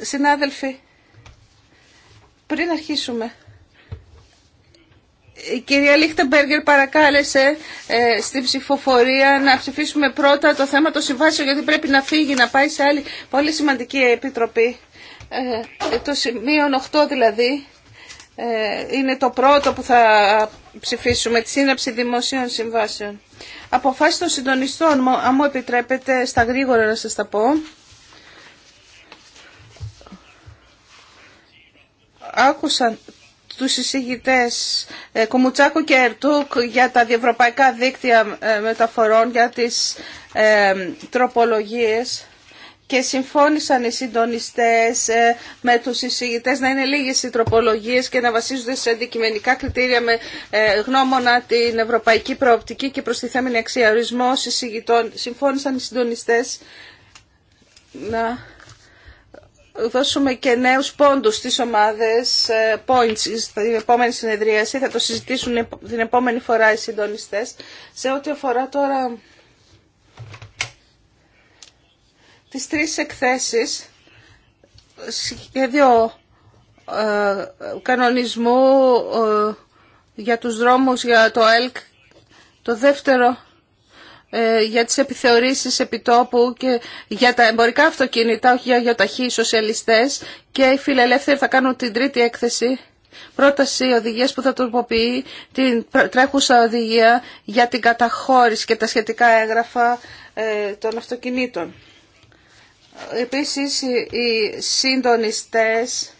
Συνάδελφοι, πριν αρχίσουμε, η κυρία Λίχτεμπεργκερ παρακάλεσε ε, στην ψηφοφορία να ψηφίσουμε πρώτα το θέμα των συμβάσεων γιατί πρέπει να φύγει, να πάει σε άλλη πολύ σημαντική επιτροπή. Ε, το σημείο 8 δηλαδή ε, είναι το πρώτο που θα ψηφίσουμε, τη σύναψη δημοσίων συμβάσεων αποφάσεις των συντονιστών, αν μου επιτρέπετε στα γρήγορα να σας τα πω. Άκουσαν τους εισηγητές ε, Κουμουτσάκου και Ερτούκ για τα διευρωπαϊκά δίκτυα ε, μεταφορών, για τις ε, τροπολογίες και συμφώνησαν οι συντονιστές ε, με τους εισηγητές να είναι λίγες οι τροπολογίες και να βασίζονται σε αντικειμενικά κριτήρια με ε, γνώμονα την ευρωπαϊκή προοπτική και προστιθέμενη αξία ορισμός εισηγητών. Συμφώνησαν οι συντονιστές να δώσουμε και νέους πόντους στις ομάδες ε, points στην επόμενη συνεδρίαση. Θα το συζητήσουν την επόμενη φορά οι συντονιστές. Σε ό,τι αφορά τώρα τις τρεις εκθέσεις σχέδιο ε, κανονισμού ε, για τους δρόμους για το ΕΛΚ, το δεύτερο ε, για τις επιθεωρήσεις επιτόπου και για τα εμπορικά αυτοκίνητα, όχι για γιοταχή σοσιαλιστές και οι φιλελεύθεροι θα κάνουν την τρίτη έκθεση. Πρόταση οδηγίας που θα τροποποιεί την τρέχουσα οδηγία για την καταχώρηση και τα σχετικά έγγραφα ε, των αυτοκινήτων. Επίσης οι συντονιστές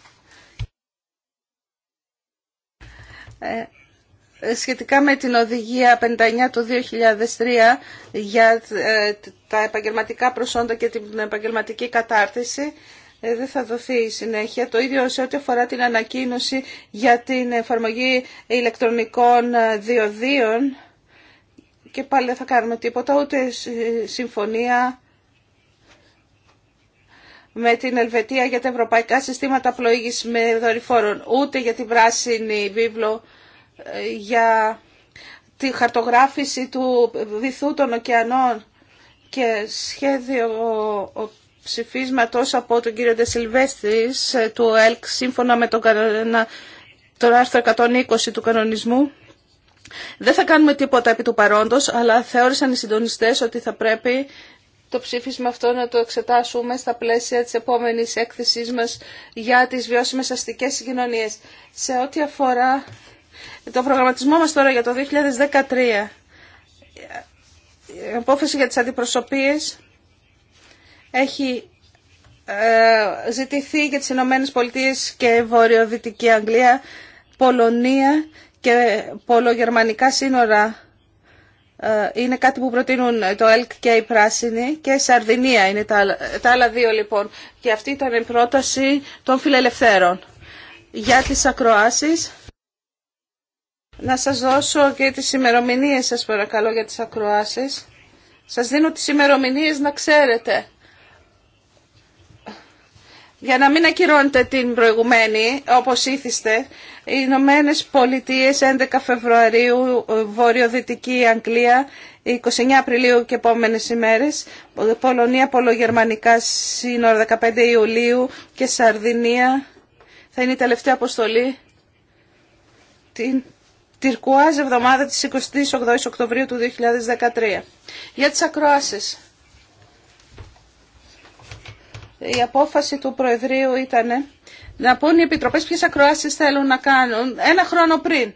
ε, σχετικά με την οδηγία 59 του 2003 για ε, τα επαγγελματικά προσόντα και την επαγγελματική κατάρτιση ε, δεν θα δοθεί η συνέχεια. Το ίδιο σε ό,τι αφορά την ανακοίνωση για την εφαρμογή ηλεκτρονικών διοδίων και πάλι δεν θα κάνουμε τίποτα, ούτε συμφωνία με την Ελβετία για τα ευρωπαϊκά συστήματα πλοήγησης με δορυφόρων, ούτε για την πράσινη βίβλο ε, για τη χαρτογράφηση του βυθού των ωκεανών και σχέδιο ψηφίσματος από τον κύριο Ντεσιλβέστης ε, του ΕΛΚ σύμφωνα με τον, τον άρθρο 120 του κανονισμού. Δεν θα κάνουμε τίποτα επί του παρόντος, αλλά θεώρησαν οι συντονιστές ότι θα πρέπει το ψήφισμα αυτό να το εξετάσουμε στα πλαίσια της επόμενης έκθεσής μας για τις βιώσιμες αστικές συγκοινωνίες. Σε ό,τι αφορά το προγραμματισμό μας τώρα για το 2013, η απόφαση για τις αντιπροσωπείες έχει ε, ζητηθεί για τις Ηνωμένε Πολιτείε και Βορειοδυτική Αγγλία, Πολωνία και Πολογερμανικά σύνορα ε, είναι κάτι που προτείνουν το ΕΛΚ και οι πράσινοι και Σαρδινία είναι τα, τα άλλα δύο λοιπόν. Και αυτή ήταν η πρόταση των φιλελευθέρων. Για τις ακροάσεις, να σας δώσω και τις ημερομηνίες σας παρακαλώ για τις ακροάσεις. Σας δίνω τις ημερομηνίες να ξέρετε για να μην ακυρώνετε την προηγουμένη, όπως ήθιστε, οι Ηνωμένε Πολιτείε 11 Φεβρουαρίου, Βορειοδυτική Αγγλία, 29 Απριλίου και επόμενες ημέρες, Πολωνία, Πολογερμανικά σύνορα 15 Ιουλίου και Σαρδινία θα είναι η τελευταία αποστολή την Τυρκουάζ εβδομάδα της 28 Οκτωβρίου του 2013. Για τις ακροάσεις η απόφαση του Προεδρείου ήταν να πούν οι επιτροπές ποιες ακροάσεις θέλουν να κάνουν ένα χρόνο πριν.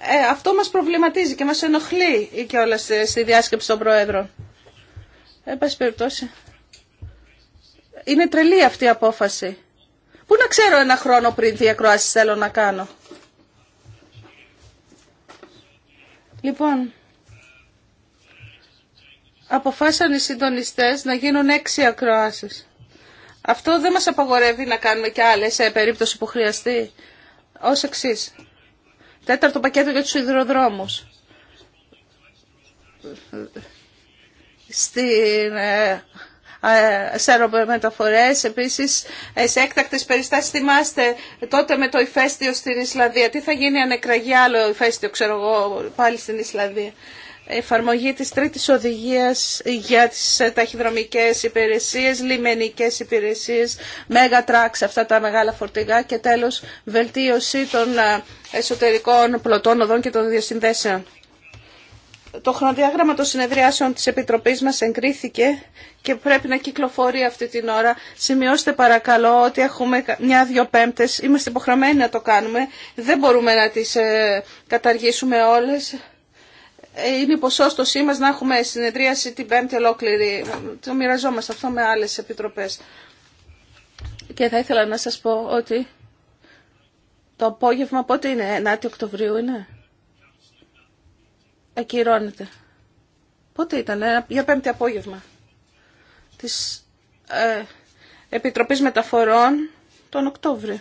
Ε, αυτό μας προβληματίζει και μας ενοχλεί και όλα στη, ε, στη διάσκεψη των Προέδρων. Ε, πάση περιπτώσει. Είναι τρελή αυτή η απόφαση. Πού να ξέρω ένα χρόνο πριν τι ακροάσεις θέλω να κάνω. Λοιπόν, αποφάσισαν οι συντονιστές να γίνουν έξι ακροάσεις. Αυτό δεν μας απαγορεύει να κάνουμε και άλλες σε περίπτωση που χρειαστεί. Ως εξή. Τέταρτο πακέτο για τους υδροδρόμους. Στην, σε ε, αερομεταφορές, επίσης ε, σε έκτακτες περιστάσεις. Θυμάστε τότε με το ηφαίστειο στην Ισλανδία. Τι θα γίνει αν εκραγεί άλλο ηφαίστειο, ξέρω εγώ, πάλι στην Ισλανδία εφαρμογή της τρίτης οδηγίας για τις ε, ταχυδρομικές υπηρεσίες, λιμενικές υπηρεσίες, μέγα τράξ, αυτά τα μεγάλα φορτηγά και τέλος βελτίωση των ε, εσωτερικών πλωτών οδών και των διασυνδέσεων. Το χρονοδιάγραμμα των συνεδριάσεων της Επιτροπής μας εγκρίθηκε και πρέπει να κυκλοφορεί αυτή την ώρα. Σημειώστε παρακαλώ ότι έχουμε μια-δυο πέμπτες, είμαστε υποχρεωμένοι να το κάνουμε, δεν μπορούμε να τις ε, καταργήσουμε όλες είναι η ποσόστοσή μας να έχουμε συνεδρίαση την πέμπτη ολόκληρη. Το μοιραζόμαστε αυτό με άλλες επιτροπές. Και θα ήθελα να σας πω ότι το απόγευμα πότε είναι, 9η Οκτωβρίου είναι. Ακυρώνεται. Πότε ήταν, ε, για πέμπτη απόγευμα. Της ε, Επιτροπής Μεταφορών τον Οκτώβριο.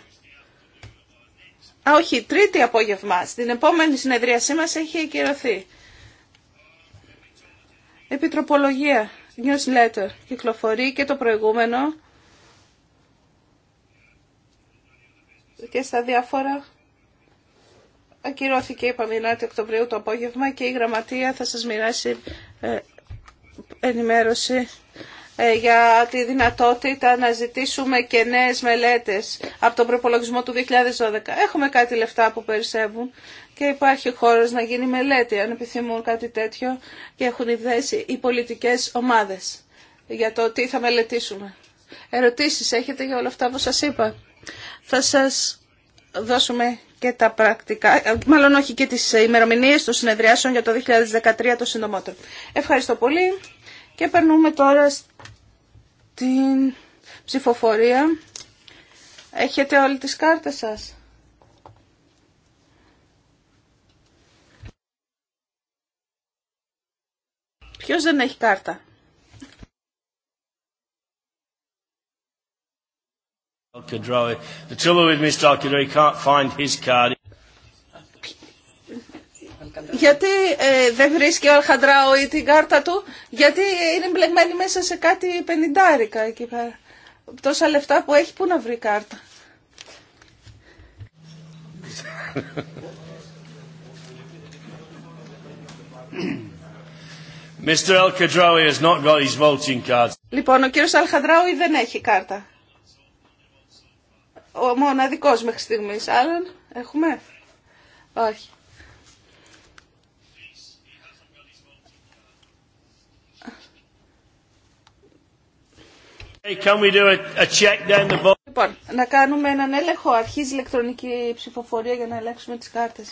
Α, όχι, τρίτη απόγευμα. Στην επόμενη συνεδρίασή μας έχει ακυρωθεί. Επιτροπολογία, newsletter, κυκλοφορεί και το προηγούμενο και στα διάφορα ακυρώθηκε, η Παμινάτη Οκτωβρίου το απόγευμα και η γραμματεία θα σας μοιράσει ε, ενημέρωση ε, για τη δυνατότητα να ζητήσουμε και νέες μελέτες από τον προπολογισμό του 2012. Έχουμε κάτι λεφτά που περισσεύουν και υπάρχει χώρος να γίνει μελέτη αν επιθυμούν κάτι τέτοιο και έχουν ιδέσει οι πολιτικές ομάδες για το τι θα μελετήσουμε. Ερωτήσεις έχετε για όλα αυτά που σας είπα. Θα σας δώσουμε και τα πρακτικά, ε, μάλλον όχι και τις ημερομηνίες των συνεδριάσεων για το 2013 το συντομότερο. Ευχαριστώ πολύ και περνούμε τώρα στην ψηφοφορία. Έχετε όλες τις κάρτες σας. Ποιος δεν έχει κάρτα. Γιατί ε, δεν βρίσκει ο Αλχαντράου την κάρτα του, γιατί είναι μπλεγμένη μέσα σε κάτι πενιντάρικα εκεί πέρα. Τόσα λεφτά που έχει, πού να βρει κάρτα. Mr. has not got his voting Λοιπόν, ο κύριος Αλχαντράουι δεν έχει κάρτα. Ο μοναδικός μέχρι στιγμής. Άλλον, έχουμε. Όχι. Hey, can we do a, check down the... Λοιπόν, να κάνουμε έναν έλεγχο. Αρχίζει ηλεκτρονική ψηφοφορία για να ελέγξουμε τις κάρτες.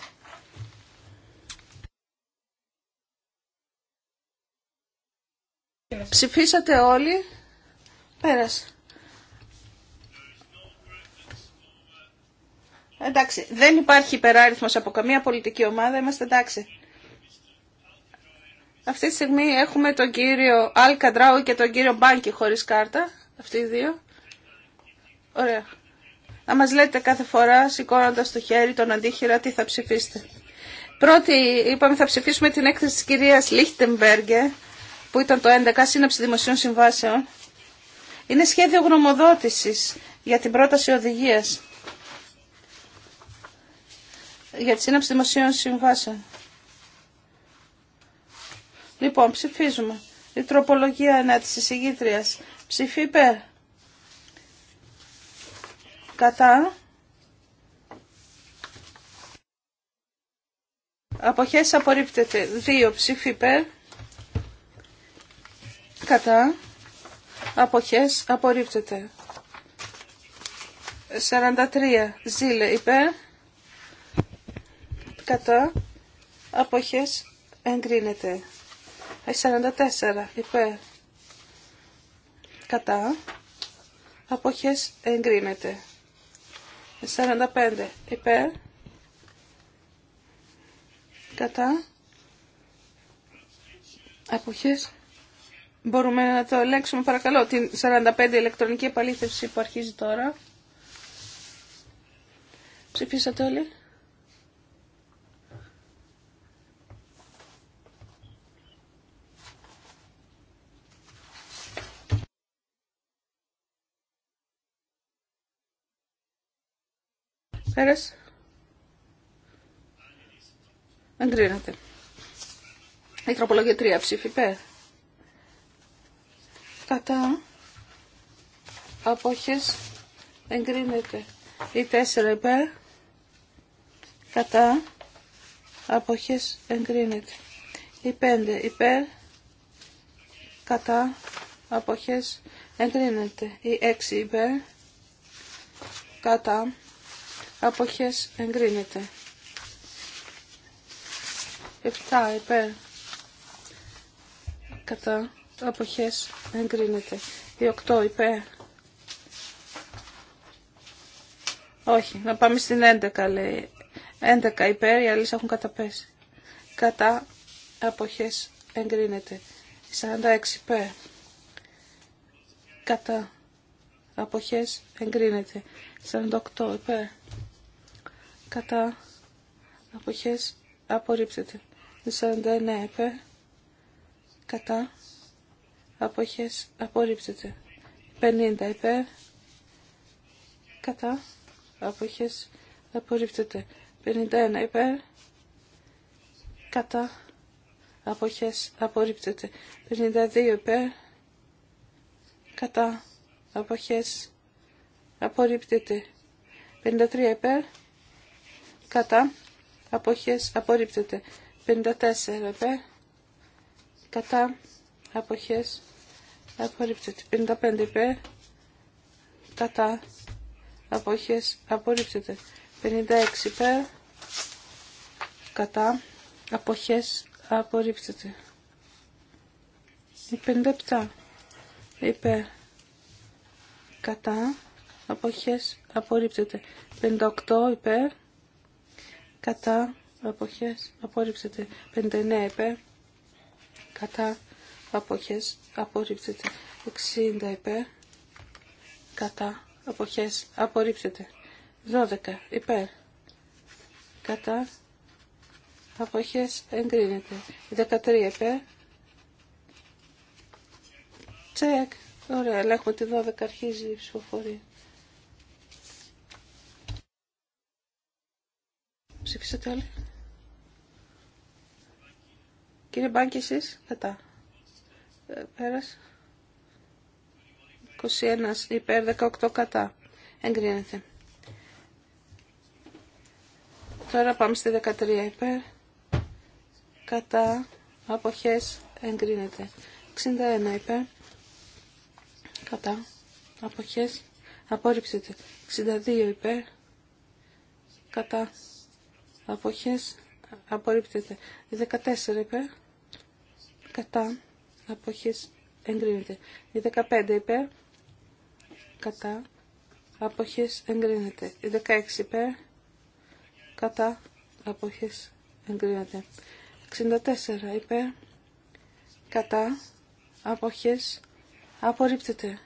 Ψηφίσατε όλοι. Πέρασε. Εντάξει, δεν υπάρχει υπεράριθμος από καμία πολιτική ομάδα, είμαστε εντάξει. Αυτή τη στιγμή έχουμε τον κύριο Αλ Καντράου και τον κύριο Μπάνκι χωρίς κάρτα, αυτοί οι δύο. Ωραία. Να μας λέτε κάθε φορά, σηκώνοντα το χέρι, τον αντίχειρα, τι θα ψηφίσετε. Πρώτη, είπαμε, θα ψηφίσουμε την έκθεση της κυρίας Λίχτεμπεργκε που ήταν το 11 Σύναψη Δημοσίων Συμβάσεων, είναι σχέδιο γνωμοδότησης για την πρόταση οδηγίας για τη Σύναψη Δημοσίων Συμβάσεων. Λοιπόν, ψηφίζουμε. Η τροπολογία 1 της εισηγήτριας. Ψηφί υπέρ. Κατά. Αποχές απορρίπτεται. δύο ψήφι κατά αποχές απορρίπτεται. 43 ζήλε υπέρ κατά αποχές εγκρίνεται. 44 υπέρ κατά αποχές εγκρίνεται. 45 υπέρ κατά αποχές Μπορούμε να το ελέγξουμε παρακαλώ. Την 45 ηλεκτρονική επαλήθευση που αρχίζει τώρα. Ψηφίσατε όλοι. Πέρασε. Εγκρίνεται. Η τροπολογία 3 ψήφι κατά απόχες εγκρίνεται η 4 υπέρ κατά απόχες εγκρίνεται η 5 υπέρ κατά απόχες εγκρίνεται η 6 υπέρ κατά απόχες εγκρίνεται 7 υπέρ κατά αποχές εγκρίνεται. Η 8 υπέρ. Όχι, να πάμε στην 11 λέει. 11 υπέρ, οι άλλες έχουν καταπέσει. Κατά αποχές εγκρίνεται. 46 υπέρ. Κατά αποχές εγκρίνεται. 48 υπέρ. Κατά αποχές απορρίπτεται. 49 υπέρ. Κατά αποχές απορρίπτεται. 50 υπέρ κατά αποχές απορρίπτεται. 51 υπέρ κατά αποχές απορρίπτεται. 52 υπέρ κατά αποχές απορρίπτεται. 53 υπέρ κατά αποχές απορρίπτεται. 54 υπέρ κατά αποχές απορρίπτεται. 55 υπέρ κατά αποχές απορρίπτεται. 56 υπέρ κατά αποχές απορρίπτεται. 57 είπε. κατά αποχές απορρίπτεται. 58 είπε, κατά αποχές απορρίπτεται. 59 είπε, κατά αποχές απορρίπτεται. 60 υπέρ κατά αποχές απορρίπτεται. 12 υπέρ κατά αποχές εγκρίνεται. 13 υπέρ τσεκ. Ωραία, ελέγχουμε τη 12 αρχίζει η ψηφοφορία. Ψήφισατε όλοι. Κύριε Μπάνκη, εσείς, κατά. 21 ε, υπέρ 18 κατά. Εγκρίνεται. Τώρα πάμε στη 13 υπέρ. Κατά. Αποχές. Εγκρίνεται. 61 υπέρ. Κατά. Αποχές. Απορρίψετε. 62 υπέρ. Κατά. Αποχές. Απορρίπτεται. 14 υπέρ. Κατά αποχές εγκρίνεται. Η 15 υπέρ, κατά, αποχές εγκρίνεται. Η 16 υπέρ, κατά, αποχές εγκρίνεται. 64 υπέρ, κατά, αποχές απορρίπτεται.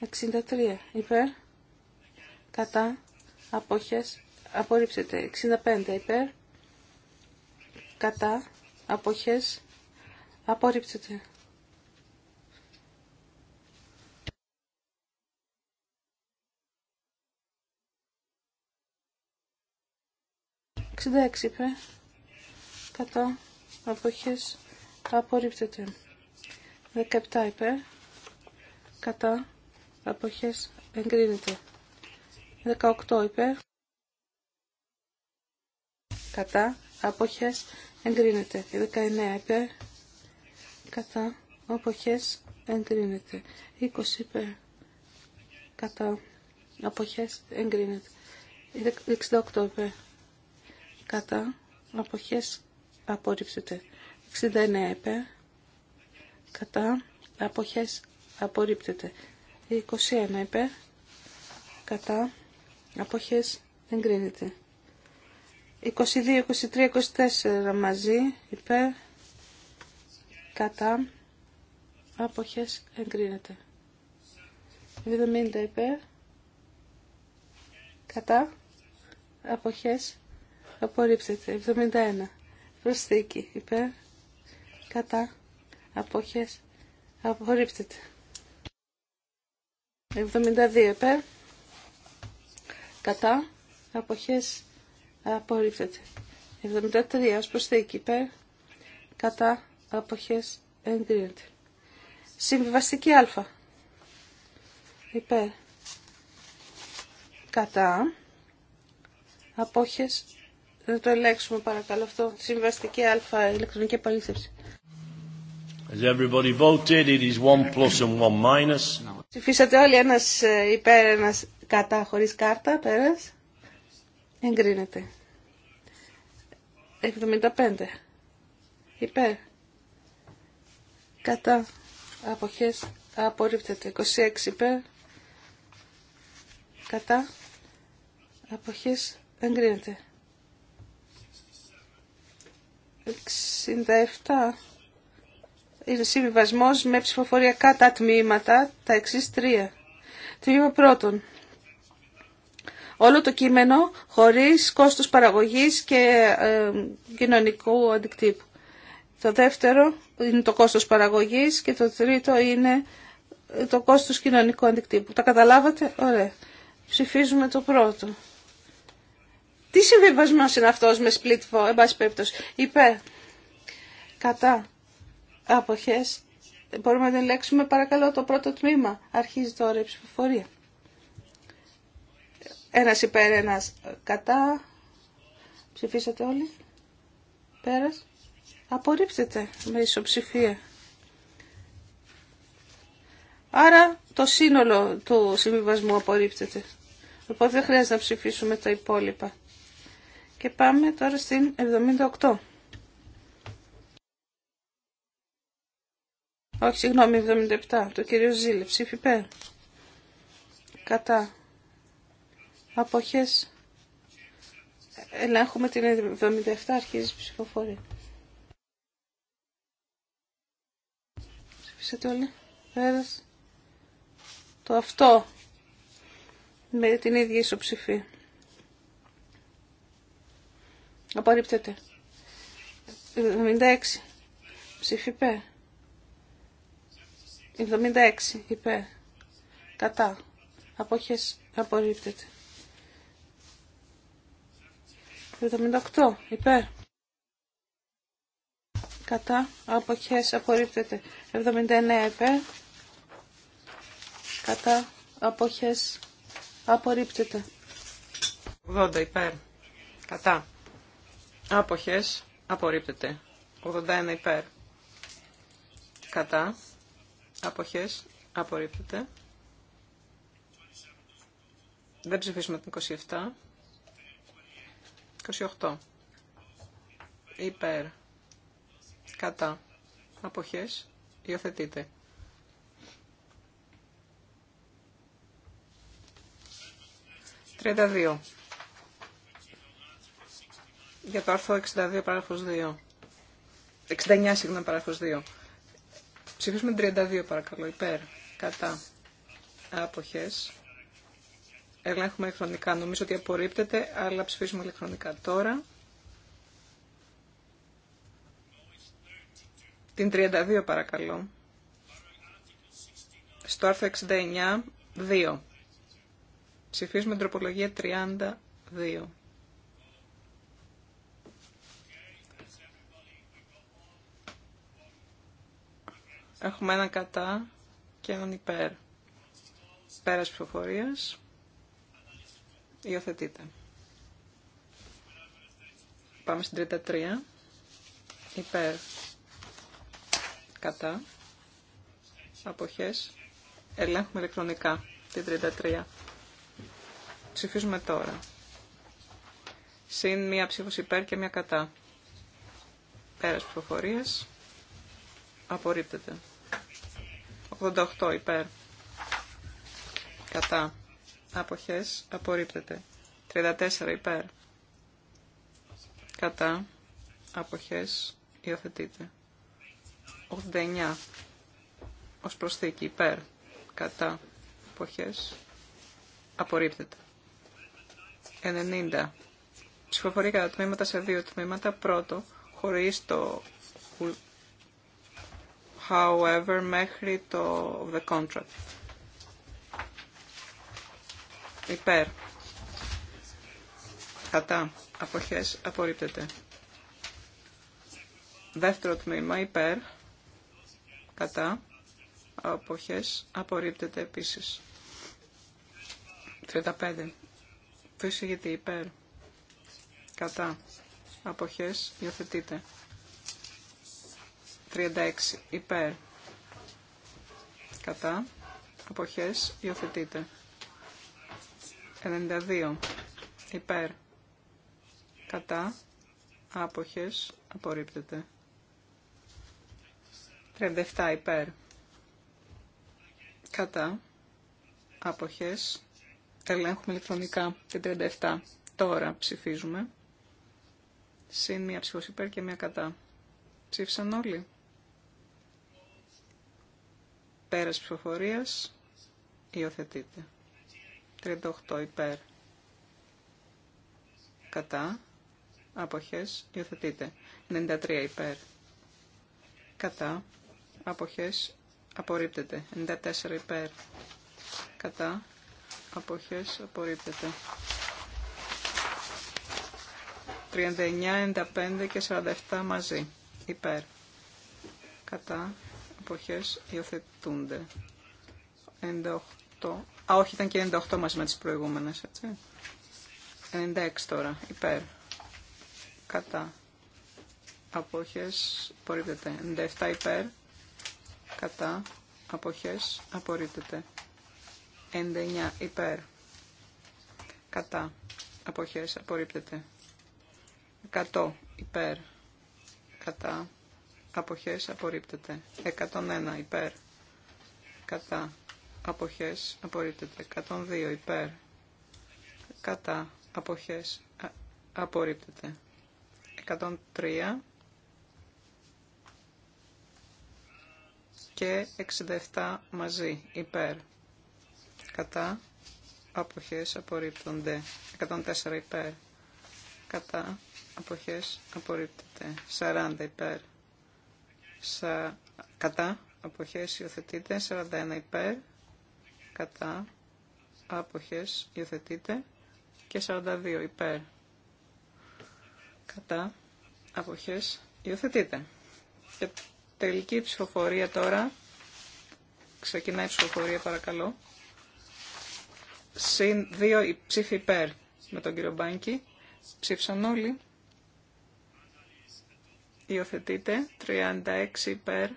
63 υπέρ, κατά, αποχές απορρίπτεται. 65 υπέρ, κατά, αποχές Απορρίπτεται. 66 είπε. Κατά αποχές απορρίπτεται. 17 είπε. Κατά αποχές εγκρίνεται. 18 είπε. Κατά αποχές εγκρίνεται. 19 είπε κατά αποχές εγκρίνεται. 20 είπε, κατά αποχές εγκρίνεται. 68 είπε, κατά αποχές απορρίψεται. 69 είπε, κατά αποχές απορρίπτεται. 21 είπε, κατά αποχές εγκρίνεται. 22, 23, 24 μαζί υπέρ κατά αποχές εγκρίνεται. 70 υπέρ κατά αποχές απορρίπτεται. 71 προσθήκη υπέρ κατά αποχές απορρίπτεται. 72 υπέρ κατά αποχές απορρίπτεται. 73 ως προσθήκη υπέρ κατά αποχές εγκρίνεται. Συμβιβαστική α. Υπέρ. Κατά. Απόχες. Να το ελέγξουμε παρακαλώ αυτό. Συμβιβαστική α. Ηλεκτρονική επαλήθευση. As όλοι ένας ε, υπέρ, ένας κατά, χωρίς κάρτα, πέρας. Εγκρίνεται. 75. Υπέρ κατά αποχές απορρίπτεται 26 υπέρ κατά αποχές εγκρίνεται 67 είναι συμβιβασμός με ψηφοφορία κατά τμήματα τα εξή τρία. Τμήμα πρώτον. Όλο το κείμενο χωρίς κόστος παραγωγής και ε, κοινωνικού αντικτύπου. Το δεύτερο είναι το κόστος παραγωγής και το τρίτο είναι το κόστος κοινωνικού αντικτύπου. Τα καταλάβατε? Ωραία. Ψηφίζουμε το πρώτο. Τι συμβιβασμό είναι αυτός με split vote, εν Υπέρ. Κατά. Αποχές. Μπορούμε να ελέγξουμε παρακαλώ το πρώτο τμήμα. Αρχίζει τώρα η ψηφοφορία. Ένας υπέρ, ένας κατά. Ψηφίσατε όλοι. Πέρας απορρίπτεται με ισοψηφία. Άρα το σύνολο του συμβιβασμού απορρίπτεται. Οπότε δεν χρειάζεται να ψηφίσουμε τα υπόλοιπα. Και πάμε τώρα στην 78. Όχι, συγγνώμη, 77. Το κύριο Ζήλε, ψήφιπε Κατά. Αποχές. Ελέγχουμε την 77, αρχίζει η ψηφοφορία. το όλοι. Πέρας. Το αυτό. Με την ίδια ισοψηφία. Απορρίπτεται. 76. Ψήφι υπέρ. 76. Υπέρ. Κατά. Απόχες. Απορρίπτεται. 78. Υπέρ κατά αποχές απορρίπτεται 79 επέ, κατά αποχές απορρίπτεται 80 υπέρ κατά αποχές απορρίπτεται 81 υπέρ κατά αποχές απορρίπτεται δεν ψηφίσουμε την 27 28 υπέρ κατά αποχές υιοθετείτε. 32. Για το άρθρο 62 παράγραφος 2. 69 συγγνώμη παράγραφος 2. Ψηφίσουμε 32 παρακαλώ. Υπέρ. Κατά. Αποχές. Ελέγχουμε ηλεκτρονικά. Νομίζω ότι απορρίπτεται, αλλά ψηφίσουμε ηλεκτρονικά τώρα. Την 32 παρακαλώ. Στο άρθρο 69, 2. Ψηφίζουμε τροπολογία 32. Έχουμε ένα κατά και έναν υπέρ. Πέρας ψηφοφορίας. Υιοθετείτε. Πάμε στην 33. Υπέρ κατά, αποχές, ελέγχουμε ηλεκτρονικά την 33. Ψηφίζουμε τώρα. Συν μία ψήφος υπέρ και μία κατά. Πέρας προφορίας. Απορρίπτεται. 88 υπέρ. Κατά. Αποχές. Απορρίπτεται. 34 υπέρ. Κατά. Αποχές. Υιοθετείται. 89 ως προσθήκη υπέρ κατά εποχές απορρίπτεται. 90. Ψηφοφορεί κατά τμήματα σε δύο τμήματα. Πρώτο, χωρίς το however μέχρι το the contract. Υπέρ. Κατά. Αποχές απορρίπτεται. Δεύτερο τμήμα υπέρ κατά αποχές απορρίπτεται επίσης. 35. Το υπέρ κατά αποχές υιοθετείται. 36. Υπέρ κατά αποχές υιοθετείται. 92. Υπέρ κατά άποχες απορρίπτεται. 37 υπέρ. Κατά. Αποχές. Ελέγχουμε ηλεκτρονικά την 37. Τώρα ψηφίζουμε. Συν μία ψήφος υπέρ και μία κατά. Ψήφισαν όλοι. Πέρας ψηφοφορίας. Υιοθετείτε. 38 υπέρ. Κατά. Αποχές. Υιοθετείτε. 93 υπέρ. Κατά αποχές απορρίπτεται. 94 υπέρ κατά αποχές απορρίπτεται. 39, 95 και 47 μαζί υπέρ κατά αποχές υιοθετούνται. 98. Α, όχι, ήταν και 98 μαζί με τις προηγούμενες, έτσι. 96 τώρα, υπέρ. Κατά. Απόχες, απορρίπτεται. 97 υπέρ κατά αποχές απορρίπτεται. 99 υπέρ κατά αποχές απορρίπτεται. 100 υπέρ κατά αποχές απορρίπτεται. 101 υπέρ κατά αποχές απορρίπτεται. 102 υπέρ κατά αποχές απορρίπτεται. 103 και 67 μαζί, υπέρ. Κατά, αποχές απορρίπτονται. 104 υπέρ. Κατά, αποχές απορρίπτεται. 40 υπέρ. Σα... Κατά, αποχές υιοθετείται. 41 υπέρ. Κατά, αποχές υιοθετείται. Και 42 υπέρ. Κατά, αποχές υιοθετείται. Και Τελική ψηφοφορία τώρα. Ξεκινάει η ψηφοφορία παρακαλώ. Συν δύο ψήφοι υπέρ με τον κύριο Μπάνκι. Ψήφισαν όλοι. Υιοθετείτε. 36 υπέρ.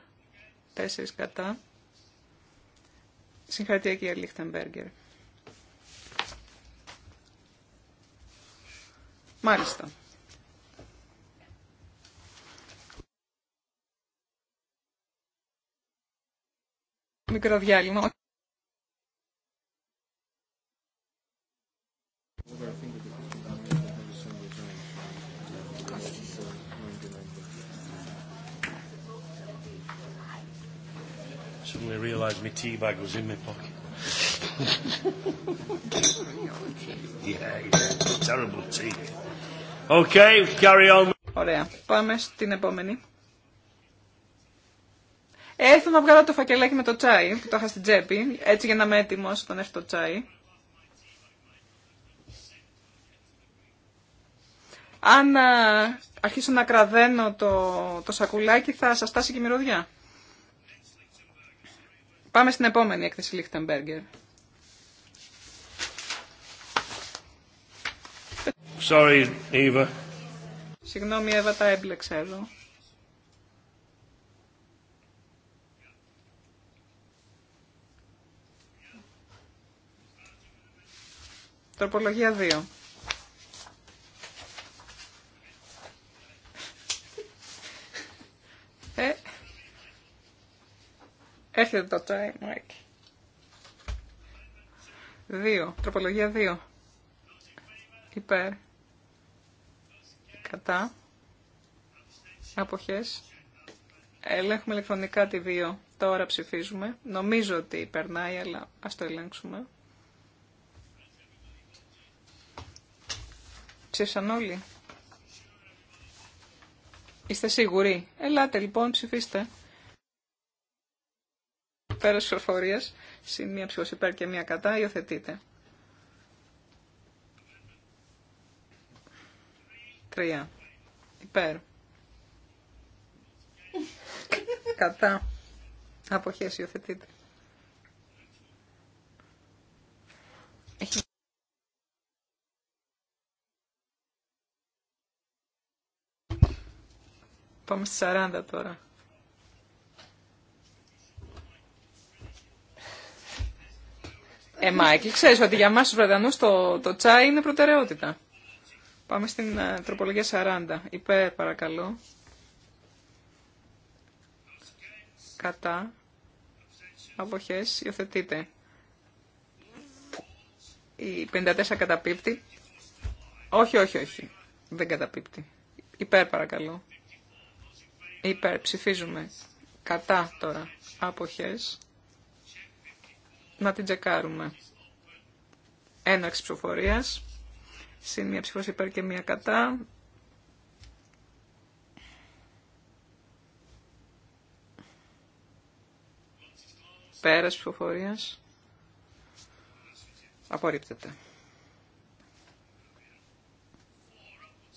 4 κατά. Συγχαρητήρια κύριε Λίχτεμπεργκερ. Μάλιστα. Μικρό διάλειμμα. Ωραία. Πάμε στην επόμενη. Έρθω να βγάλω το φακελάκι με το τσάι που το είχα στην τσέπη, έτσι για να είμαι έτοιμο όταν έρθει το τσάι. Αν ε, αρχίσω να κραδένω το, το σακουλάκι θα σας τάσει και η μυρωδιά. Πάμε στην επόμενη έκθεση Λίχτεμπεργκερ. Sorry, Eva. Συγγνώμη, Εύα, τα έμπλεξα εδώ. Τροπολογία 2. Ε, το time, Mike. 2. Τροπολογία 2. Υπέρ. Κατά. Αποχές. Ελέγχουμε ηλεκτρονικά τη 2. Τώρα ψηφίζουμε. Νομίζω ότι περνάει, αλλά ας το ελέγξουμε. Ψήφισαν όλοι. Είστε σίγουροι. Ελάτε λοιπόν, ψηφίστε. Πέρα τη συν μία ψήφο υπέρ και μία κατά, υιοθετείτε. Τρία. Υπέρ. κατά. Αποχές υιοθετείτε. Πάμε στις 40 τώρα. Ε, Μάικλ, ξέρεις ότι για μας τους Βρετανούς το, το τσάι είναι προτεραιότητα. Πάμε στην uh, τροπολογία 40. Υπέρ, παρακαλώ. Κατά. Αποχές, υιοθετείτε. Η 54 καταπίπτει. Όχι, όχι, όχι. Δεν καταπίπτει. Υπέρ, παρακαλώ. Υπέρ. Ψηφίζουμε. Κατά τώρα. Αποχές. Να την τσεκάρουμε. Έναρξη ψηφοφορίας. Συν μία ψηφός υπέρ και μία κατά. Πέρας ψηφοφορίας. Απορρίπτεται.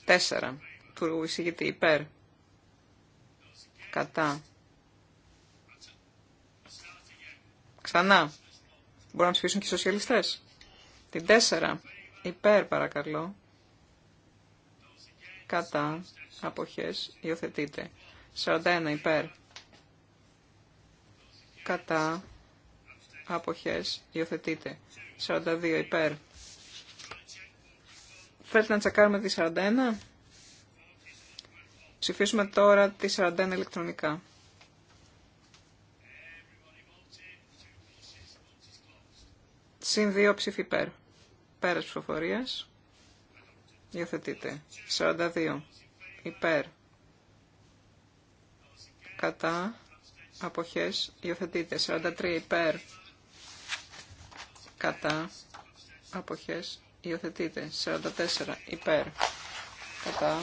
Τέσσερα. Του εισηγητή υπέρ. Κατά. Ξανά. Μπορούν να ψηφίσουν και οι σοσιαλιστές. Την τέσσερα. Υπέρ παρακαλώ. Κατά. Αποχές. Υιοθετείτε. 41. Υπέρ. Κατά. Αποχές. Υιοθετείτε. 42. Υπέρ. Θέλετε να τσακάρουμε τη 41. Ψηφίσουμε τώρα τη 41 ηλεκτρονικά. Συν 2 ψήφι υπέρ. Πέρας ψηφοφορίας. Υιοθετείτε. 42. Υπέρ. Κατά. Αποχές. Υιοθετείτε. 43. Υπέρ. Κατά. Αποχές. Υιοθετείτε. 44. Υπέρ. Κατά.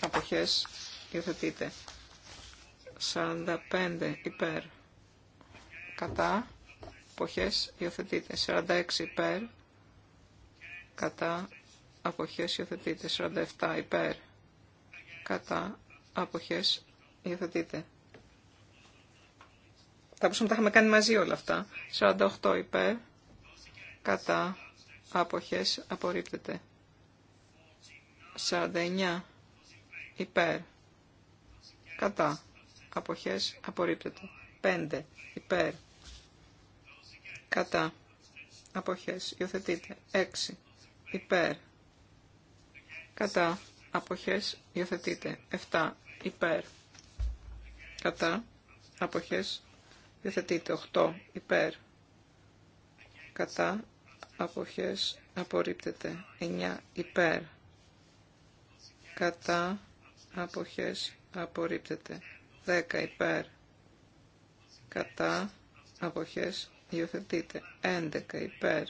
Αποχές. Υιοθετείτε. 45 υπέρ. Κατά. Αποχές. Υιοθετείτε. 46 υπέρ. Κατά. Αποχές. Υιοθετείτε. 47 υπέρ. Κατά. Αποχές. Υιοθετείτε. Θα μπορούσαμε τα είχαμε κάνει μαζί όλα αυτά. 48 υπέρ. Κατά. Αποχές. Απορρίπτεται. 49 υπέρ κατά, αποχές, απορρίπτεται. 5 υπέρ, κατά, αποχές, υιοθετείται. 6 υπέρ, κατά, αποχές, υιοθετείται. 7 υπέρ, κατά, αποχές, υιοθετείται. 8 υπέρ, κατά, αποχές, απορρίπτεται. 9 υπέρ, κατά, αποχές, απορρίπτεται. 10 υπέρ κατά αποχές υιοθετείται. 11 υπέρ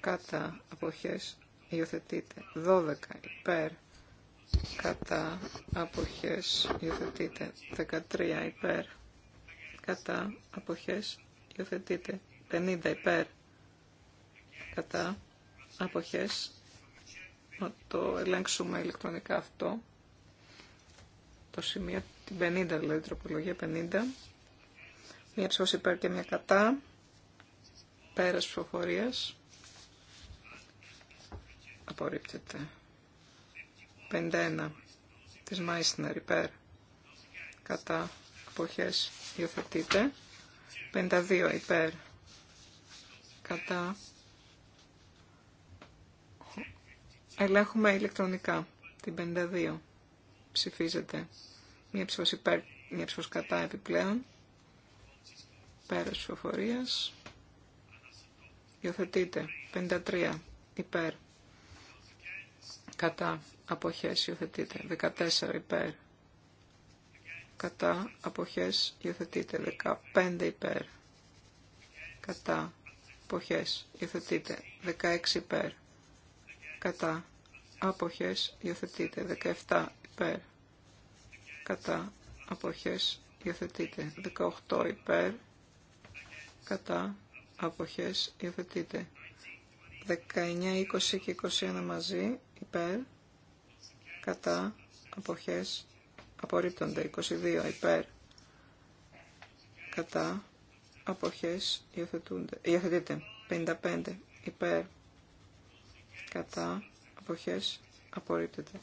κατά αποχές υιοθετείται. 12 υπέρ κατά αποχές υιοθετείται. 13 υπέρ κατά αποχές υιοθετείται. 50 υπέρ κατά αποχές να το ελέγξουμε ηλεκτρονικά αυτό το σημείο, την 50 δηλαδή, τροπολογία 50. Μία ψώση υπέρ και μία κατά. Πέρας ψηφοφορίας. Απορρίπτεται. 51 της Μάισνερ υπέρ. Κατά αποχές υιοθετείται. 52 υπέρ. Κατά. Ελέγχουμε ηλεκτρονικά την 52 ψηφίζεται μία ψήφος υπέρ, μία ψήφος κατά επιπλέον, πέρας ψηφοφορίας, υιοθετείται 53 υπέρ, κατά αποχές υιοθετείται 14 υπέρ, κατά αποχές υιοθετείται 15 υπέρ, κατά αποχές υιοθετείται 16 υπέρ, κατά αποχές υιοθετείται 17 υπέρ κατά αποχές υιοθετείται. 18 υπέρ κατά αποχές υιοθετείται. 19, 20 και 21 μαζί υπέρ κατά αποχές απορρίπτονται. 22 υπέρ κατά αποχές υιοθετείται. 55 υπέρ κατά αποχές απορρίπτεται.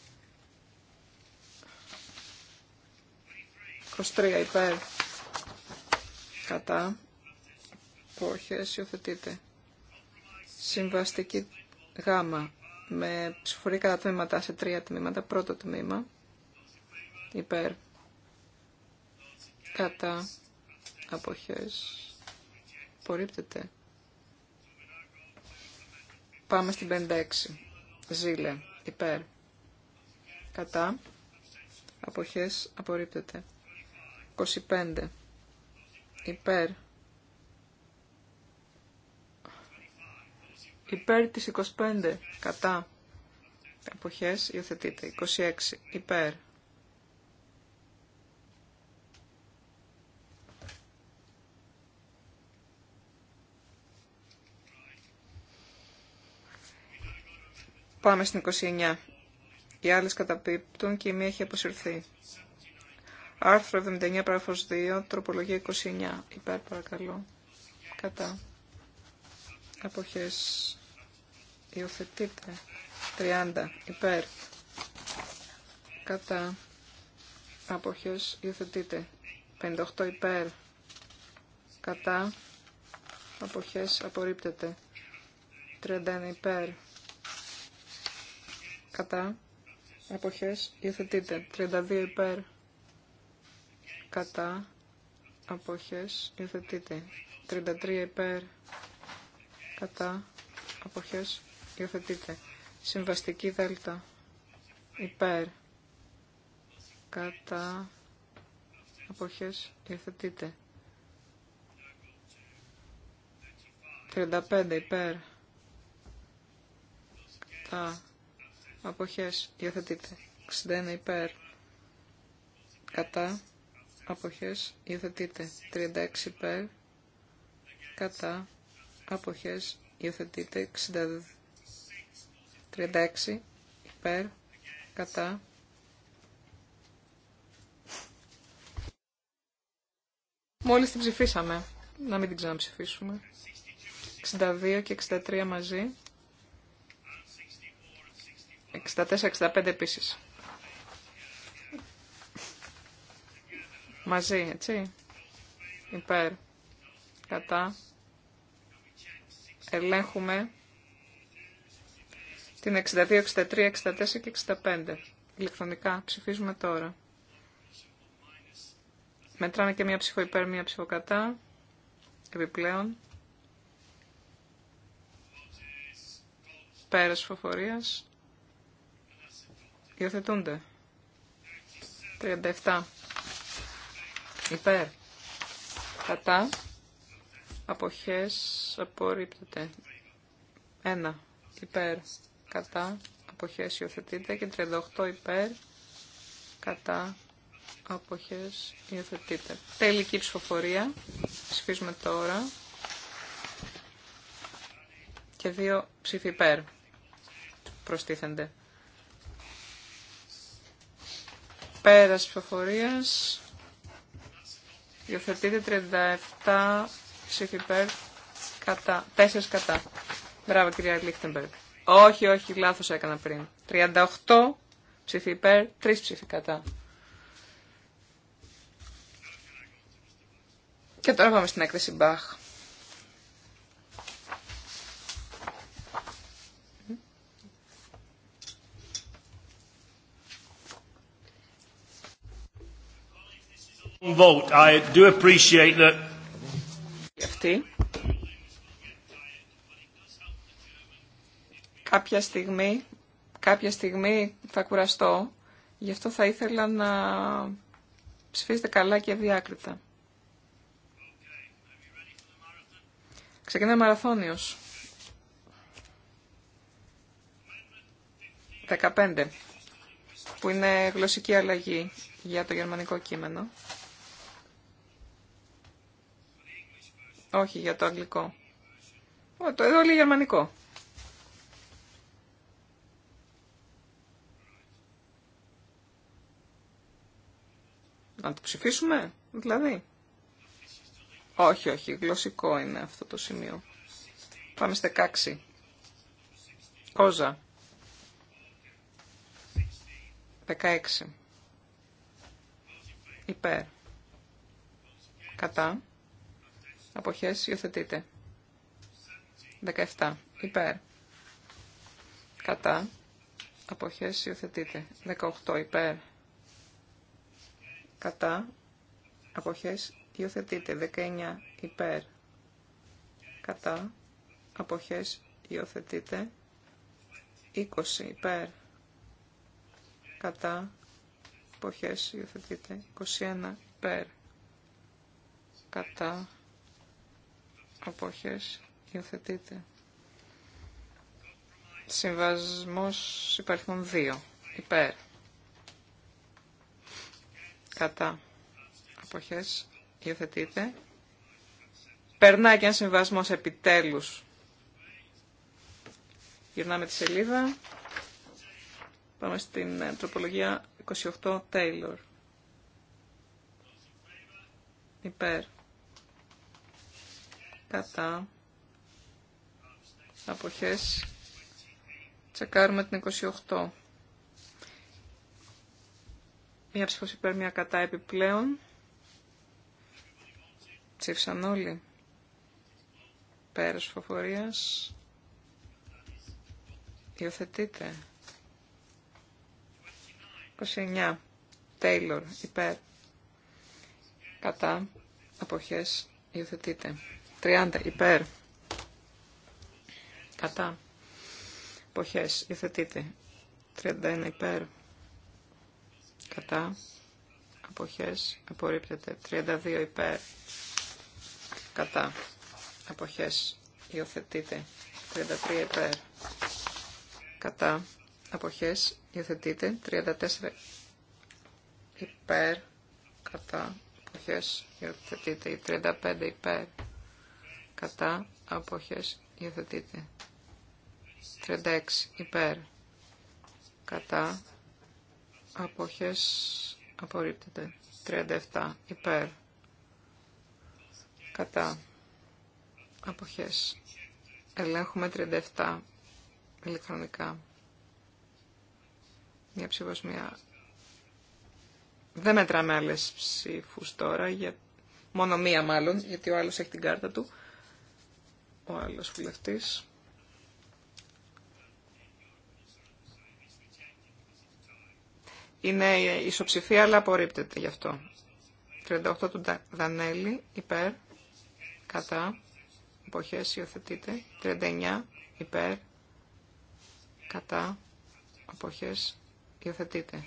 23 υπέρ κατά αποχές υιοθετείται. Συμβαστική γάμα με ψηφορικά τμήματα σε τρία τμήματα. Πρώτο τμήμα υπέρ κατά αποχές απορρίπτεται. Πάμε στην 56. Ζήλε. Υπέρ. Κατά. Αποχές απορρίπτεται. 25 υπέρ υπέρ της 25 κατά Εποχές υιοθετείται 26 υπέρ Πάμε στην 29. Οι άλλες καταπίπτουν και η μία έχει αποσυρθεί. Άρθρο 79, παράγραφος 2, τροπολογία 29. Υπέρ, παρακαλώ. Κατά. Αποχές. Υιοθετείτε. 30. Υπέρ. Κατά. Αποχές. Υιοθετείτε. 58. Υπέρ. Κατά. Αποχές. Απορρίπτεται. 31. Υπέρ. Κατά. Αποχές. Υιοθετείτε. 32. Υπέρ κατά αποχές υιοθετείται 33 υπέρ κατά αποχές υιοθετείται συμβαστική δέλτα υπέρ κατά αποχές υιοθετείται 35 υπέρ κατά αποχές υιοθετείται 61 υπέρ κατά αποχές υιοθετείται. 36 υπέρ κατά αποχές υιοθετείται. 36 υπέρ κατά Μόλις την ψηφίσαμε. Να μην την ξαναψηφίσουμε. 62 και 63 μαζί. 64-65 επίσης. Μαζί, έτσι. Υπέρ. Κατά. Ελέγχουμε την 62, 63, 64 και 65. Ηλεκτρονικά ψηφίζουμε τώρα. Μετράμε και μία ψήφο υπέρ, μία ψήφο κατά. Επιπλέον. Πέρας φοφορίας. Υιοθετούνται. 37. Υπέρ. Κατά. Αποχές απορρίπτεται. Ένα, Υπέρ. Κατά. Αποχές υιοθετείται. Και 38. Υπέρ. Κατά. Αποχές υιοθετείται. Τελική ψηφοφορία. Ψηφίζουμε τώρα. Και δύο ψήφοι υπέρ. Προστίθενται. Πέρας ψηφοφορίας. Υιοθετείτε 37 ψηφιπέρ κατά, 4 κατά. Μπράβο κυρία Λίχτεμπεργκ. Όχι, όχι, λάθος έκανα πριν. 38 ψηφίπερ υπέρ, 3 ψήφι κατά. Και τώρα πάμε στην έκθεση Μπαχ. Κάποια στιγμή, κάποια στιγμή θα κουραστώ, γι' αυτό θα ήθελα να ψηφίσετε καλά και διάκριτα. Ξεκινάει μαραθώνιος. 15, που είναι γλωσσική αλλαγή για το γερμανικό κείμενο. Όχι, για το αγγλικό. το εδώ λέει γερμανικό. Να το ψηφίσουμε, δηλαδή. Όχι, όχι, γλωσσικό είναι αυτό το σημείο. Πάμε στα 16. Κόζα. 16. Υπέρ. Κατά. Αποχές υιοθετείτε. 17. Υπέρ. Κατά. Αποχές υιοθετείτε. 18. Υπέρ. Κατά. Αποχές υιοθετείτε. 19. Υπέρ. Κατά. Αποχές υιοθετείτε. 20. Υπέρ. Κατά. Αποχές υιοθετείτε. 21. Υπέρ. Κατά αποχές υιοθετείται. Συμβασμός υπάρχουν δύο. Υπέρ. Κατά. Αποχές υιοθετείται. Περνάει και ένα συμβασμός επιτέλους. Γυρνάμε τη σελίδα. Πάμε στην ε, τροπολογία 28 Taylor. Υπέρ κατά αποχές τσεκάρουμε την 28 μια ψήφος υπέρ μια κατά επιπλέον ψήφισαν όλοι πέρας φοφορίας υιοθετείτε 29 Τέιλορ υπέρ κατά αποχές υιοθετείτε 30 υπέρ. Κατά. Εποχές. Υιοθετείτε. 31 υπέρ. Κατά. Αποχές. Απορρίπτεται. 32 υπέρ. Κατά. Αποχές. Υιοθετείτε. 33 υπέρ. Κατά. Αποχές. Υιοθετείτε. 34 υπέρ. Κατά. Αποχές. Υιοθετείτε. 35 υπέρ κατά αποχές υιοθετείτε. 36 υπέρ κατά αποχές απορρίπτεται. 37 υπέρ κατά αποχές. Ελέγχουμε 37 ηλεκτρονικά. Μια ψήφος μια... Δεν μετράμε άλλες ψήφους τώρα, για... μόνο μία μάλλον, γιατί ο άλλος έχει την κάρτα του ο άλλος βουλευτής. Είναι ισοψηφία, αλλά απορρίπτεται γι' αυτό. 38 του Δανέλη, υπέρ, κατά, εποχές υιοθετείται. 39, υπέρ, κατά, εποχές υιοθετείται.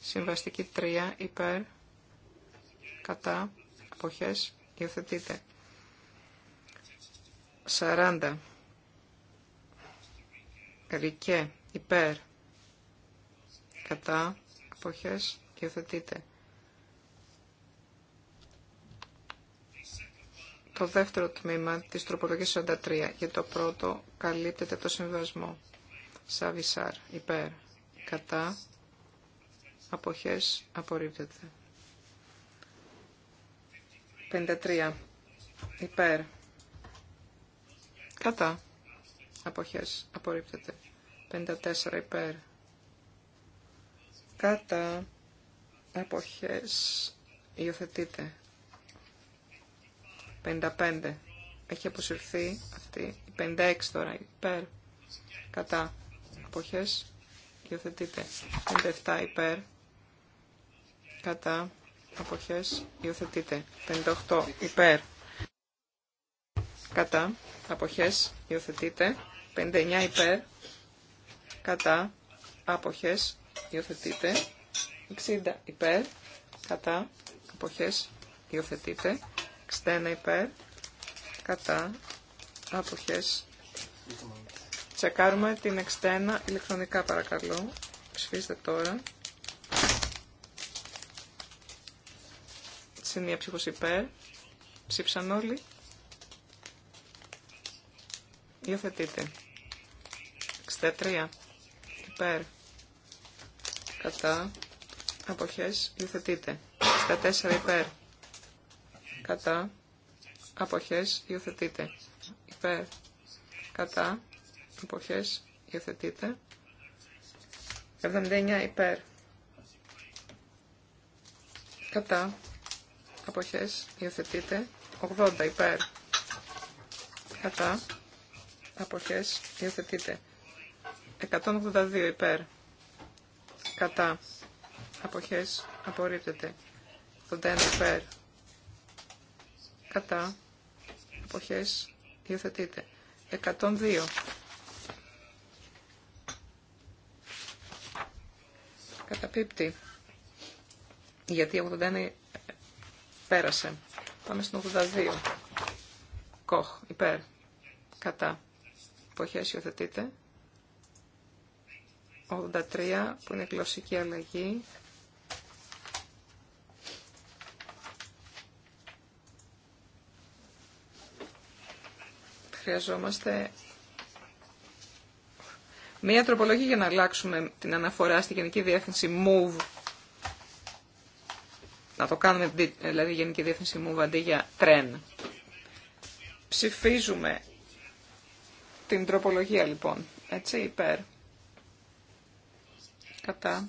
Συμβαστική 3, υπέρ, κατά, εποχές υιοθετείται. Σαράντα, Ρικέ. Υπέρ. Κατά. Αποχές. Υιοθετείτε. Το δεύτερο τμήμα της τροπολογίας 43. Για το πρώτο καλύπτεται το συμβασμό. Σαβισάρ. Υπέρ. Κατά. Αποχές. Απορρίπτεται. 53. Υπέρ. Κατά. Αποχές. Απορρίπτεται. 54 υπέρ. Κατά. Αποχές. Υιοθετείται. 55. Έχει αποσυρθεί αυτή. 56 τώρα υπέρ. Κατά. Αποχές. Υιοθετείται. 57 υπέρ. Κατά. Αποχές. Υιοθετείται. 58 υπέρ κατά, αποχές, Υιοθετείτε. 59 υπέρ, κατά, αποχές, Υιοθετείτε. 60 υπέρ, κατά, αποχές, Υιοθετείτε. 61 υπέρ, κατά, αποχές. Τσεκάρουμε την 61 ηλεκτρονικά παρακαλώ. Ψηφίστε τώρα. Συνία υπέρ. Ψήφισαν όλοι. Υιοθετείτε. 63. Υπέρ. Κατά. Αποχές. Υιοθετείτε. 64. Υπέρ. Κατά. Αποχές. Υιοθετείτε. Υπέρ. Κατά. Αποχές. Υιοθετείτε. 79. Υπέρ. Κατά. Αποχές. Υιοθετείτε. 80. Υπέρ. Κατά αποχές υιοθετείται. 182 υπέρ κατά αποχές απορρίπτεται. 81 υπέρ κατά αποχές υιοθετείται. 102 καταπίπτει γιατί 81 πέρασε. Πάμε στην 82. Κοχ, υπέρ, κατά, εποχέ υιοθετείται. 83 που είναι γλωσσική αλλαγή. Χρειαζόμαστε μία τροπολογία για να αλλάξουμε την αναφορά στη Γενική Διεύθυνση MOVE. Να το κάνουμε δηλαδή Γενική Διεύθυνση MOVE αντί για τρέν. Ψηφίζουμε την τροπολογία λοιπόν. Έτσι, υπέρ. Κατά.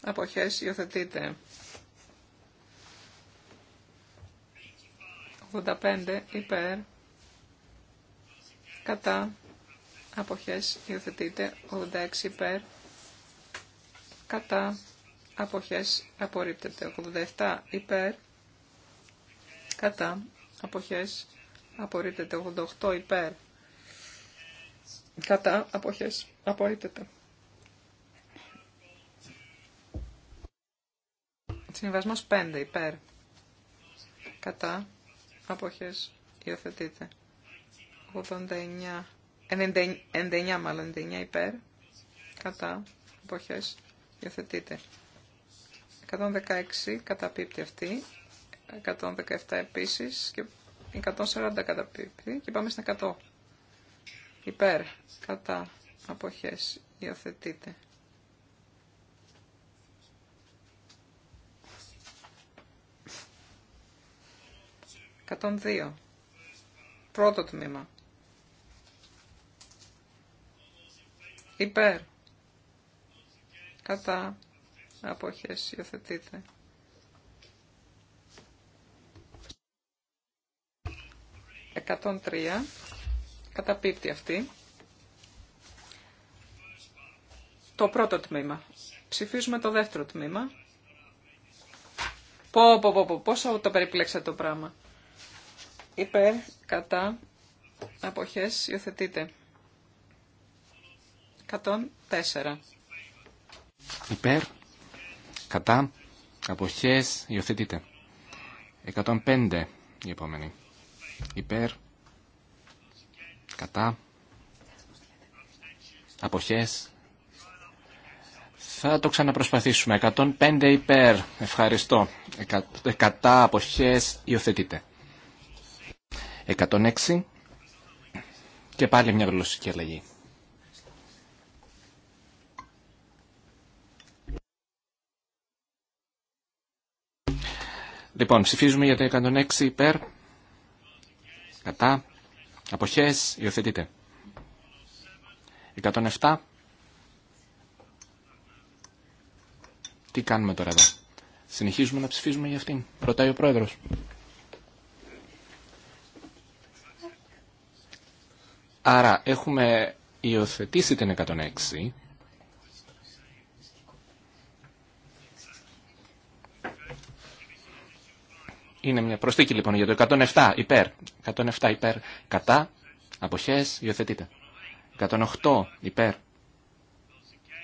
Αποχές υιοθετείτε. 85 υπέρ. Κατά. Αποχές υιοθετείτε, 86 υπέρ. Κατά. Αποχές απορρίπτεται. 87 υπέρ. Κατά. Αποχές απορρίπτεται 88 υπέρ κατά αποχές απορρίπτεται συμβασμός 5 υπέρ κατά αποχές υιοθετείται 89 99, μάλλον 99 υπέρ κατά αποχές υιοθετείται 116 καταπίπτει αυτή 117 επίσης και 140 πίπτη και πάμε στα 100. Υπέρ, κατά, αποχές, υιοθετείτε. 102, Πρώτο τμήμα. Υπέρ. Κατά. Αποχές υιοθετείτε. 103 καταπίπτει αυτή. Το πρώτο τμήμα. Ψηφίζουμε το δεύτερο τμήμα. Πω, πω, πω, πω, πόσο το περιπλέξατε το πράγμα. Υπέρ, κατά, αποχές, υιοθετείτε. 104. Υπέρ, κατά, αποχές, υιοθετείτε. 105 η επόμενη υπέρ, κατά, αποχές. Θα το ξαναπροσπαθήσουμε. 105 υπέρ, ευχαριστώ. Κατά, αποχές, υιοθετείτε. 106 και πάλι μια γλωσσική αλλαγή. Λοιπόν, ψηφίζουμε για το 106 υπέρ, Κατά. Αποχές. Υιοθετείτε. 107. Τι κάνουμε τώρα εδώ. Συνεχίζουμε να ψηφίζουμε για αυτήν. Ρωτάει ο πρόεδρος. Άρα έχουμε υιοθετήσει την 106 Είναι μια προστίκη λοιπόν για το 107 υπέρ. 107 υπέρ. Κατά. Αποχές. Υιοθετείτε. 108 υπέρ.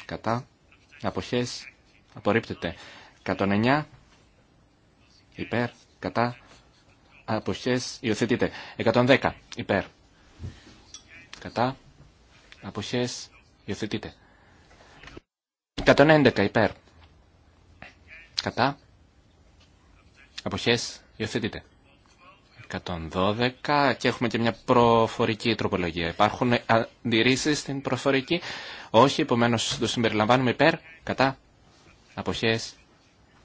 Κατά. Αποχές. Απορρίπτεται. 109 υπέρ. Κατά. Αποχές. Υιοθετείτε. 110 υπέρ. Κατά. Αποχές. Υιοθετείτε. 111 υπέρ. Κατά. Αποχές Υιοθετείτε. 112 και έχουμε και μια προφορική τροπολογία. Υπάρχουν ε, αντιρρήσεις στην προφορική. Όχι, επομένω το συμπεριλαμβάνουμε υπέρ, κατά, αποχές,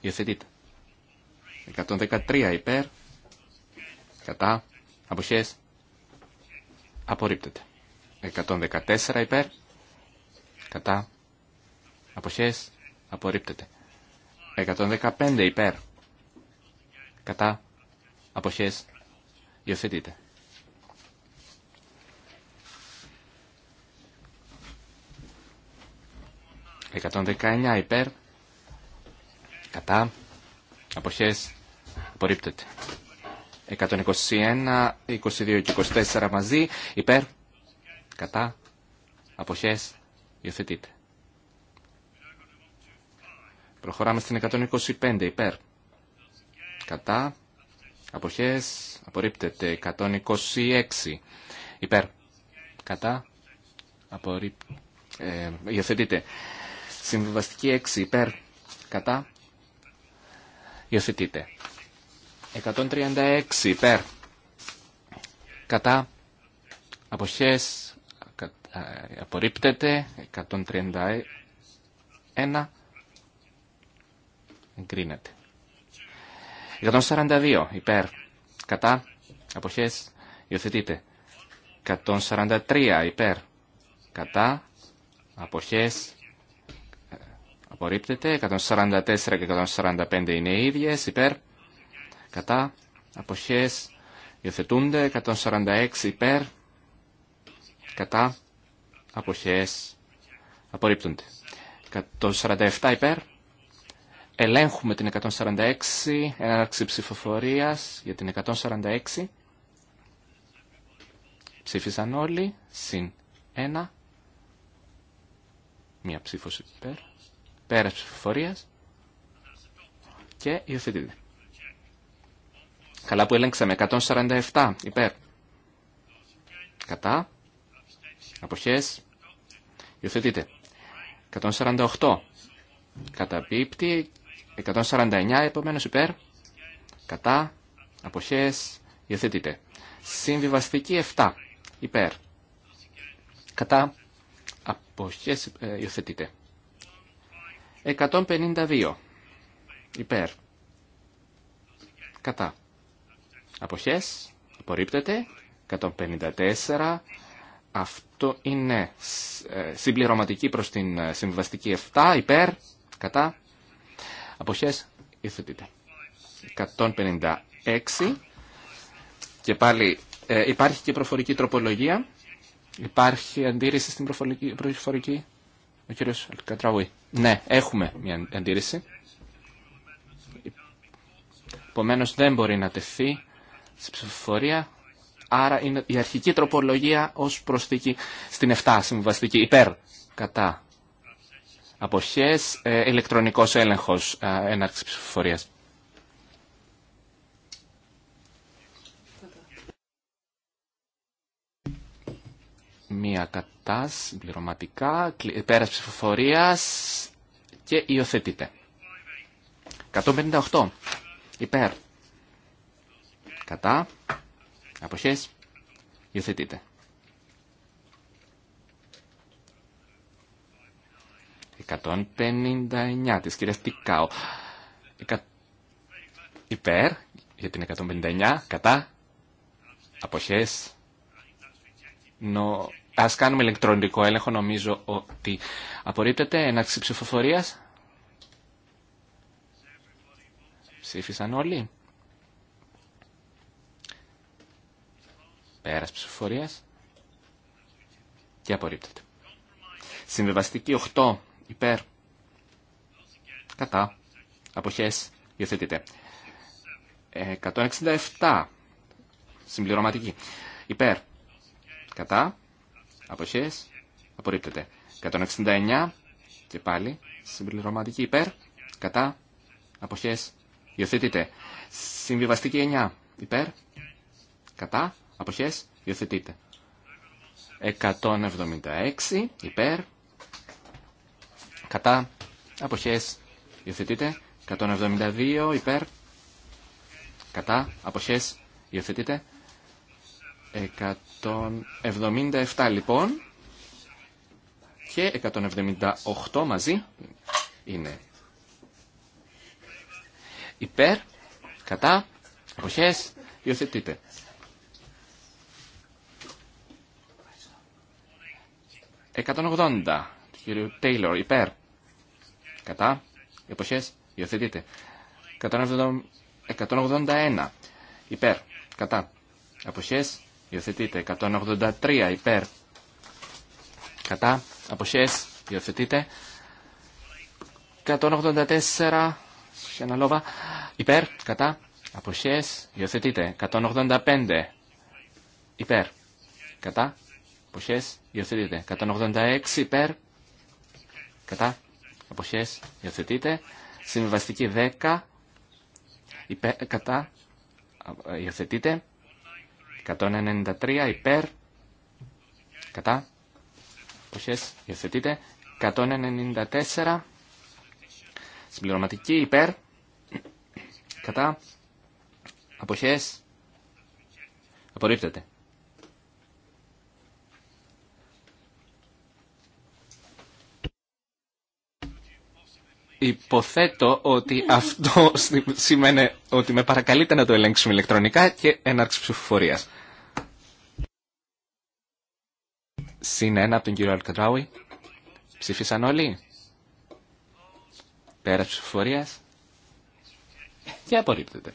υιοθετείτε. 113 υπέρ, κατά, αποχές, απορρίπτεται. 114 υπέρ, κατά, αποχές, απορρίπτεται. 115 υπέρ, κατά, αποχές, υιοθετείτε. 119 υπέρ, κατά, αποχές, απορρίπτεται. 121, 22 και 24 μαζί, υπέρ, κατά, αποχές, υιοθετείτε. Προχωράμε στην 125, υπέρ, κατά, αποχές, απορρίπτεται 126 υπέρ, κατά, Απορρίπτεται. υιοθετείται. Συμβιβαστική 6 υπέρ, κατά, υιοθετείται. 136 υπέρ, κατά, αποχές, απορρίπτεται, 131 εγκρίνεται. 142 υπέρ κατά Αποχέ. υιοθετείτε. 143 υπέρ κατά Αποχέ. απορρίπτεται. 144 και 145 είναι ίδιε υπέρ κατά Αποχέ. υιοθετούνται. 146 υπέρ κατά Αποχέ. απορρίπτονται. 147 υπέρ Ελέγχουμε την 146, έναρξη ψηφοφορίας για την 146. Ψήφισαν όλοι, συν 1. Μία ψήφος υπέρ. Πέρας ψηφοφορίας. Και υιοθετείται. Καλά που ελέγξαμε. 147 υπέρ. Κατά. Αποχές. Υιοθετείται. 148. Καταπίπτει 149 επομένως υπέρ, κατά, αποχές, υιοθετείται. Συμβιβαστική 7 υπέρ, κατά, αποχές, ε, υιοθετείται. 152 υπέρ, κατά, αποχές, απορρίπτεται. 154 αυτό είναι ε, συμπληρωματική προς την ε, συμβιβαστική 7 υπέρ, κατά, Αποχές υιοθετείται. 156 και πάλι ε, υπάρχει και προφορική τροπολογία. Υπάρχει αντίρρηση στην προφορική. Ο κύριος Ναι, έχουμε μια αντίρρηση. Επομένω δεν μπορεί να τεθεί σε ψηφοφορία. Άρα είναι η αρχική τροπολογία ως προσθήκη στην 7 συμβαστική υπέρ κατά αποχές, ε, ηλεκτρονικός έλεγχος ε, έναρξης ψηφοφορίας. Μία κατά συμπληρωματικά, πέρας ψηφοφορίας και υιοθετείται. 158. Υπέρ. Κατά. Αποχές. Υιοθετείται. 159 της κυρίας Τικάου. Εκα... Υπέρ για την 159, κατά, αποχές, νο... Ας κάνουμε ηλεκτρονικό έλεγχο, νομίζω ότι απορρίπτεται έναρξη ψηφοφορίας. Ψήφισαν όλοι. Πέρας ψηφοφορίας. Και απορρίπτεται. Συμβεβαστική 8 υπέρ, κατά, αποχές, υιοθετείτε. 167, συμπληρωματική, υπέρ, κατά, αποχές, απορρίπτεται. 169, και πάλι, συμπληρωματική, υπέρ, κατά, αποχές, υιοθετείτε. Συμβιβαστική 9, υπέρ, κατά, αποχές, υιοθετείτε. 176 υπέρ, κατά, αποχές, υιοθετείτε. 172 υπέρ, κατά, αποχές, υιοθετείτε. 177 λοιπόν και 178 μαζί είναι υπέρ, κατά, αποχές, υιοθετείτε. 180 κύριου Τέιλορ, υπέρ. Κατά. Εποχές. Υιοθετείτε. 181. Υπέρ. Κατά. Εποχές. Υιοθετείτε. 183. Υπέρ. Κατά. Εποχές. Υιοθετείτε. 184. Σιαναλόβα. Υπέρ. Κατά. Αποχές. Υιοθετείτε. 185. Υπέρ. Κατά. Αποχές. Υιοθετείτε. 186. Υπέρ κατά, αποχές, υιοθετείτε. συμβιβαστική 10, κατά, υιοθετείτε. 193 υπέρ, κατά, αποχές, υιοθετείτε. 194 συμπληρωματική υπέρ, κατά, αποχές, απορρίπτεται. Υποθέτω ότι αυτό σημαίνει ότι με παρακαλείτε να το ελέγξουμε ηλεκτρονικά και έναρξη ψηφοφορία. Συν ένα από τον κύριο Αλκατράουι. Ψήφισαν όλοι. Πέρα ψηφοφορία. Και απορρίπτεται.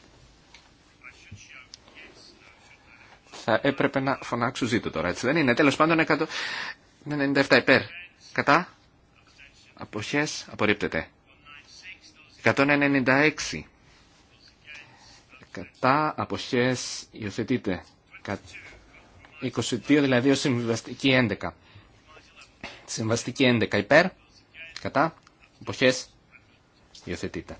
Θα έπρεπε να φωνάξω ζήτω τώρα, έτσι δεν είναι. Τέλος πάντων 197 υπέρ. Κατά. Αποχές. Απορρίπτεται. 196 κατά αποχές υιοθετείται 22 δηλαδή ως συμβαστική 11 συμβαστική 11 υπέρ κατά αποχές υιοθετείται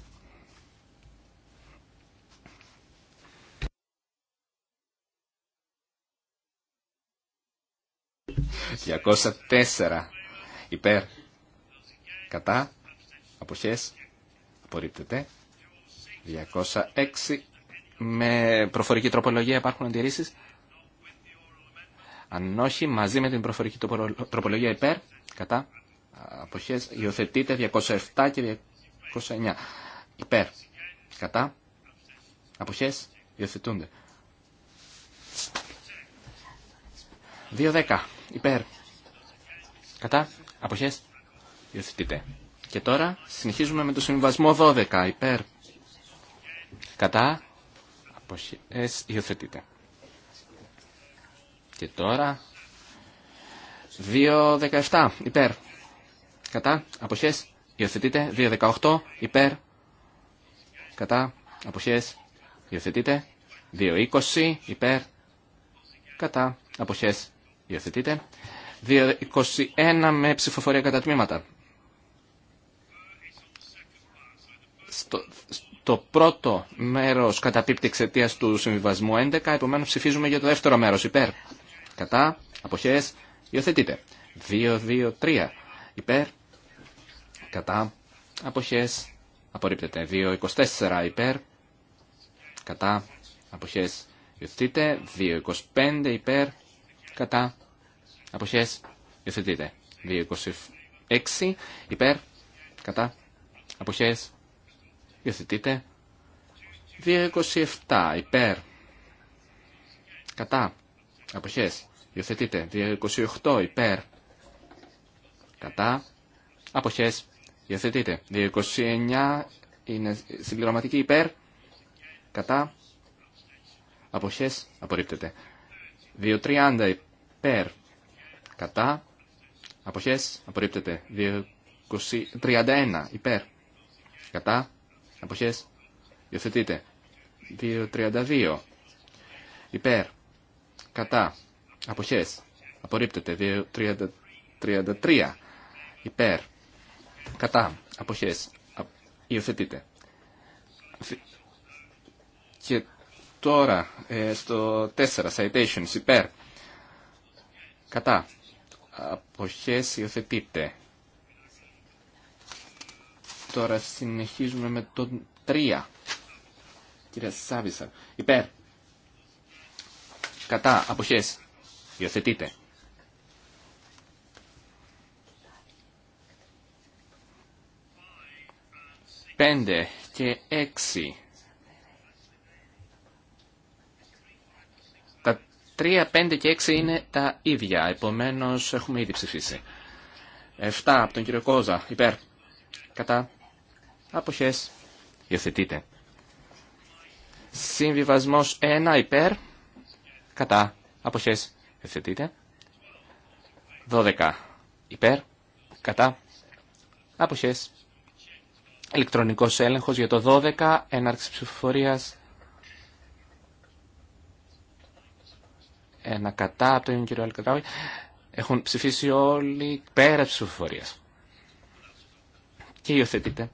...204 υπέρ κατά αποχές Απορρίπτεται. 206. Με προφορική τροπολογία υπάρχουν αντιρρήσεις. Αν όχι, μαζί με την προφορική τροπολογία υπέρ, κατά, αποχές, υιοθετείται 207 και 209. Υπέρ, κατά, αποχές, υιοθετούνται. 210, υπέρ, κατά, αποχές, υιοθετείται. Και τώρα συνεχίζουμε με το συμβασμό 12 υπέρ κατά αποχές υιοθετείται. Και τώρα 2.17 υπέρ κατά αποχές υιοθετείται. 2.18 υπέρ κατά αποχές υιοθετείται. 2.20 υπέρ κατά αποχές υιοθετείται. 2.21 με ψηφοφορία κατά τμήματα. στο, το πρώτο μέρο καταπίπτει εξαιτία του συμβιβασμού 11, επομένω ψηφίζουμε για το δευτερο μέρο μέρος υπέρ. αποχέ, αποχές, υιοθετείτε. 2-2-3 υπέρ, κατά, Αποχέ. απορρίπτεται. 2-24 υπέρ, κατά, αποχέ, υιοθετείτε. 2-25 υπέρ, κατά, Αποχέ. υιοθετείτε. 2-26 υπέρ, κατά, αποχές, Υιοθετείτε. 227 υπέρ. Κατά. Αποχές. Υιοθετείτε. 228 υπέρ. Κατά. Αποχές. Υιοθετείτε. 229 είναι συμπληρωματική υπέρ. Κατά. Αποχές. Απορρίπτεται. 230 υπέρ. Κατά. Αποχές. Απορρίπτεται. 231 υπέρ. Κατά. Αποχές. Υιοθετείτε. 2.32. Υπέρ. Κατά. Αποχές. Απορρίπτεται. 2.33. Υπέρ. Κατά. Αποχές. Υιοθετείτε. Και τώρα ε, στο 4. Citations. Υπέρ. Κατά. Αποχές. Υιοθετείτε. Τώρα συνεχίζουμε με τον 3. Κυρία Σάβησα. Υπέρ. Κατά. αποχέ. Υιοθετείτε. Πέντε και έξι. Τα τρία, πέντε και έξι είναι τα ίδια. Επομένως έχουμε ήδη ψηφίσει. Εφτά από τον κύριο Κόζα. Υπέρ. Κατά. Αποχέ. Υιοθετείτε. Συμβιβασμό 1 υπέρ. Κατά. Αποχέ. Υιοθετείτε. 12 υπέρ. Κατά. Αποχέ. Ελεκτρονικό έλεγχο για το 12. Έναρξη ψηφοφορία. Ένα κατά από τον κύριο Αλκατάβη. Έχουν ψηφίσει όλοι πέρα ψηφοφορία Και υιοθετείτε.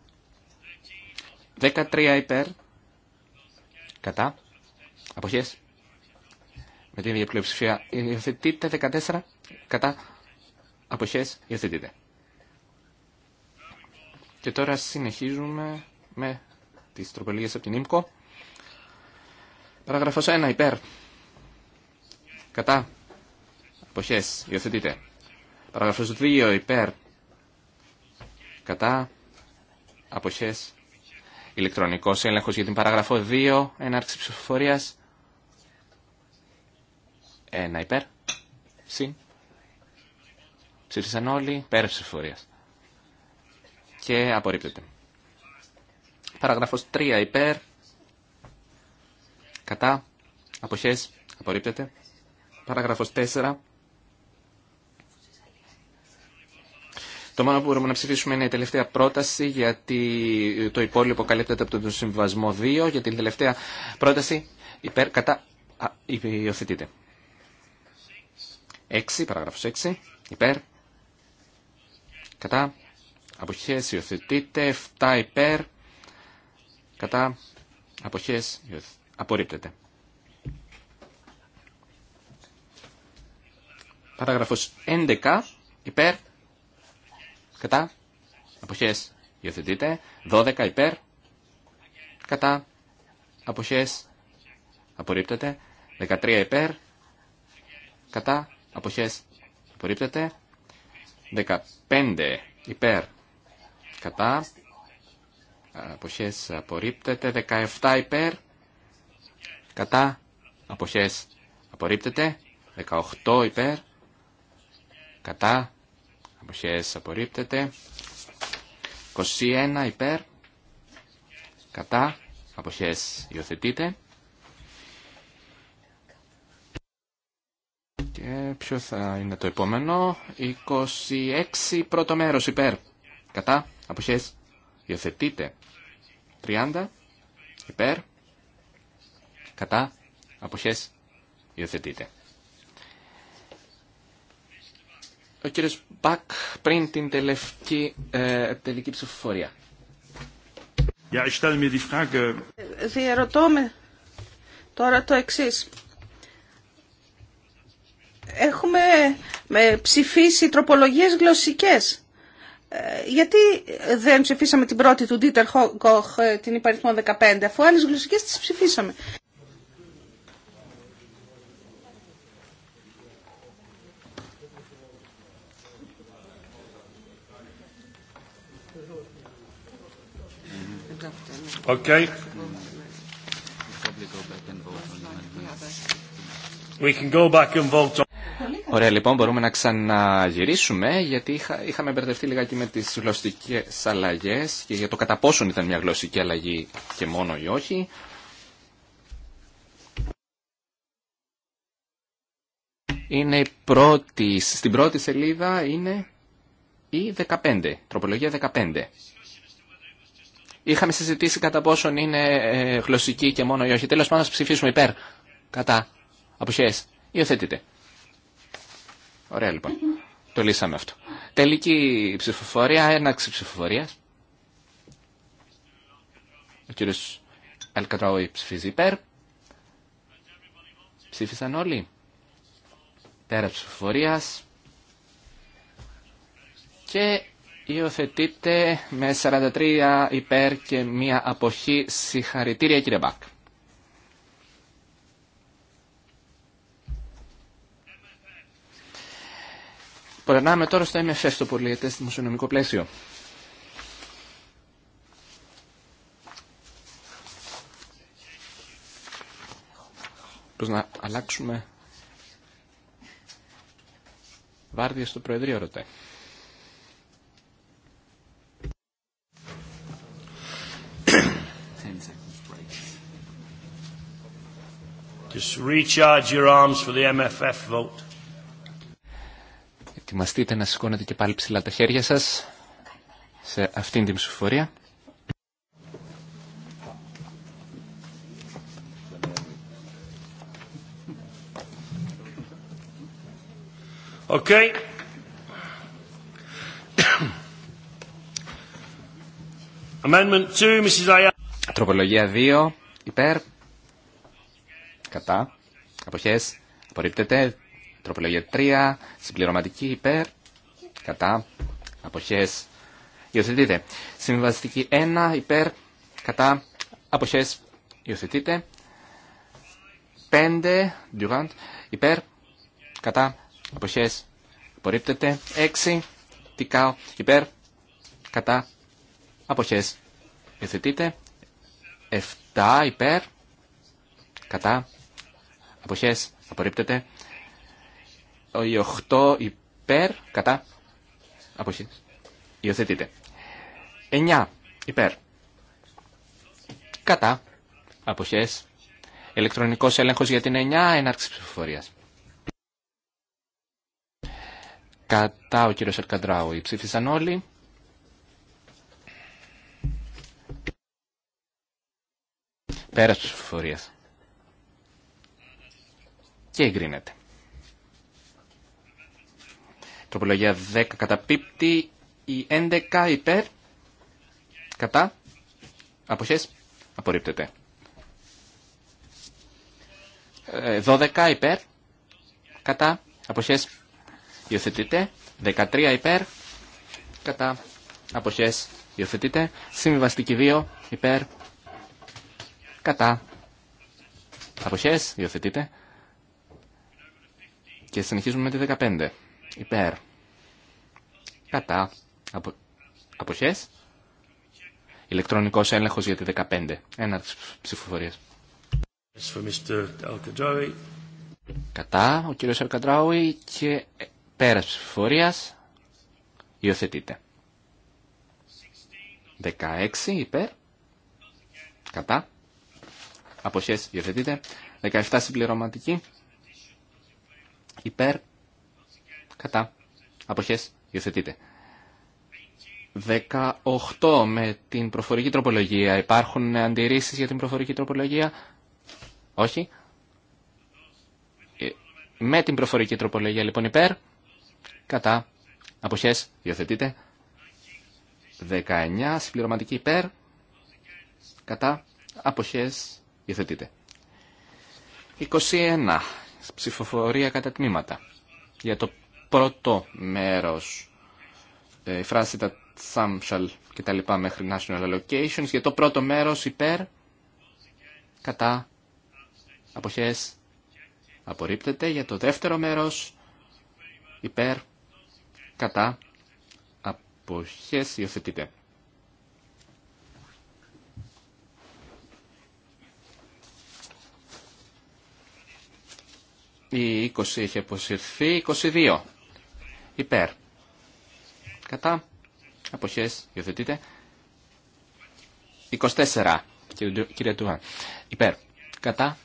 13 υπέρ. Κατά. Αποχέ. Με την ίδια πλειοψηφία υιοθετείτε 14. Κατά. Αποχέ. υιοθετείτε. Και τώρα συνεχίζουμε με τι τροπολογίε από την ΙΜΚΟ. Παραγραφό 1 υπέρ. Κατά. Αποχέ. υιοθετείτε. Παραγραφό 2 υπέρ. Κατά. Αποχές Ηλεκτρονικό έλεγχο για την παράγραφο 2, έναρξη ψηφοφορία. ένα υπέρ. Συν. Ψήφισαν όλοι, πέρα ψηφοφορία Και απορρίπτεται. Παράγραφο 3 υπέρ. Κατά. αποχέ, Απορρίπτεται. Παράγραφο 4 Το μόνο που μπορούμε να ψηφίσουμε είναι η τελευταία πρόταση γιατί το υπόλοιπο καλύπτεται από τον Συμβασμό 2 για την τελευταία πρόταση υπέρ κατά υιοθετείται. 6, παράγραφος 6, υπέρ, κατά, αποχές υιοθετείται, 7 υπέρ, κατά, αποχές απορρίπτεται. Παράγραφος 11, υπέρ, Κατά. Αποχές. Υιοθετείτε. 12 υπέρ. Κατά. Αποχές. Απορρίπτεται. 13 υπέρ. Κατά. Αποχές. Απορρίπτεται. 15 υπέρ. Κατά. Αποχές. Απορρίπτεται. 17 υπέρ. Κατά. Αποχές. Απορρίπτεται. 18 υπέρ. Κατά αποχές απορρίπτεται 21 υπέρ κατά αποχές υιοθετείται και ποιο θα είναι το επόμενο 26 πρώτο μέρος υπέρ κατά αποχές υιοθετείται 30 υπέρ κατά αποχές υιοθετείται ο κύριος Μπακ πριν την τελευταία ε, τελική ψηφοφορία. Ja, ich stelle mir die Frage... τώρα το εξή. Έχουμε με ψηφίσει τροπολογίες γλωσσικές. Ε, γιατί δεν ψηφίσαμε την πρώτη του Ντίτερ Χόγκοχ την υπαριθμό 15, αφού άλλες γλωσσικές τις ψηφίσαμε. Ωραία, λοιπόν, μπορούμε να ξαναγυρίσουμε, γιατί είχαμε μπερδευτεί λιγάκι με τις γλωσσικές αλλαγέ και για το κατά πόσον ήταν μια γλωσσική αλλαγή και μόνο ή όχι. Είναι η οχι ειναι η στην πρώτη σελίδα είναι η 15, τροπολογία 15. Είχαμε συζητήσει κατά πόσον είναι ε, γλωσσική και μόνο ή όχι. τέλο πάντων, ψηφίσουμε υπέρ. Κατά. Αποχέ. Υιοθετείτε. Ωραία λοιπόν. Το λύσαμε αυτό. Τελική ψηφοφορία, έναξη ψηφοφορία. Ο κύριο Αλκατράουι ψηφίζει υπέρ. Ψήφισαν όλοι. Πέρα ψηφοφορία. Και Υιοθετείται με 43 υπέρ και μία αποχή. Συγχαρητήρια κύριε Μπακ. Περνάμε τώρα στο MFS το στο δημοσιονομικό πλαίσιο. Πώς να αλλάξουμε βάρδια στο Προεδρείο, ρωτάει. Just recharge your arms for the MFF vote. Ετοιμαστείτε να σηκώνετε και πάλι ψηλά τα χέρια σας σε αυτήν την ψηφοφορία. Okay. Amendment 2, Mrs. Ayala. Τροπολογία 2, υπέρ κατά, αποχέ, απορρίπτεται. Τροπολογία 3, συμπληρωματική υπέρ, κατά, Αποχέ. υιοθετείται. Συμβαστική 1, υπέρ, κατά, Αποχέ. υιοθετείται. 5, Durant, υπέρ, κατά, αποχε απορρίπτεται. 6, Τικάο, υπέρ, κατά, Αποχέ. υιοθετείται. 7, υπέρ, κατά, Αποχές. Απορρίπτεται. Οι 8 υπέρ. Κατά. αποχή Υιοθετείται. 9 υπέρ. Κατά. αποχέ. Ελεκτρονικό έλεγχο για την 9. Έναρξη ψηφοφορία. Κατά ο κύριος Αρκαντράου. Ψήφισαν όλοι. Πέρας ψηφοφορία και εγκρίνεται. Τροπολογία 10 καταπίπτει, η 11 υπέρ, κατά, αποχές, απορρίπτεται. 12 ε, υπέρ, κατά, αποχές, υιοθετείται. 13 υπέρ, κατά, αποχές, υιοθετείται. Συμβιβαστική 2 υπέρ, κατά, αποχές, υιοθετείται. Και συνεχίζουμε με τη 15. Υπέρ. Κατά. Απο... Αποχές. Ηλεκτρονικός έλεγχος για τη 15. Ένα της ψηφοφορίας. Κατά. Ο κύριος Αλκαντράουι και ε, πέρας ψηφοφορίας. Υιοθετείται. 16 υπέρ. Κατά. Αποχές υιοθετείται. 17 συμπληρωματική υπέρ, κατά, αποχές, υιοθετείτε. 18 με την προφορική τροπολογία. Υπάρχουν αντιρρήσεις για την προφορική τροπολογία. Όχι. Ε, με την προφορική τροπολογία λοιπόν υπέρ, κατά, αποχές, υιοθετείτε. 19 συμπληρωματική υπέρ, κατά, αποχές, υιοθετείτε. 21 ψηφοφορία κατά τμήματα. Για το πρώτο μέρος, ε, η φράση τα shall και τα λοιπά μέχρι National Allocations, για το πρώτο μέρος υπέρ, κατά, αποχές, απορρίπτεται. Για το δεύτερο μέρος, υπέρ, κατά, αποχές, υιοθετείται. Η 20 είχε αποσυρθεί. 22. Υπέρ. Κατά. Αποχές. Υιοθετείτε. 24. Κύριε Τουάν. Υπέρ. Κατά.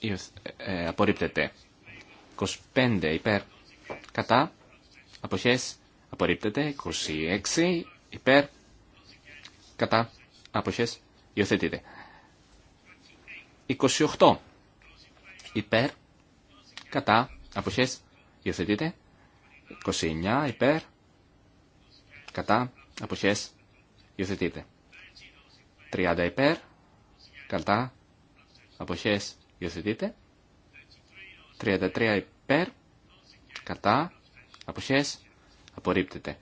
Ε, ε, απορρίπτεται. 25. Υπέρ. Κατά. Αποχές. Απορρίπτεται. 26. Υπέρ. Κατά. Αποχές. Υιοθετείτε. 28. Υπέρ κατά, αποχές, υιοθετείτε. 29 υπέρ, κατά, αποχές, υιοθετείτε. 30 υπέρ, κατά, αποχές, υιοθετείτε. 33 υπέρ, κατά, αποχές, απορρίπτεται.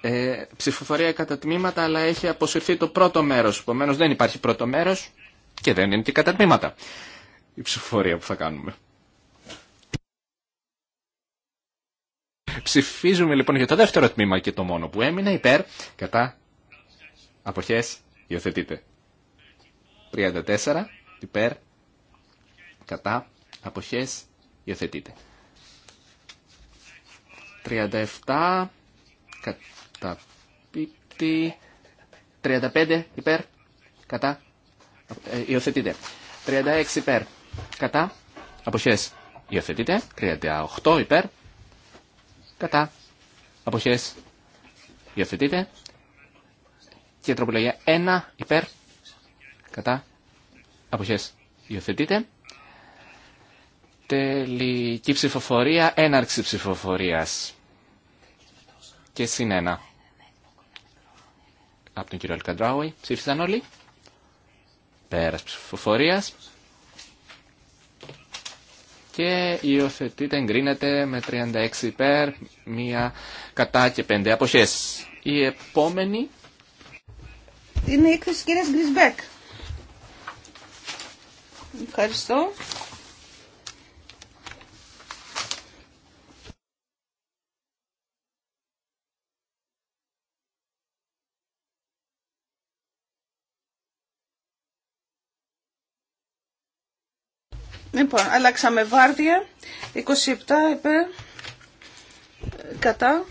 Ε, ψηφοφορία κατά τμήματα, αλλά έχει αποσυρθεί το πρώτο μέρος, επομένως δεν υπάρχει πρώτο μέρος και δεν είναι και κατά τμήματα η ψηφοφορία που θα κάνουμε. Ψηφίζουμε λοιπόν για το δεύτερο τμήμα και το μόνο που έμεινε υπέρ κατά αποχές υιοθετείτε. 34 υπέρ κατά αποχές υιοθετείτε. 37 κατά πίπτη 35 υπέρ κατά ε, υιοθετείτε. 36 υπέρ. Κατά. Αποχές. Υιοθετείτε. 38 υπέρ. Κατά. Αποχές. Υιοθετείτε. Και τροπολογία 1 υπέρ. Κατά. Αποχές. Υιοθετείτε. Τελική ψηφοφορία. Έναρξη ψηφοφορίας. Και συνένα. Από τον κύριο Αλκαντράουι. Ψήφισαν όλοι. Πέρας ψηφοφορίας. Και υιοθετείται, εγκρίνεται με 36 υπέρ, μία κατά και 5 αποχές. Η επόμενη... Είναι η έκθεση κυρίας Γκρισμπέκ. Ευχαριστώ. Λοιπόν, αλλάξαμε βάρδια. 27 υπέρ. Κατά.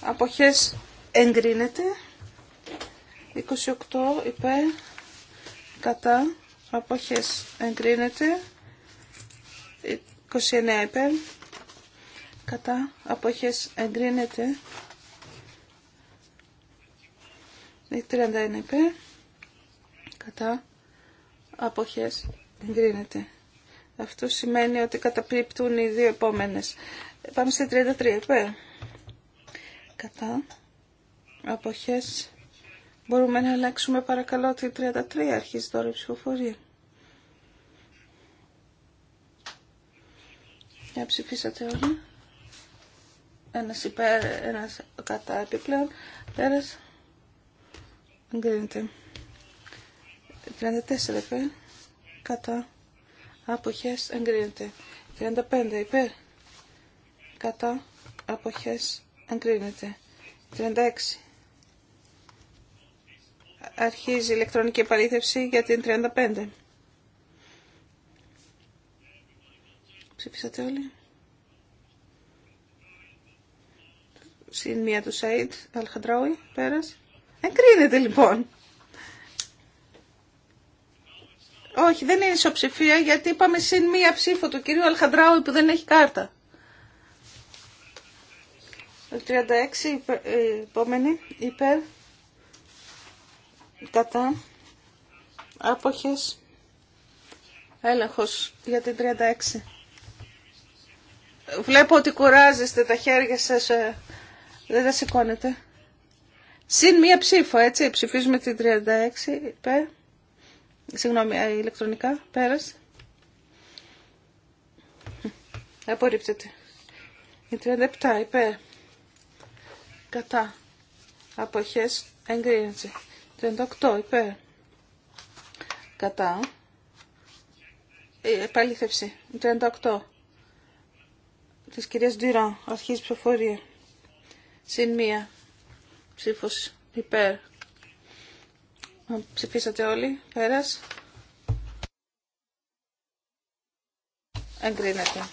Αποχές εγκρίνεται. 28 υπέρ. Κατά. Αποχές εγκρίνεται. 29 υπέρ. Κατά. Αποχές εγκρίνεται. 31 υπέρ. Κατά. Αποχές εγκρίνεται. Αυτό σημαίνει ότι καταπληκτούν οι δύο επόμενες. Πάμε στη 33 Κατά. Αποχές. Μπορούμε να αλλάξουμε παρακαλώ τη 33 αρχίζει τώρα η ψηφοφορία. Για ψηφίσατε όλοι. Ένας υπέρ, ένας κατά επιπλέον. Πέρας. Εγκρίνεται. 34 υπέρ. Κατά αποχές εγκρίνεται. 35 υπέρ κατά αποχές εγκρίνεται. 36 αρχίζει η ηλεκτρονική επαλήθευση για την 35. Ψήφισατε όλοι. Συν μία του Σαΐτ Αλχαντράουι, πέρας. Εγκρίνεται λοιπόν. Όχι, δεν είναι ισοψηφία γιατί είπαμε συν μία ψήφο του κυρίου Αλχαντράου που δεν έχει κάρτα. 36 ε, επόμενη υπέρ κατά άποχες έλεγχος για την 36. Βλέπω ότι κουράζεστε τα χέρια σας, ε, δεν τα σηκώνετε. Συν μία ψήφο, έτσι, ψηφίζουμε την 36 υπέρ Συγγνώμη, ηλεκτρονικά, πέρασε. Απορρίπτεται. Η 37 υπέρ. Κατά. Αποχές εγκρίνεται. 38 υπέρ. Κατά. Η ε, επαλήθευση. 38. Της κυρίας Ντυρά. Αρχής ψηφοφορία. Συν μία. Ψήφος υπέρ Ψηφίσατε όλοι. Πέρας. Εγκρίνεται.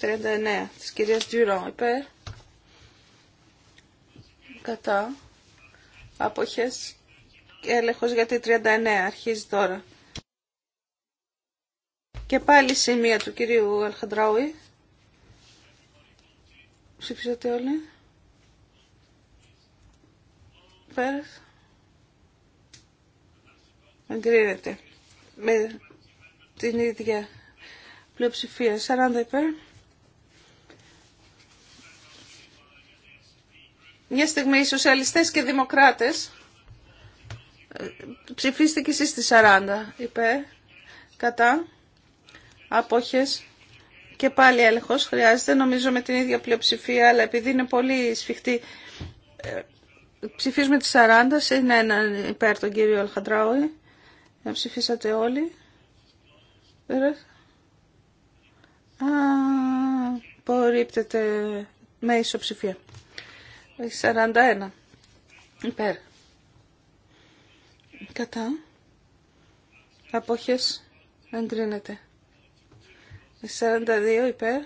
39 της κυρίας Ντυρό. Υπέρ. Κατά. Αποχές. Έλεγχος γιατί 39. Αρχίζει τώρα. Και πάλι σημεία του κυρίου Αλχαντράουι. Ψηφίσατε όλοι. Πέρας. Εγκρίνεται. Με την ίδια πλειοψηφία. 40 υπέρ. Μια στιγμή οι σοσιαλιστές και δημοκράτες ε, ψηφίστε και εσείς τη 40 υπέρ, κατά, άποχες και πάλι έλεγχος χρειάζεται νομίζω με την ίδια πλειοψηφία αλλά επειδή είναι πολύ σφιχτή ε, ψηφίζουμε τις 40 είναι ένα υπέρ τον κύριο Αλχαντράουι να ψηφίσατε όλοι. Απορρίπτεται με ισοψηφία. 41. Υπέρ. Κατά. Απόχες. Εγκρίνεται. 42 υπέρ.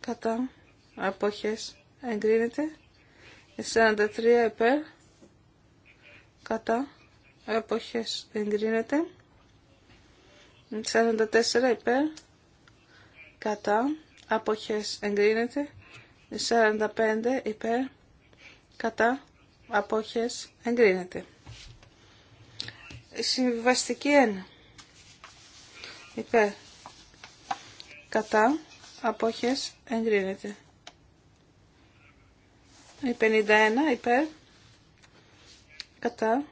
Κατά. Απόχες. Εγκρίνεται. 43 υπέρ. Κατά. Αποχές εγκρίνεται. 44 υπέρ. Κατά. Αποχές εγκρίνεται. 45 υπέρ. Κατά. Αποχές εγκρίνεται. Συμβιβαστική 1. Υπέρ. Κατά. Απόχες εγκρίνεται. 51 υπέρ. Κατά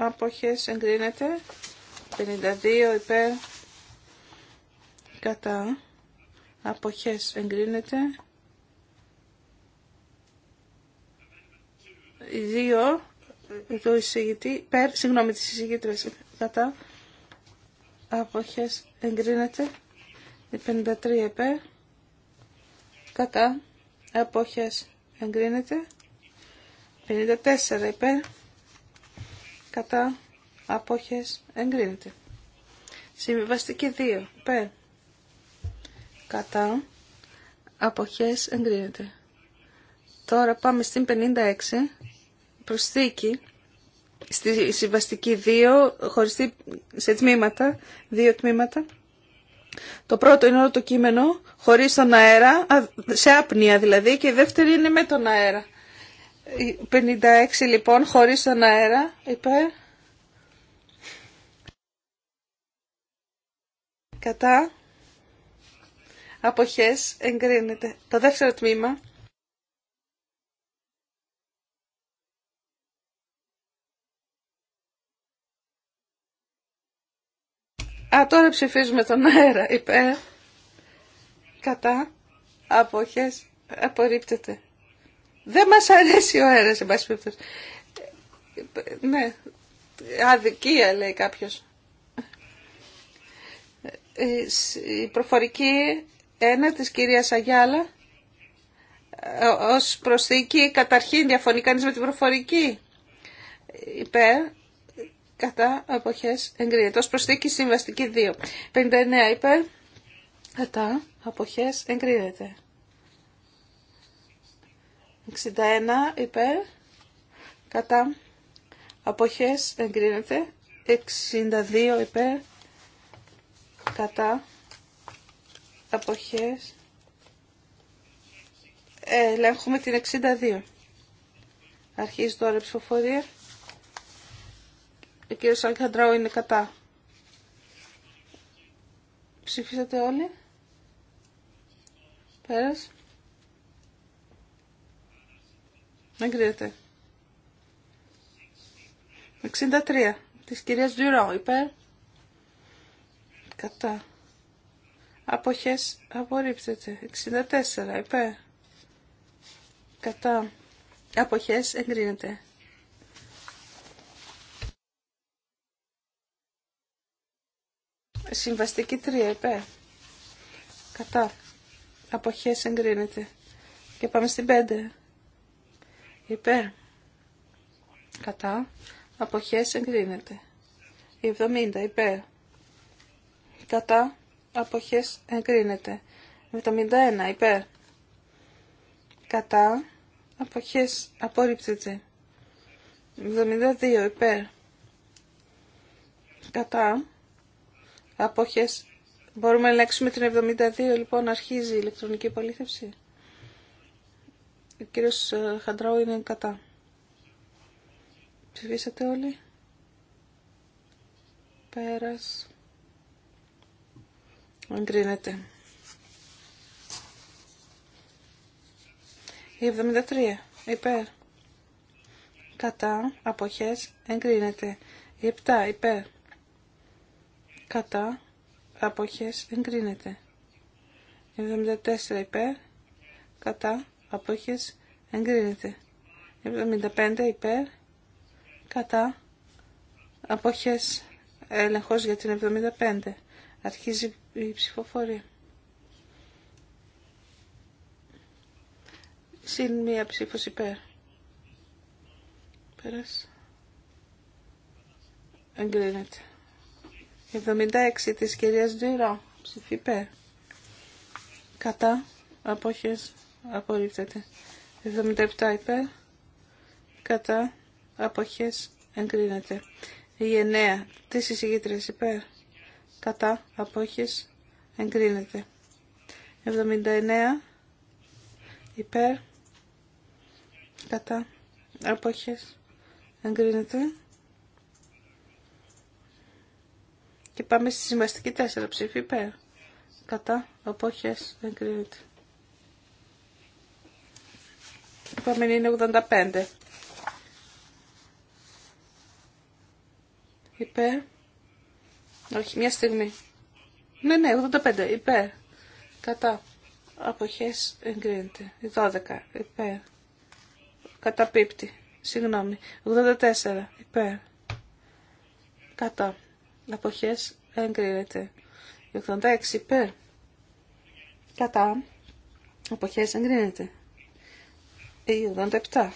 αποχές εγκρίνεται 52 υπέρ κατά αποχές εγκρίνεται 2 του εισηγητή περ, συγγνώμη της εισηγήτρας κατά αποχές εγκρίνεται 53 υπέρ κατά αποχές εγκρίνεται 54 υπέρ κατά απόχες εγκρίνεται. Συμβιβαστική 2 Πε. κατά αποχές εγκρίνεται. Τώρα πάμε στην 56 προσθήκη στη συμβαστική 2 χωριστή σε τμήματα, δύο τμήματα. Το πρώτο είναι όλο το κείμενο χωρίς τον αέρα, σε άπνια δηλαδή, και η δεύτερη είναι με τον αέρα. 56 λοιπόν χωρίς τον αέρα είπε. κατά αποχές εγκρίνεται. Το δεύτερο τμήμα Α, τώρα ψηφίζουμε τον αέρα υπέρ κατά αποχές απορρίπτεται. Δεν μας αρέσει ο αέρας, σε πάση Ναι, αδικία λέει κάποιος. Ε, η προφορική ένα της κυρίας Αγιάλα ε, ως προσθήκη καταρχήν διαφωνεί κανείς με την προφορική υπέρ κατά αποχές εγκρίνεται ως προσθήκη συμβαστική 2 59 υπέρ κατά αποχές εγκρίνεται 61 υπέρ κατά αποχές εγκρίνεται 62 υπέρ κατά αποχές ελέγχουμε την 62 αρχίζει τώρα η ψηφοφορία ο κύριος Αλκαντράου είναι κατά ψηφίσατε όλοι πέρασε Εγκρίνεται. 63 της κυρίας Ντουρό Ειπέ. κατά αποχές απορρίπτεται 64 υπέρ κατά αποχές εγκρίνεται συμβαστική 3 υπέρ κατά αποχές εγκρίνεται και πάμε στην 5 υπέρ κατά αποχές εγκρίνεται 70 υπέρ κατά αποχές εγκρίνεται 71 υπέρ κατά αποχές απορρίπτεται 72 υπέρ κατά αποχές μπορούμε να ελέγξουμε την 72 λοιπόν αρχίζει η ηλεκτρονική υπολήθευση ο κύριος ε, Χαντράου είναι κατά. Ψηφίσατε όλοι. Πέρας. Εγκρίνεται. Η 73. Υπέρ. Κατά. Αποχές. Εγκρίνεται. Η 7. Υπέρ. Κατά. Αποχές. Εγκρίνεται. Η 74. Υπέρ. Κατά αποχές εγκρίνεται. 75 υπέρ κατά αποχές έλεγχος για την 75. Αρχίζει η ψηφοφορία. Συν μία ψήφος υπέρ. Πέρασε. Εγκρίνεται. 76 της κυρίας Ντουιρό. Ψηφή υπέρ. Κατά αποχές απορρίπτεται. 77 υπέρ κατά αποχές εγκρίνεται. Η 9 τι εισηγήτριας υπέρ κατά απόχες εγκρίνεται. 79 υπέρ κατά απόχες εγκρίνεται. Και πάμε στη συμβαστική 4 ψήφι υπέρ κατά απόχες εγκρίνεται. Επόμενη είναι 85. Υπέρ. Όχι, μια στιγμή. Ναι, ναι, 85. Υπέρ. Κατά. Αποχές εγκρίνεται. 12. Υπέρ. πίπτη. Συγγνώμη. 84. Υπέρ. Κατά. Αποχές εγκρίνεται. 86. Υπέρ. Κατά. Αποχές εγκρίνεται ή 87.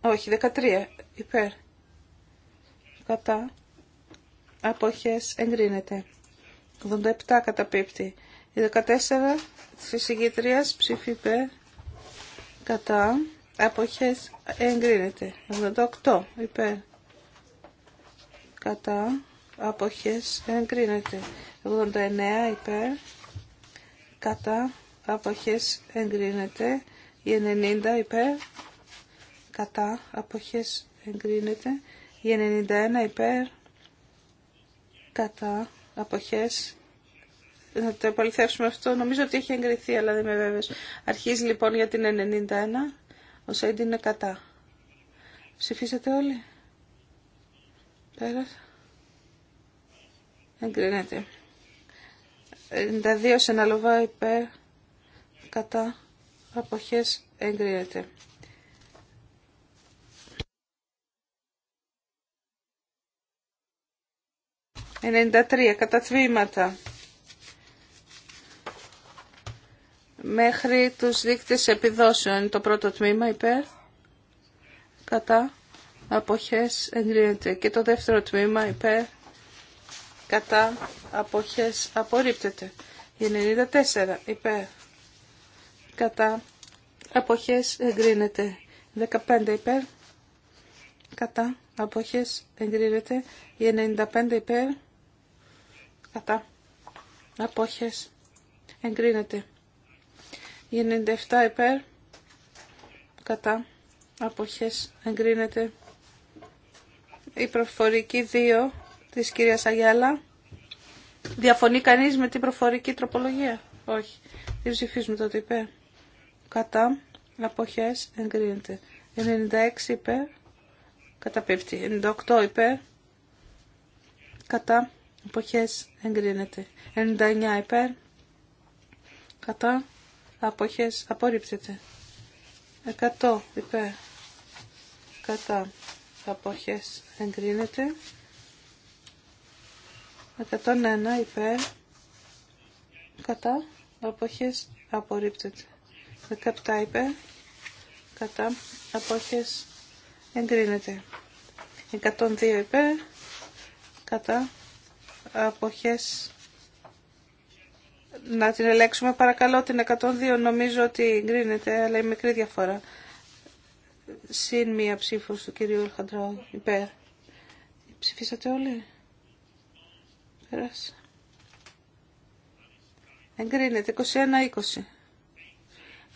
Όχι, 13 υπέρ. Κατά. Αποχές εγκρίνεται. 87 καταπίπτει. Η 14 της εισηγήτριας ψήφι Κατά. Αποχές εγκρίνεται. 88 υπέρ. Κατά. Αποχές εγκρίνεται. 89 υπέρ. Κατά. Αποχές εγκρίνεται. Η 90 υπέρ κατά αποχές εγκρίνεται. Η 91 υπέρ κατά αποχές να το επαληθεύσουμε αυτό. Νομίζω ότι έχει εγκριθεί, αλλά δεν είμαι βέβαιος. Αρχίζει λοιπόν για την 91. Ο Σέντιν είναι κατά. Ψηφίσατε όλοι. Πέρασε. Εγκρίνεται. 92 σε ένα λοβά υπέρ. Κατά αποχές εγκρίνεται. «93 κατά τμήματα» μέχρι τους δείκτες επιδόσεων. το πρώτο τμήμα υπέρ, κατά, αποχές εγκρίνεται. Και το δεύτερο τμήμα υπέρ, κατά, αποχές απορρίπτεται. 94 υπέρ, κατά αποχές εγκρίνεται 15 υπέρ κατά αποχές εγκρίνεται 95 υπέρ κατά αποχές εγκρίνεται 97 υπέρ κατά αποχές εγκρίνεται η προφορική 2 της κυρίας Αγιάλα διαφωνεί κανείς με την προφορική τροπολογία όχι δεν ψηφίζουμε τότε υπέρ κατά αποχές εγκρίνεται. 96 υπέρ καταπέφτει. 98 υπέρ κατά αποχές εγκρίνεται. 99 υπέρ κατά αποχές απορρίπτεται. 100 υπέρ κατά αποχές εγκρίνεται. 101 υπέρ κατά αποχές απορρίπτεται. 17 είπε, κατά αποχές εγκρίνεται 102 είπε, κατά αποχές να την ελέγξουμε παρακαλώ την 102 νομίζω ότι εγκρίνεται αλλά η μικρή διαφορά συν μία ψήφος του κυρίου Ελχαντράου υπέρ ψηφίσατε πέρασε εγκρίνεται 21-20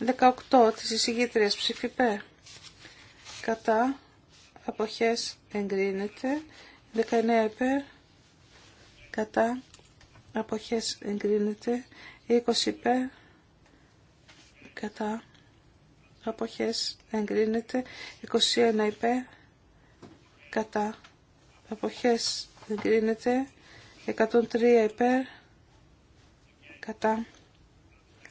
18 της εισηγήτριας ψηφιπέ. Κατά αποχές εγκρίνεται. 19 υπέρ. Κατά αποχές εγκρίνεται. 20 υπέρ. Κατά αποχές εγκρίνεται. 21 υπέρ. Κατά αποχές εγκρίνεται. 103 υπέρ. Κατά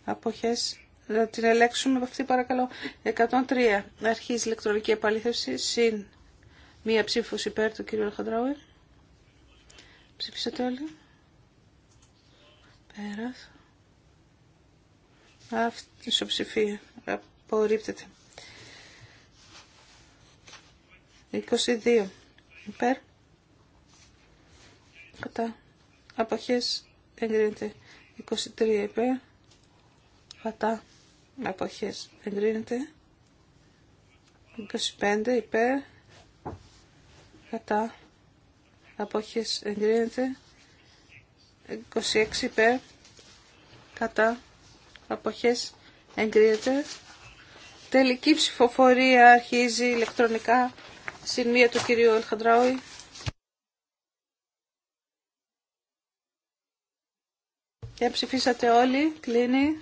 αποχές να την ελέγξουμε από αυτή παρακαλώ. 103. Αρχίζει ηλεκτρονική επαλήθευση συν μία ψήφος υπέρ του κύριου Αλχαντράουε. Ψήφισατε όλοι. Πέρας. Αυτή η ψηφία Απορρίπτεται. 22. Υπέρ. Κατά. Αποχές εγκρίνεται. 23 υπέρ. Κατά αποχές εγκρίνεται 25 υπέρ κατά αποχές εγκρίνεται 26 υπέρ κατά αποχές εγκρίνεται τελική ψηφοφορία αρχίζει ηλεκτρονικά μία του κυρίου Ελχαντράουη και ψηφίσατε όλοι κλείνει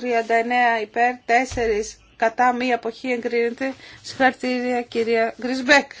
39 υπέρ, 4 κατά μία αποχή εγκρίνεται. Συγχαρητήρια κυρία Γκρισμπέκ.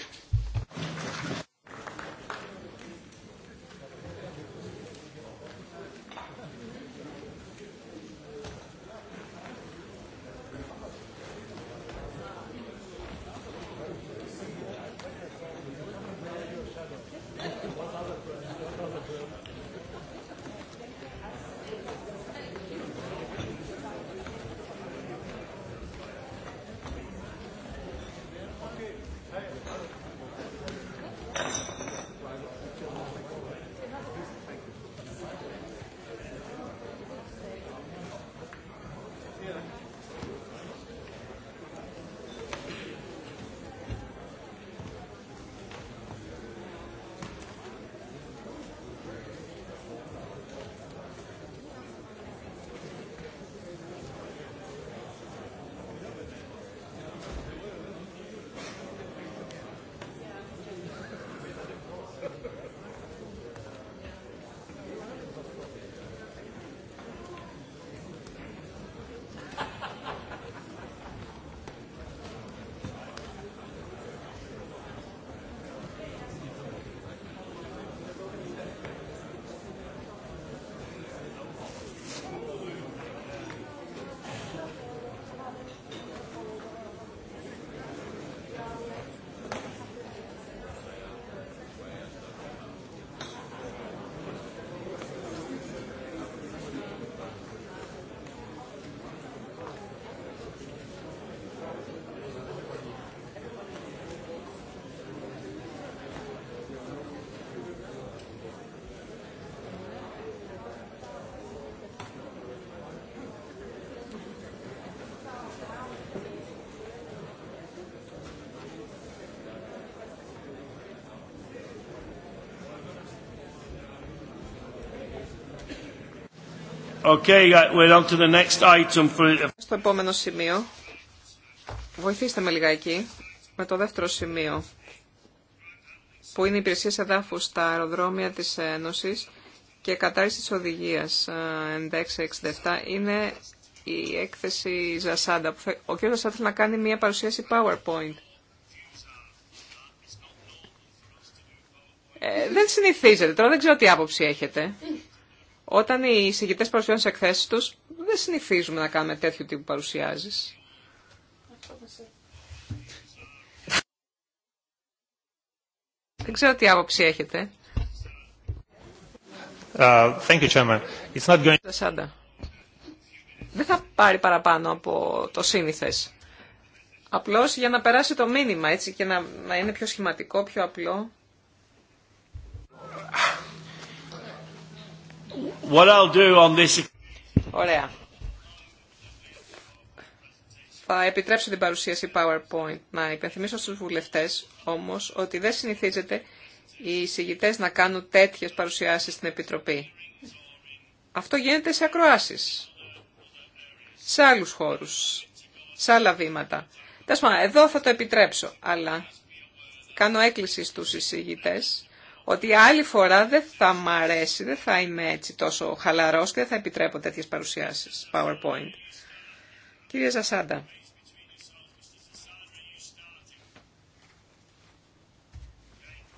Στο επόμενο σημείο. Βοηθήστε με λιγάκι με το δεύτερο σημείο που είναι υπηρεσία εδάφου στα αεροδρόμια της Ένωσης και κατάρριση της οδηγίας ε, είναι η έκθεση Ζασάντα. Ο κ. Ζασάντα θέλει να κάνει μια παρουσίαση PowerPoint. Ε, δεν συνηθίζεται. Τώρα δεν ξέρω τι άποψη έχετε. Όταν οι εισηγητέ παρουσιάζουν τι εκθέσει του, δεν συνηθίζουμε να κάνουμε τέτοιο τύπου παρουσιάζει. Δεν ξέρω τι άποψη έχετε. Uh, δεν θα πάρει παραπάνω από το σύνηθες. Απλώς για να περάσει το μήνυμα, έτσι, και να, να είναι πιο σχηματικό, πιο απλό. What I'll do on this... Ωραία. Θα επιτρέψω την παρουσίαση PowerPoint να υπενθυμίσω στους βουλευτές όμως ότι δεν συνηθίζεται οι εισηγητές να κάνουν τέτοιες παρουσιάσεις στην Επιτροπή. Αυτό γίνεται σε ακροάσεις, σε άλλους χώρους, σε άλλα βήματα. Εδώ θα το επιτρέψω, αλλά κάνω έκκληση στους εισηγητές ότι άλλη φορά δεν θα μ' αρέσει, δεν θα είμαι έτσι τόσο χαλαρός και δεν θα επιτρέπω τέτοιες παρουσιάσεις PowerPoint. Κύριε Ζασάντα.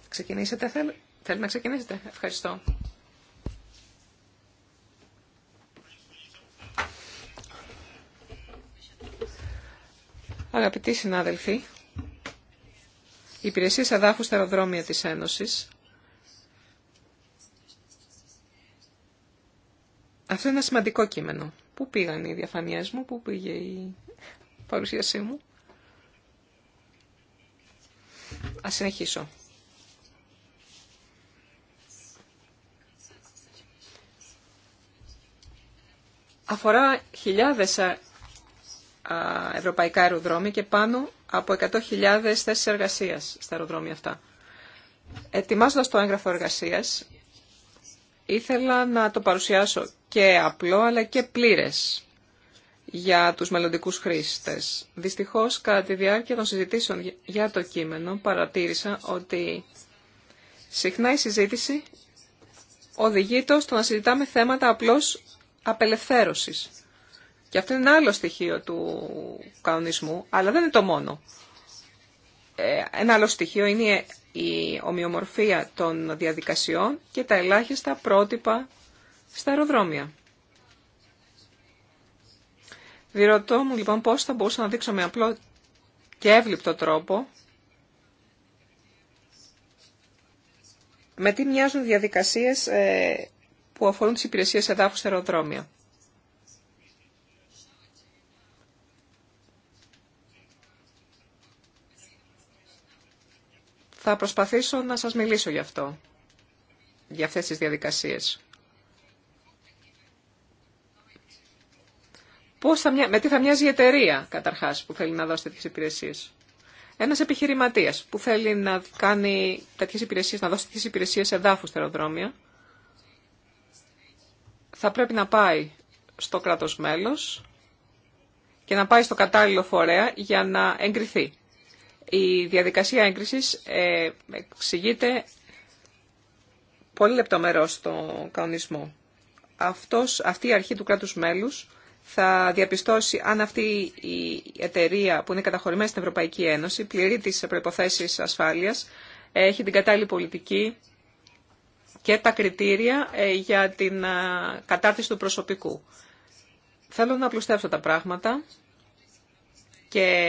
Ξεκινήσετε, θέλ... θέλει να ξεκινήσετε. Ευχαριστώ. Αγαπητοί συνάδελφοι, οι υπηρεσίε εδάφου στα αεροδρόμια της Ένωσης Αυτό είναι ένα σημαντικό κείμενο. Πού πήγαν οι διαφανειές μου, πού πήγε η παρουσίασή μου. Ας συνεχίσω. Αφορά χιλιάδες ευρωπαϊκά αεροδρόμια και πάνω από 100.000 θέσεις εργασίας στα αεροδρόμια αυτά. Ετοιμάζοντας το έγγραφο εργασίας, Ήθελα να το παρουσιάσω και απλό αλλά και πλήρες για τους μελλοντικούς χρήστες. Δυστυχώς, κατά τη διάρκεια των συζητήσεων για το κείμενο, παρατήρησα ότι συχνά η συζήτηση το στο να συζητάμε θέματα απλώς απελευθέρωσης. Και αυτό είναι ένα άλλο στοιχείο του κανονισμού, αλλά δεν είναι το μόνο. Ε, ένα άλλο στοιχείο είναι η η ομοιομορφία των διαδικασιών και τα ελάχιστα πρότυπα στα αεροδρόμια. Διερωτώ μου λοιπόν πώς θα μπορούσα να δείξω με απλό και εύληπτο τρόπο με τι μοιάζουν διαδικασίες ε, που αφορούν τις υπηρεσίες εδάφους αεροδρόμια. Θα προσπαθήσω να σας μιλήσω γι' αυτό, για αυτές τις διαδικασίες. Πώς θα, με τι θα μοιάζει η εταιρεία, καταρχάς, που θέλει να δώσει τέτοιες υπηρεσίες. Ένας επιχειρηματίας που θέλει να κάνει τέτοιες υπηρεσίες, να δώσει τέτοιες υπηρεσίες σε δάφους αεροδρόμια, θα πρέπει να πάει στο κράτος μέλος και να πάει στο κατάλληλο φορέα για να εγκριθεί. Η διαδικασία έγκρισης ε, εξηγείται πολύ λεπτομερώς στον κανονισμό. Αυτός, αυτή η αρχή του κράτους μέλους θα διαπιστώσει αν αυτή η εταιρεία που είναι καταχωρημένη στην Ευρωπαϊκή Ένωση πληρεί τις προϋποθέσεις ασφάλειας, έχει την κατάλληλη πολιτική και τα κριτήρια ε, για την ε, κατάρτιση του προσωπικού. Θέλω να απλουστεύσω τα πράγματα και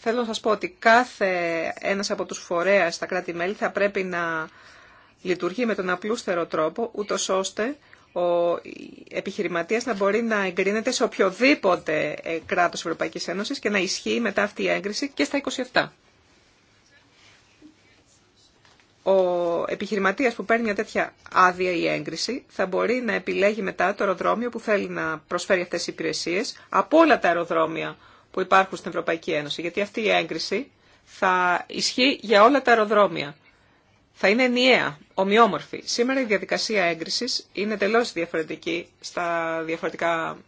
θέλω να σας πω ότι κάθε ένας από τους φορέας στα κράτη-μέλη θα πρέπει να λειτουργεί με τον απλούστερο τρόπο, ούτω ώστε ο επιχειρηματίας να μπορεί να εγκρίνεται σε οποιοδήποτε ε, κράτος Ευρωπαϊκής Ένωσης και να ισχύει μετά αυτή η έγκριση και στα 27. Ο επιχειρηματίας που παίρνει μια τέτοια άδεια ή έγκριση θα μπορεί να επιλέγει μετά το αεροδρόμιο που θέλει να προσφέρει αυτές οι υπηρεσίες από όλα τα αεροδρόμια που υπάρχουν στην Ευρωπαϊκή Ένωση, γιατί αυτή η έγκριση θα ισχύει για όλα τα αεροδρόμια. Θα είναι ενιαία, ομοιόμορφη. Σήμερα η διαδικασία έγκρισης είναι τελώ διαφορετική στα διαφορετικά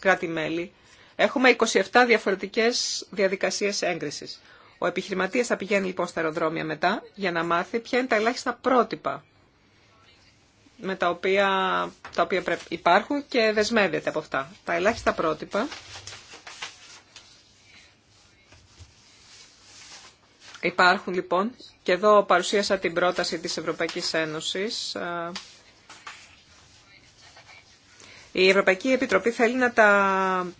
κράτη-μέλη. Έχουμε 27 διαφορετικέ διαδικασίε έγκρισης. Ο επιχειρηματίας θα πηγαίνει λοιπόν στα αεροδρόμια μετά για να μάθει ποια είναι τα ελάχιστα πρότυπα με τα οποία, τα οποία υπάρχουν και δεσμεύεται από αυτά. Τα ελάχιστα πρότυπα Υπάρχουν λοιπόν, και εδώ παρουσίασα την πρόταση της Ευρωπαϊκής Ένωσης. Η Ευρωπαϊκή Επιτροπή θέλει να τα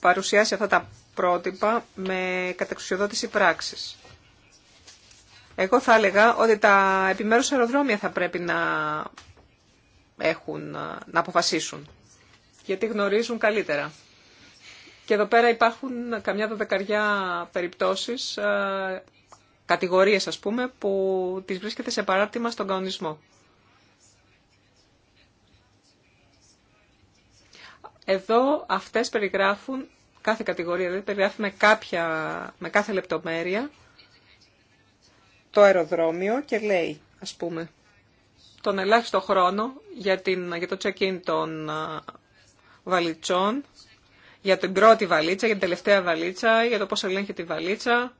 παρουσιάσει αυτά τα πρότυπα με κατεξουσιοδότηση πράξης. Εγώ θα έλεγα ότι τα επιμέρους αεροδρόμια θα πρέπει να, έχουν, να αποφασίσουν, γιατί γνωρίζουν καλύτερα και εδώ πέρα υπάρχουν καμιά δεκαριά περιπτώσεις, ε, κατηγορίες ας πούμε, που τις βρίσκεται σε παράρτημα στον κανονισμό. Εδώ αυτές περιγράφουν, κάθε κατηγορία δηλαδή περιγράφει με, κάποια, με κάθε λεπτομέρεια το αεροδρόμιο και λέει, ας πούμε, τον ελάχιστο χρόνο για, την, για το check-in των ε, βαλιτσών για την πρώτη βαλίτσα, για την τελευταία βαλίτσα, για το πώς ελέγχεται τη βαλίτσα.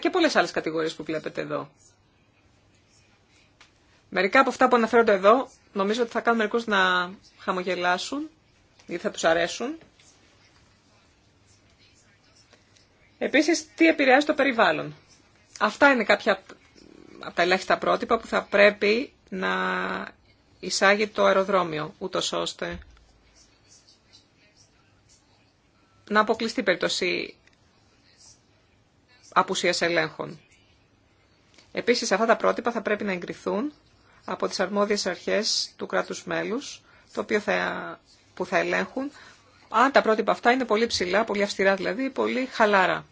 Και πολλές άλλες κατηγορίες που βλέπετε εδώ. Μερικά από αυτά που αναφέρονται εδώ, νομίζω ότι θα κάνουν μερικούς να χαμογελάσουν, γιατί θα τους αρέσουν. Επίσης, τι επηρεάζει το περιβάλλον. Αυτά είναι κάποια από τα ελάχιστα πρότυπα που θα πρέπει να εισάγει το αεροδρόμιο, ούτω ώστε να αποκλειστεί περίπτωση απουσία ελέγχων. Επίσης, αυτά τα πρότυπα θα πρέπει να εγκριθούν από τις αρμόδιες αρχές του κράτους μέλους, το οποίο θα, που θα ελέγχουν, αν τα πρότυπα αυτά είναι πολύ ψηλά, πολύ αυστηρά δηλαδή, πολύ χαλάρα.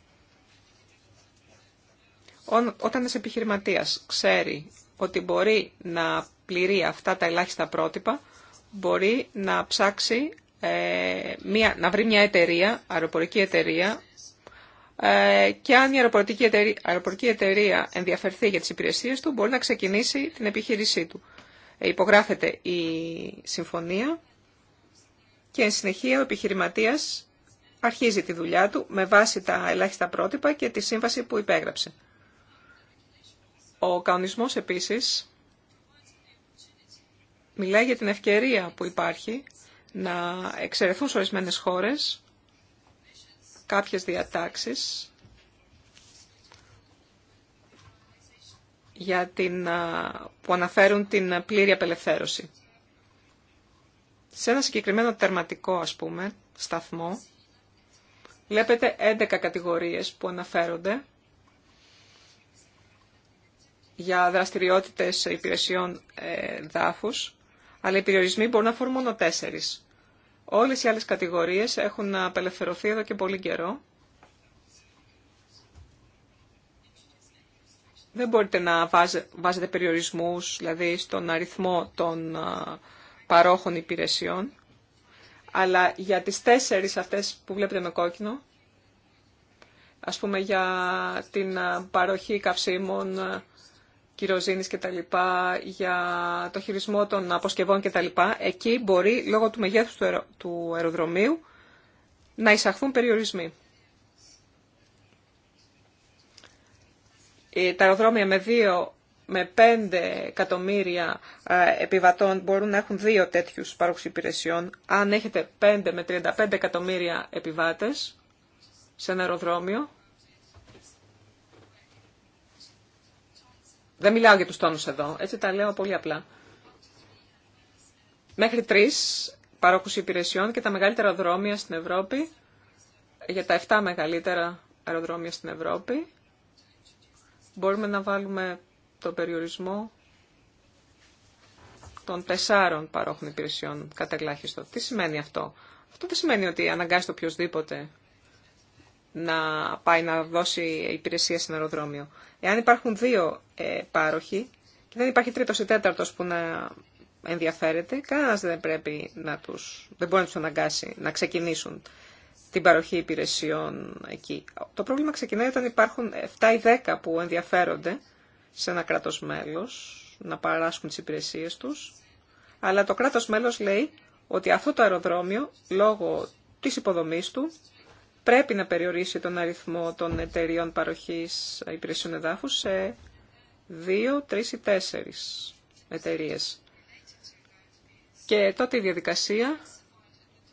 όταν ένας επιχειρηματίας ξέρει ότι μπορεί να πληρεί αυτά τα ελάχιστα πρότυπα, μπορεί να ψάξει, ε, μια, να βρει μια εταιρεία, αεροπορική εταιρεία, ε, και αν η αεροπορική εταιρεία, ενδιαφερθεί για τις υπηρεσίες του, μπορεί να ξεκινήσει την επιχείρησή του. Ε, υπογράφεται η συμφωνία και εν συνεχεία ο επιχειρηματίας αρχίζει τη δουλειά του με βάση τα ελάχιστα πρότυπα και τη σύμβαση που υπέγραψε. Ο κανονισμός επίσης μιλάει για την ευκαιρία που υπάρχει να εξαιρεθούν σε ορισμένες χώρες κάποιες διατάξεις για την, που αναφέρουν την πλήρη απελευθέρωση. Σε ένα συγκεκριμένο τερματικό, ας πούμε, σταθμό, βλέπετε 11 κατηγορίες που αναφέρονται για δραστηριότητες υπηρεσιών ε, δάφους αλλά οι περιορισμοί μπορούν να αφορούν μόνο τέσσερι. Όλε οι άλλε κατηγορίε έχουν απελευθερωθεί εδώ και πολύ καιρό. Δεν μπορείτε να βάζετε περιορισμούς, δηλαδή στον αριθμό των παρόχων υπηρεσιών. Αλλά για τις τέσσερις αυτές που βλέπετε με κόκκινο, ας πούμε για την παροχή καυσίμων, κυροζήνης και τα λοιπά, για το χειρισμό των αποσκευών και τα λοιπά, εκεί μπορεί λόγω του μεγέθους του αεροδρομίου να εισαχθούν περιορισμοί. Ε, τα αεροδρόμια με 2 με 5 εκατομμύρια ε, επιβατών μπορούν να έχουν δύο τέτοιους παρόχους υπηρεσιών. Αν έχετε 5 με 35 εκατομμύρια επιβάτες σε ένα αεροδρόμιο, Δεν μιλάω για τους τόνους εδώ, έτσι τα λέω πολύ απλά. Μέχρι τρεις παρόχους υπηρεσιών και τα μεγαλύτερα αεροδρόμια στην Ευρώπη, για τα 7 μεγαλύτερα αεροδρόμια στην Ευρώπη, μπορούμε να βάλουμε τον περιορισμό των τεσσάρων παρόχων υπηρεσιών κατά ελάχιστο. Τι σημαίνει αυτό. Αυτό δεν σημαίνει ότι αναγκάζεται οποιοδήποτε να πάει να δώσει υπηρεσία στην αεροδρόμιο. Εάν υπάρχουν δύο ε, πάροχοι και δεν υπάρχει τρίτος ή τέταρτος που να ενδιαφέρεται, κανένας δεν, πρέπει να τους, δεν μπορεί να τους αναγκάσει να ξεκινήσουν την παροχή υπηρεσιών εκεί. Το πρόβλημα ξεκινάει όταν υπάρχουν 7 ή 10 που ενδιαφέρονται σε ένα κράτος μέλος να παράσχουν τις υπηρεσίες τους, αλλά το κράτος μέλος λέει ότι αυτό το αεροδρόμιο, λόγω της υποδομής του, πρέπει να περιορίσει τον αριθμό των εταιριών παροχής υπηρεσιών εδάφους σε δύο, τρεις ή τέσσερις εταιρείες. Και τότε η διαδικασία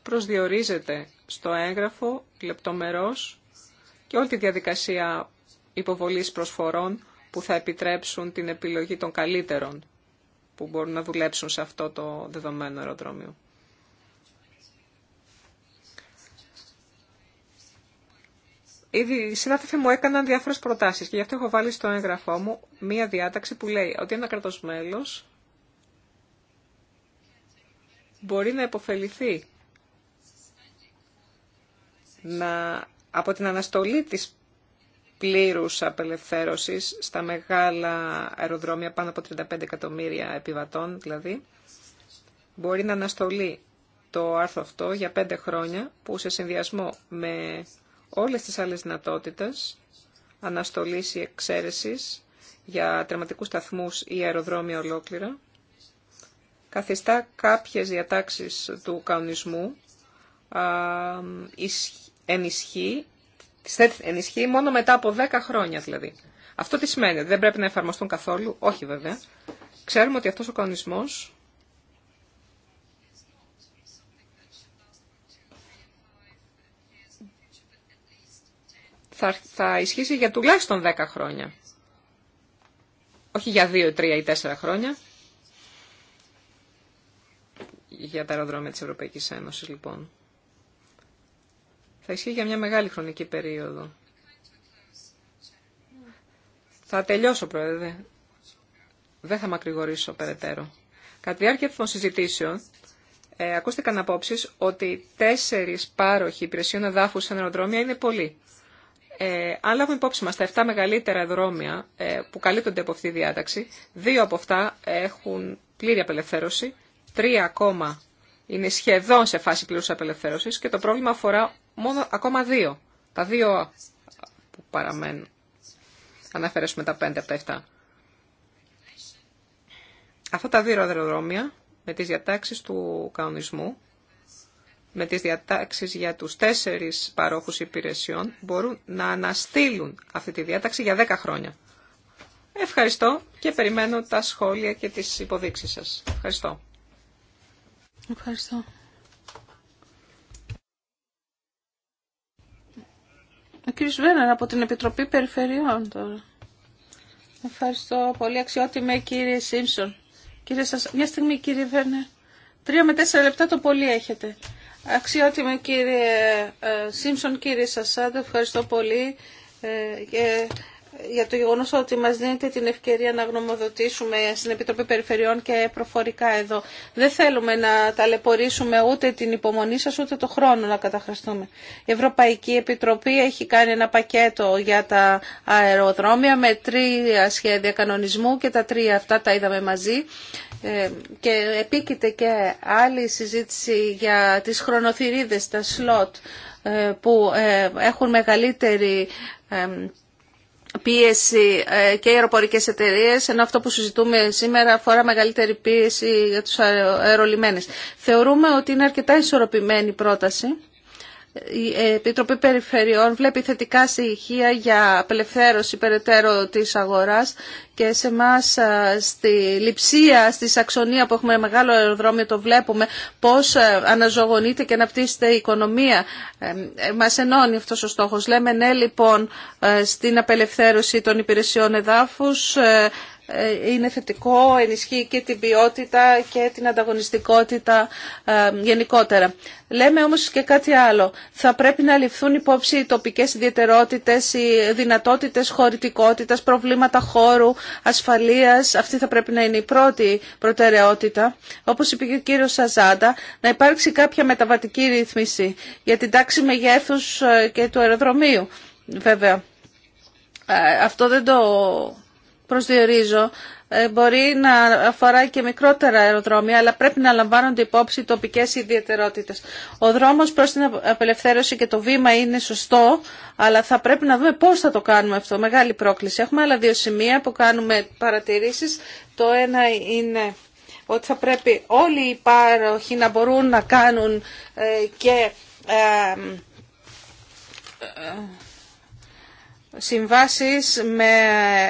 προσδιορίζεται στο έγγραφο λεπτομερώς και όλη τη διαδικασία υποβολής προσφορών που θα επιτρέψουν την επιλογή των καλύτερων που μπορούν να δουλέψουν σε αυτό το δεδομένο αεροδρόμιο. Ήδη οι συνάδελφοι μου έκαναν διάφορες προτάσεις και γι' αυτό έχω βάλει στο έγγραφό μου μία διάταξη που λέει ότι ένα κράτο μπορεί να υποφεληθεί να, από την αναστολή της πλήρους απελευθέρωσης στα μεγάλα αεροδρόμια πάνω από 35 εκατομμύρια επιβατών δηλαδή μπορεί να αναστολεί το άρθρο αυτό για πέντε χρόνια που σε συνδυασμό με όλες τις άλλες δυνατότητες αναστολής ή εξαίρεσης για τερματικούς σταθμούς ή αεροδρόμια ολόκληρα, καθιστά κάποιες διατάξεις του κανονισμού ενισχύει, ενισχύει μόνο μετά από 10 χρόνια δηλαδή. Αυτό τι σημαίνει, δεν πρέπει να εφαρμοστούν καθόλου, όχι βέβαια. Ξέρουμε ότι αυτός ο κανονισμός θα, θα ισχύσει για τουλάχιστον 10 χρόνια. Όχι για 2, 3 ή 4 χρόνια. Για τα αεροδρόμια της Ευρωπαϊκής Ένωσης, λοιπόν. Θα ισχύει για μια μεγάλη χρονική περίοδο. Θα τελειώσω, Πρόεδρε. Δεν θα μακρηγορήσω περαιτέρω. Κατά τη διάρκεια των συζητήσεων, ε, ακούστηκαν απόψει ότι τέσσερις πάροχοι υπηρεσιών εδάφους σε αεροδρόμια είναι πολλοί. Ε, αν λάβουμε υπόψη μας τα 7 μεγαλύτερα δρόμια ε, που καλύπτονται από αυτή τη διάταξη, δύο από αυτά έχουν πλήρη απελευθέρωση, τρία ακόμα είναι σχεδόν σε φάση πλήρους απελευθέρωσης και το πρόβλημα αφορά μόνο ακόμα δύο. Τα δύο που παραμένουν. Αναφέρεσουμε τα πέντε από τα εφτά. Αυτά τα δύο αδροδρόμια με τις διατάξεις του κανονισμού με τις διατάξεις για τους τέσσερις παρόχους υπηρεσιών μπορούν να αναστείλουν αυτή τη διάταξη για 10 χρόνια. Ευχαριστώ και περιμένω τα σχόλια και τις υποδείξεις σας. Ευχαριστώ. Ευχαριστώ. Ο κύριος Βέρνερ από την Επιτροπή Περιφερειών τώρα. Ευχαριστώ πολύ αξιότιμε κύριε Σίμψον. Κύριε σας... Μια στιγμή κύριε Βέρνερ. Τρία με τέσσερα λεπτά το πολύ έχετε. Αξιότιμο κύριε ε, Σίμψον, κύριε Σασάντο, ευχαριστώ πολύ ε, για το γεγονός ότι μας δίνετε την ευκαιρία να γνωμοδοτήσουμε στην Επιτροπή Περιφερειών και προφορικά εδώ. Δεν θέλουμε να ταλαιπωρήσουμε ούτε την υπομονή σας ούτε το χρόνο να καταχραστούμε. Η Ευρωπαϊκή Επιτροπή έχει κάνει ένα πακέτο για τα αεροδρόμια με τρία σχέδια κανονισμού και τα τρία αυτά τα είδαμε μαζί. Ε, και επίκειται και άλλη συζήτηση για τις χρονοθυρίδες, τα σλότ ε, που ε, έχουν μεγαλύτερη πίεση και οι αεροπορικές εταιρείες, ενώ αυτό που συζητούμε σήμερα αφορά μεγαλύτερη πίεση για τους αερολιμένες. Θεωρούμε ότι είναι αρκετά ισορροπημένη η πρόταση η Επιτροπή Περιφερειών βλέπει θετικά στοιχεία για απελευθέρωση περαιτέρω της αγοράς και σε εμά στη λειψία στη Σαξονία που έχουμε μεγάλο αεροδρόμιο το βλέπουμε πώς αναζωογονείται και αναπτύσσεται η οικονομία. Ε, ε, μας ενώνει αυτός ο στόχος. Λέμε ναι λοιπόν ε, στην απελευθέρωση των υπηρεσιών εδάφους, είναι θετικό, ενισχύει και την ποιότητα και την ανταγωνιστικότητα ε, γενικότερα. Λέμε όμως και κάτι άλλο. Θα πρέπει να ληφθούν υπόψη οι τοπικές ιδιαιτερότητες, οι δυνατότητες χωρητικότητας, προβλήματα χώρου, ασφαλείας. Αυτή θα πρέπει να είναι η πρώτη προτεραιότητα. Όπως είπε και ο κύριος Σαζάντα, να υπάρξει κάποια μεταβατική ρύθμιση για την τάξη μεγέθους ε, και του αεροδρομίου. Βέβαια, ε, αυτό δεν το προσδιορίζω ε, μπορεί να αφορά και μικρότερα αεροδρόμια, αλλά πρέπει να λαμβάνονται υπόψη τοπικές ιδιαιτερότητες. Ο δρόμος προς την απελευθέρωση και το βήμα είναι σωστό, αλλά θα πρέπει να δούμε πώς θα το κάνουμε αυτό. Μεγάλη πρόκληση. Έχουμε άλλα δύο σημεία που κάνουμε παρατηρήσεις. Το ένα είναι ότι θα πρέπει όλοι οι πάροχοι να μπορούν να κάνουν ε, και ε, συμβάσεις με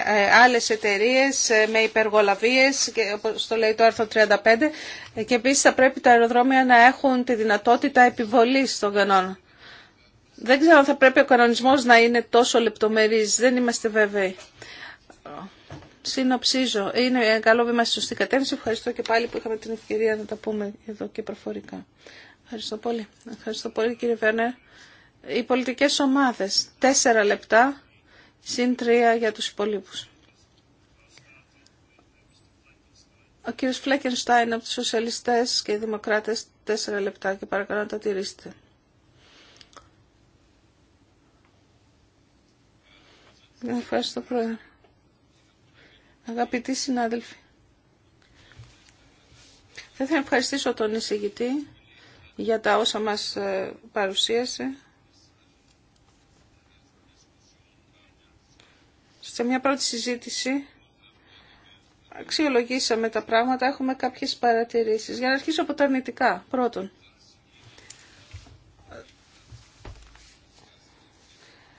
ε, άλλες εταιρείες, ε, με υπεργολαβίες, όπως το λέει το άρθρο 35, και επίσης θα πρέπει τα αεροδρόμια να έχουν τη δυνατότητα επιβολής των κανόνων. Δεν ξέρω αν θα πρέπει ο κανονισμός να είναι τόσο λεπτομερής, δεν είμαστε βέβαιοι. Συνοψίζω. Είναι καλό βήμα στη σωστή κατεύθυνση. Ευχαριστώ και πάλι που είχαμε την ευκαιρία να τα πούμε εδώ και προφορικά. Ευχαριστώ πολύ. Ευχαριστώ πολύ κύριε Βέρνερ. Οι πολιτικές ομάδες. Τέσσερα λεπτά συν τρία για τους υπολείπους. Ο κύριος Φλέκενστάιν από τους σοσιαλιστές και οι δημοκράτες Τέσσερα λεπτά και παρακαλώ να τα τηρήσετε. Ευχαριστώ πρόεδρε. Αγαπητοί συνάδελφοι, θα ήθελα να ευχαριστήσω τον εισηγητή για τα όσα μας ε, παρουσίασε. σε μια πρώτη συζήτηση αξιολογήσαμε τα πράγματα, έχουμε κάποιες παρατηρήσεις. Για να αρχίσω από τα αρνητικά. Πρώτον,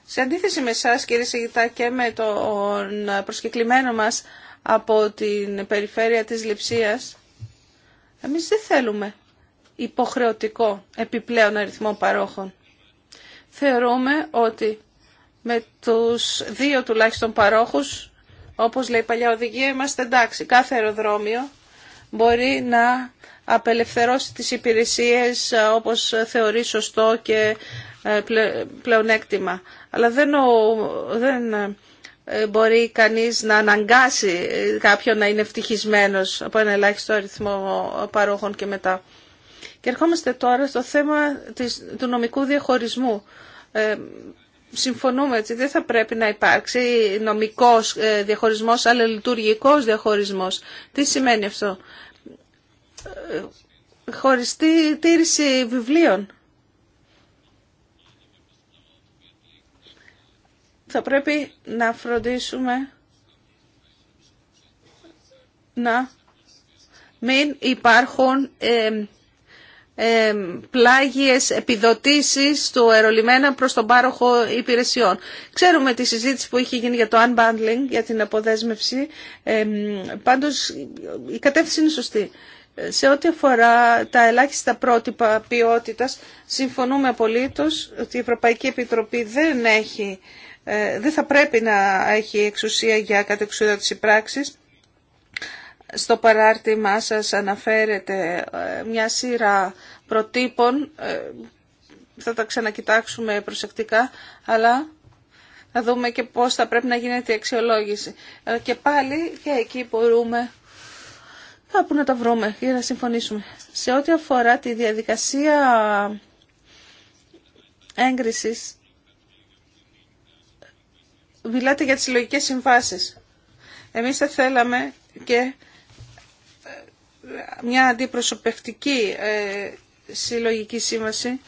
σε αντίθεση με εσά, κύριε Σεγητά και με τον προσκεκλημένο μας από την περιφέρεια της Λειψίας, εμείς δεν θέλουμε υποχρεωτικό επιπλέον αριθμό παρόχων. Θεωρούμε ότι με τους δύο τουλάχιστον παρόχους, όπως λέει η παλιά οδηγία, είμαστε εντάξει. Κάθε αεροδρόμιο μπορεί να απελευθερώσει τις υπηρεσίες ε, όπως θεωρεί σωστό και ε, πλεονέκτημα. Αλλά δεν, δεν ε, μπορεί κανείς να αναγκάσει κάποιον να είναι ευτυχισμένος από ένα ελάχιστο αριθμό παρόχων και μετά. Και ερχόμαστε τώρα στο θέμα του νομικού διαχωρισμού συμφωνούμε ότι δεν θα πρέπει να υπάρξει νομικός ε, διαχωρισμός, αλλά λειτουργικός διαχωρισμός. Τι σημαίνει αυτό. Ε, χωριστή τήρηση βιβλίων. Θα πρέπει να φροντίσουμε να μην υπάρχουν ε, ε, πλάγιες επιδοτήσεις του αερολιμένα προς τον πάροχο υπηρεσιών. Ξέρουμε τη συζήτηση που είχε γίνει για το unbundling, για την αποδέσμευση. Ε, πάντως η κατεύθυνση είναι σωστή. Σε ό,τι αφορά τα ελάχιστα πρότυπα ποιότητας, συμφωνούμε απολύτως ότι η Ευρωπαϊκή Επιτροπή δεν, έχει, ε, δεν θα πρέπει να έχει εξουσία για της πράξης στο παράρτημά σας αναφέρεται ε, μια σειρά προτύπων, ε, θα τα ξανακοιτάξουμε προσεκτικά, αλλά θα δούμε και πώς θα πρέπει να γίνεται η αξιολόγηση. Ε, και πάλι και εκεί μπορούμε κάπου να τα βρούμε για να συμφωνήσουμε. Σε ό,τι αφορά τη διαδικασία έγκρισης, μιλάτε για τις συλλογικές συμβάσεις. Εμείς θα θέλαμε και μια αντιπροσωπευτική ε, συλλογική σύμβαση.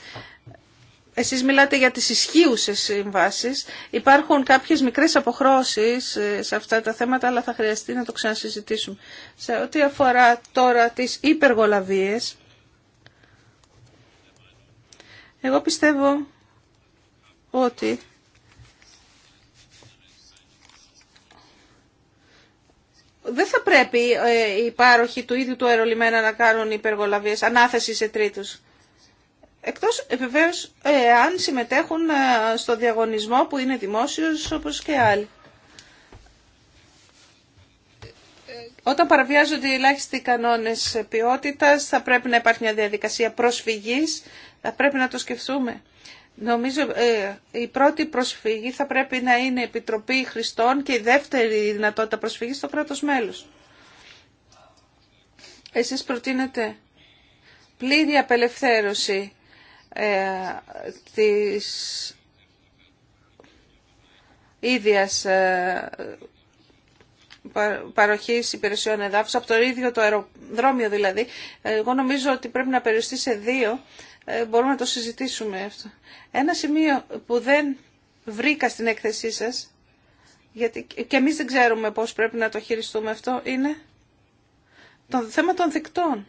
Εσείς μιλάτε για τις ισχύουσες συμβάσεις. Υπάρχουν κάποιες μικρές αποχρώσεις ε, σε αυτά τα θέματα, αλλά θα χρειαστεί να το ξανασυζητήσουμε. Σε ό,τι αφορά τώρα τις υπεργολαβίες, εγώ πιστεύω ότι δεν θα πρέπει ε, οι πάροχοι του ίδιου του αερολιμένα να κάνουν υπεργολαβίες, ανάθεση σε τρίτους. Εκτός ε, βεβαίω ε, αν συμμετέχουν στο διαγωνισμό που είναι δημόσιος όπως και άλλοι. Όταν παραβιάζονται οι ελάχιστοι κανόνες ποιότητας θα πρέπει να υπάρχει μια διαδικασία προσφυγής, θα πρέπει να το σκεφτούμε. Νομίζω ε, η πρώτη προσφυγή θα πρέπει να είναι η Επιτροπή Χριστών και η δεύτερη δυνατότητα προσφυγή στο κράτος μέλους. Εσείς προτείνετε πλήρη απελευθέρωση ε, της ίδιας ε, παροχής υπηρεσιών εδάφους, από το ίδιο το αεροδρόμιο δηλαδή. Εγώ νομίζω ότι πρέπει να περιοριστεί σε δύο ε, μπορούμε να το συζητήσουμε αυτό. Ένα σημείο που δεν βρήκα στην έκθεσή σας, γιατί και εμείς δεν ξέρουμε πώς πρέπει να το χειριστούμε αυτό, είναι το θέμα των δικτών.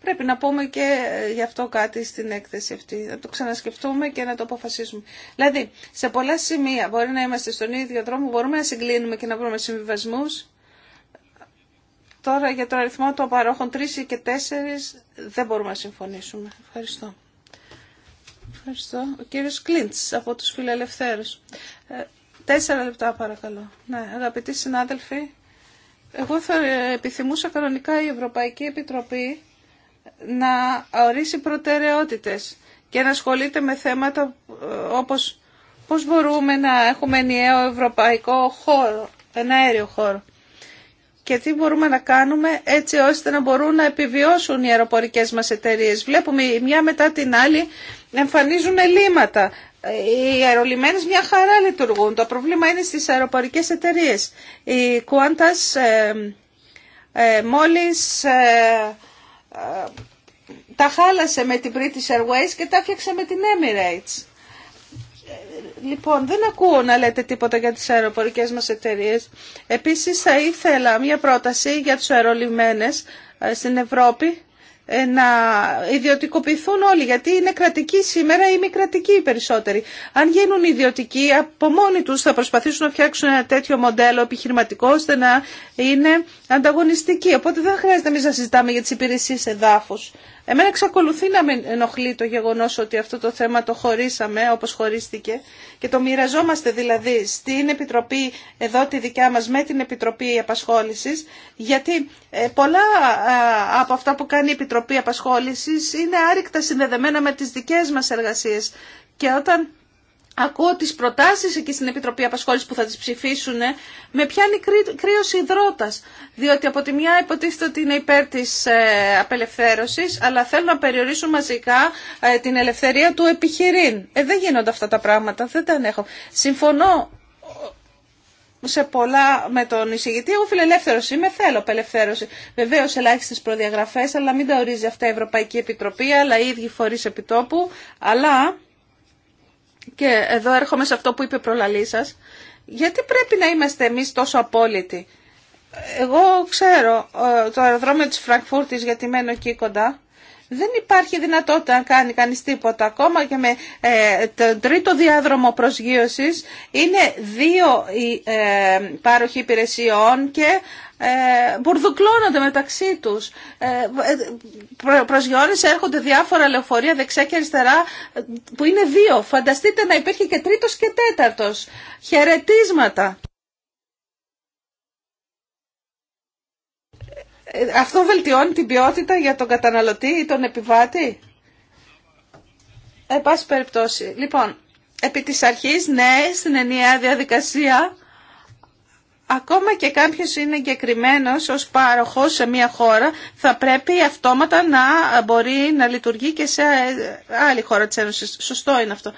Πρέπει να πούμε και ε, γι' αυτό κάτι στην έκθεση αυτή, να το ξανασκεφτούμε και να το αποφασίσουμε. Δηλαδή, σε πολλά σημεία μπορεί να είμαστε στον ίδιο δρόμο, μπορούμε να συγκλίνουμε και να βρούμε συμβιβασμούς, Τώρα για το αριθμό των παρόχων 3 και 4 δεν μπορούμε να συμφωνήσουμε. Ευχαριστώ. Ευχαριστώ. Ο κύριος Κλίντς από τους φιλελευθέρους. Ε, τέσσερα λεπτά παρακαλώ. Ναι, αγαπητοί συνάδελφοι, εγώ θα επιθυμούσα κανονικά η Ευρωπαϊκή Επιτροπή να ορίσει προτεραιότητες και να ασχολείται με θέματα ε, όπως πώς μπορούμε να έχουμε ενιαίο ευρωπαϊκό χώρο, ένα αέριο χώρο και τι μπορούμε να κάνουμε έτσι ώστε να μπορούν να επιβιώσουν οι αεροπορικές μας εταιρείες. Βλέπουμε μια μετά την άλλη εμφανίζουν ελλείμματα. Οι αερολιμένες μια χαρά λειτουργούν. Το πρόβλημα είναι στις αεροπορικές εταιρείες. Η Qantas ε, ε, μόλις ε, ε, τα χάλασε με την British Airways και τα έφτιαξε με την Emirates. Λοιπόν, δεν ακούω να λέτε τίποτα για τις αεροπορικές μας εταιρείες. Επίσης θα ήθελα μια πρόταση για τους αερολιμένες ε, στην Ευρώπη ε, να ιδιωτικοποιηθούν όλοι, γιατί είναι κρατικοί σήμερα ή μη κρατικοί οι περισσότεροι. Αν γίνουν ιδιωτικοί, από μόνοι τους θα προσπαθήσουν να φτιάξουν ένα τέτοιο μοντέλο επιχειρηματικό, ώστε να είναι ανταγωνιστικοί. Οπότε δεν χρειάζεται εμείς να συζητάμε για τις υπηρεσίες εδάφους. Εμένα εξακολουθεί να με ενοχλεί το γεγονός ότι αυτό το θέμα το χωρίσαμε όπως χωρίστηκε και το μοιραζόμαστε δηλαδή στην Επιτροπή, εδώ τη δικιά μας με την Επιτροπή Απασχόλησης γιατί ε, πολλά από αυτά που κάνει η Επιτροπή Απασχόλησης είναι άρρηκτα συνδεδεμένα με τις δικές μας εργασίες και όταν Ακούω τις προτάσεις εκεί στην Επιτροπή Απασχόλησης που θα τις ψηφίσουν ε, με πιάνει κρύωση κρύος υδρότας, διότι από τη μια υποτίθεται ότι είναι υπέρ της ε, απελευθέρωσης, αλλά θέλουν να περιορίσουν μαζικά ε, την ελευθερία του επιχειρήν. Ε, δεν γίνονται αυτά τα πράγματα, δεν τα ανέχω. Συμφωνώ ε, σε πολλά με τον εισηγητή. Εγώ φιλελεύθερο είμαι, θέλω απελευθέρωση. Βεβαίω ελάχιστε προδιαγραφέ, αλλά μην τα ορίζει αυτά η Ευρωπαϊκή Επιτροπή, αλλά οι ίδιοι φορεί επιτόπου. Αλλά και εδώ έρχομαι σε αυτό που είπε προλαλή σας, γιατί πρέπει να είμαστε εμείς τόσο απόλυτοι. Εγώ ξέρω ε, το αεροδρόμιο της Φραγκφούρτης γιατί μένω εκεί κοντά δεν υπάρχει δυνατότητα να κάνει κανείς τίποτα. Ακόμα και με ε, τον τρίτο διάδρομο προσγείωσης είναι δύο οι ε, πάροχοι υπηρεσιών και ε, μπουρδουκλώνονται μεταξύ τους. Ε, ε προ, έρχονται διάφορα λεωφορεία δεξιά και αριστερά ε, που είναι δύο. Φανταστείτε να υπήρχε και τρίτος και τέταρτος. Χαιρετίσματα. Ε, αυτό βελτιώνει την ποιότητα για τον καταναλωτή ή τον επιβάτη. Εν πάση περιπτώσει. Λοιπόν, επί της αρχής, ναι, στην ενιαία διαδικασία Ακόμα και κάποιος είναι εγκεκριμένο ως πάροχος σε μια χώρα, θα πρέπει αυτόματα να μπορεί να λειτουργεί και σε άλλη χώρα της Ένωσης. Σωστό είναι αυτό.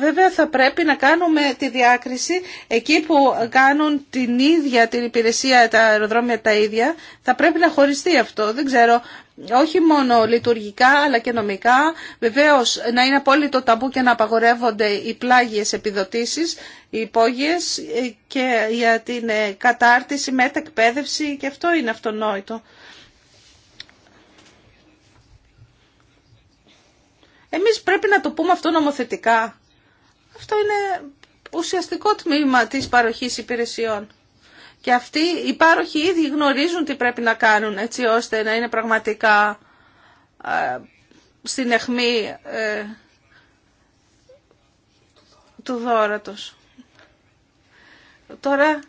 Βέβαια θα πρέπει να κάνουμε τη διάκριση εκεί που κάνουν την ίδια την υπηρεσία, τα αεροδρόμια τα ίδια, θα πρέπει να χωριστεί αυτό. Δεν ξέρω όχι μόνο λειτουργικά αλλά και νομικά. Βεβαίως να είναι απόλυτο ταμπού και να απαγορεύονται οι πλάγιες επιδοτήσεις, οι υπόγειες ε, και για την ε, κατάρτιση, μετεκπαίδευση και αυτό είναι αυτονόητο. Εμείς πρέπει να το πούμε αυτό νομοθετικά. Αυτό είναι ουσιαστικό τμήμα της παροχής υπηρεσιών. Και αυτοί οι πάροχοι ήδη γνωρίζουν τι πρέπει να κάνουν έτσι ώστε να είναι πραγματικά ε, στην αιχμή ε, του δόρατος. Τώρα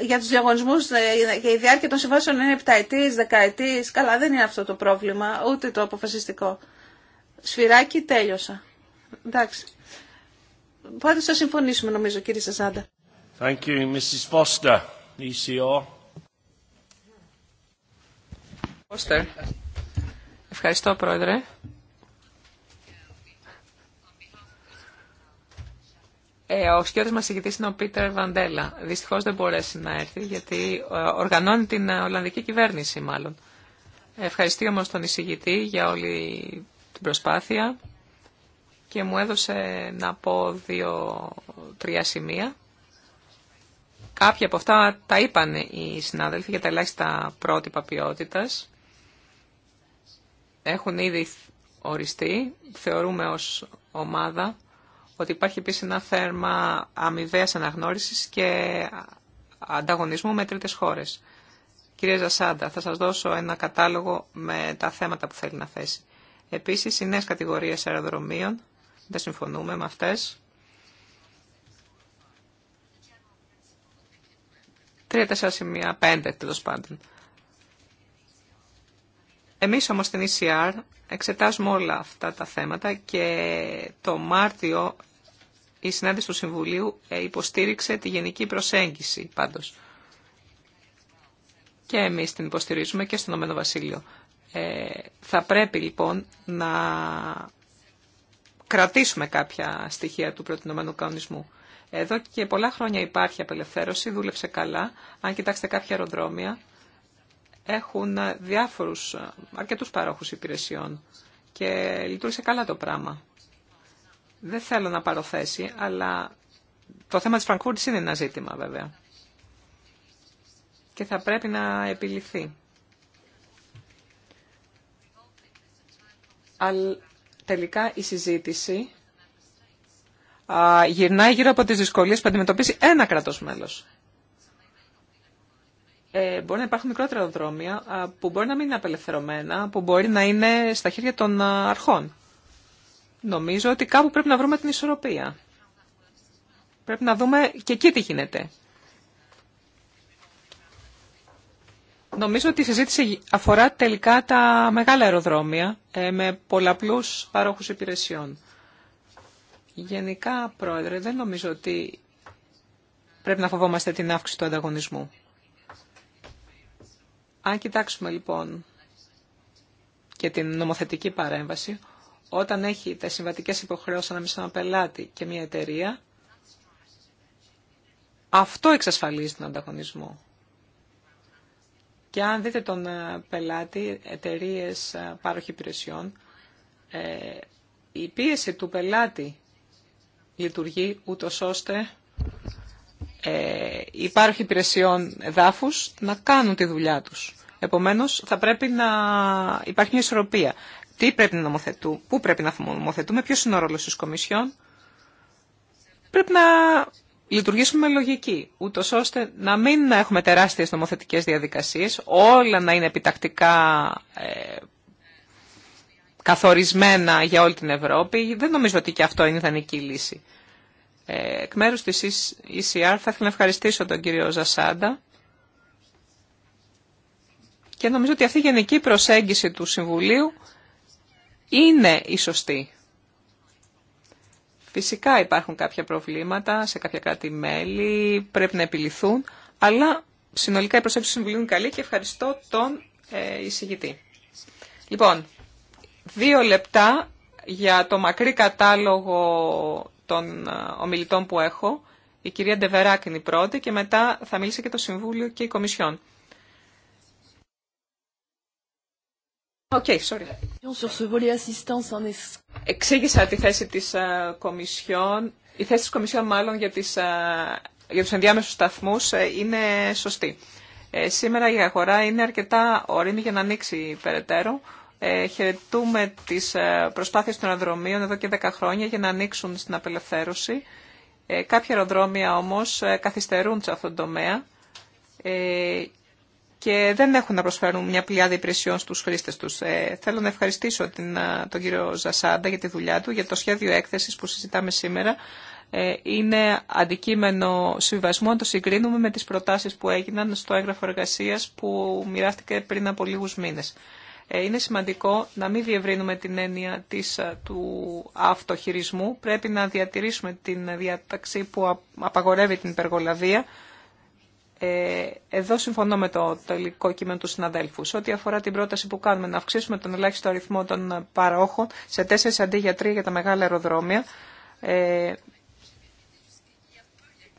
για τους διαγωνισμούς και ε, η διάρκεια των συμβάσεων είναι επταετής, δεκαετής. Καλά δεν είναι αυτό το πρόβλημα, ούτε το αποφασιστικό. Σφυράκι τέλειωσα. Εντάξει. Πάντως θα συμφωνήσουμε νομίζω κύριε Σασάντα. Thank you, Mrs. Ευχαριστώ, Πρόεδρε. Ε, ο σκιώτης μας ηγητής είναι ο Πίτερ Βαντέλα. Δυστυχώς δεν μπορέσει να έρθει, γιατί ε, οργανώνει την ε, Ολλανδική κυβέρνηση, μάλλον. Ευχαριστώ όμως τον εισηγητή για όλη την προσπάθεια και μου έδωσε να πω δύο-τρία σημεία. Κάποια από αυτά τα είπαν οι συνάδελφοι για τα ελάχιστα πρότυπα ποιότητα. Έχουν ήδη οριστεί. Θεωρούμε ως ομάδα ότι υπάρχει επίσης ένα θέρμα αμοιβαία αναγνώρισης και ανταγωνισμού με τρίτες χώρες. Κυρία Ζασάντα, θα σας δώσω ένα κατάλογο με τα θέματα που θέλει να θέσει. Επίσης, οι νέες κατηγορίες αεροδρομίων, δεν συμφωνούμε με αυτές. Τρία, τέσσερα σημεία, πέντε τέλο πάντων. Εμείς όμως στην ECR εξετάζουμε όλα αυτά τα θέματα και το Μάρτιο η συνάντηση του Συμβουλίου ε, υποστήριξε τη γενική προσέγγιση πάντως. Και εμείς την υποστηρίζουμε και στον Ομένο Βασίλειο. Ε, θα πρέπει λοιπόν να κρατήσουμε κάποια στοιχεία του προτινόμενου κανονισμού. Εδώ και πολλά χρόνια υπάρχει απελευθέρωση, δούλεψε καλά. Αν κοιτάξετε κάποια αεροδρόμια, έχουν διάφορους, αρκετούς παρόχους υπηρεσιών και λειτουργήσε καλά το πράγμα. Δεν θέλω να παροθέσει, αλλά το θέμα της Φραγκούρτης είναι ένα ζήτημα βέβαια και θα πρέπει να επιληθεί. Αλλά τελικά η συζήτηση γυρνάει γύρω από τις δυσκολίες που αντιμετωπίζει ένα κράτος μέλος. Ε, μπορεί να υπάρχουν μικρότερα αεροδρόμια που μπορεί να μην είναι απελευθερωμένα, που μπορεί να είναι στα χέρια των αρχών. Νομίζω ότι κάπου πρέπει να βρούμε την ισορροπία. Πρέπει να δούμε και εκεί τι γίνεται. Νομίζω ότι η συζήτηση αφορά τελικά τα μεγάλα αεροδρόμια ε, με πολλαπλούς παρόχους υπηρεσιών. Γενικά, Πρόεδρε, δεν νομίζω ότι πρέπει να φοβόμαστε την αύξηση του ανταγωνισμού. Αν κοιτάξουμε λοιπόν και την νομοθετική παρέμβαση, όταν έχει τα συμβατικέ υποχρέωσει ανάμεσα σε ένα πελάτη και μια εταιρεία, αυτό εξασφαλίζει τον ανταγωνισμό. Και αν δείτε τον ε, πελάτη, εταιρείε ε, πάροχη υπηρεσιών, ε, η πίεση του πελάτη λειτουργεί ούτω ώστε ε, υπάρχει υπηρεσιών εδάφους να κάνουν τη δουλειά τους. Επομένως, θα πρέπει να υπάρχει μια ισορροπία. Τι πρέπει να νομοθετούμε, πού πρέπει να νομοθετούμε, ποιος είναι ο ρόλος της Κομισιόν. Πρέπει να λειτουργήσουμε με λογική, ούτω ώστε να μην έχουμε τεράστιες νομοθετικές διαδικασίες, όλα να είναι επιτακτικά ε, καθορισμένα για όλη την Ευρώπη. Δεν νομίζω ότι και αυτό είναι ιδανική λύση. Ε, εκ μέρους της ECR θα ήθελα να ευχαριστήσω τον κύριο Ζασάντα και νομίζω ότι αυτή η γενική προσέγγιση του Συμβουλίου είναι η σωστή. Φυσικά υπάρχουν κάποια προβλήματα σε κάποια κράτη-μέλη, πρέπει να επιληθούν, αλλά συνολικά η προσέγγιση του Συμβουλίου είναι καλή και ευχαριστώ τον ε, εισηγητή. Λοιπόν, Δύο λεπτά για το μακρύ κατάλογο των ε, ομιλητών που έχω. Η κυρία Ντεβεράκ είναι η πρώτη και μετά θα μιλήσει και το Συμβούλιο και η Κομισιόν. Εξήγησα τη θέση της ε, Κομισιόν. Η θέση της Κομισιόν μάλλον για, τις, ε, για τους ενδιάμεσους σταθμούς είναι σωστή. σήμερα η αγορά είναι αρκετά όρημη για να ανοίξει περαιτέρω. Ε, χαιρετούμε τις ε, προσπάθειες των αεροδρομίων εδώ και 10 χρόνια για να ανοίξουν στην απελευθέρωση. Ε, κάποια αεροδρόμια όμως ε, καθυστερούν σε αυτόν τον τομέα ε, και δεν έχουν να προσφέρουν μια πλειάδα υπηρεσιών στους χρήστες τους. Ε, θέλω να ευχαριστήσω την, τον κύριο Ζασάντα για τη δουλειά του, για το σχέδιο έκθεση που συζητάμε σήμερα. Ε, είναι αντικείμενο συμβασμού, αν το συγκρίνουμε με τις προτάσεις που έγιναν στο έγγραφο εργασίας που μοιράστηκε πριν από λίγους μήνες. Ε, είναι σημαντικό να μην διευρύνουμε την έννοια της, του αυτοχειρισμού. Πρέπει να διατηρήσουμε την διαταξή που απαγορεύει την υπεργολαβία. Ε, εδώ συμφωνώ με το τελικό κείμενο του συναδέλφου. ό,τι αφορά την πρόταση που κάνουμε να αυξήσουμε τον ελάχιστο αριθμό των παρόχων σε 4 αντί για τρία για τα μεγάλα αεροδρόμια, ε,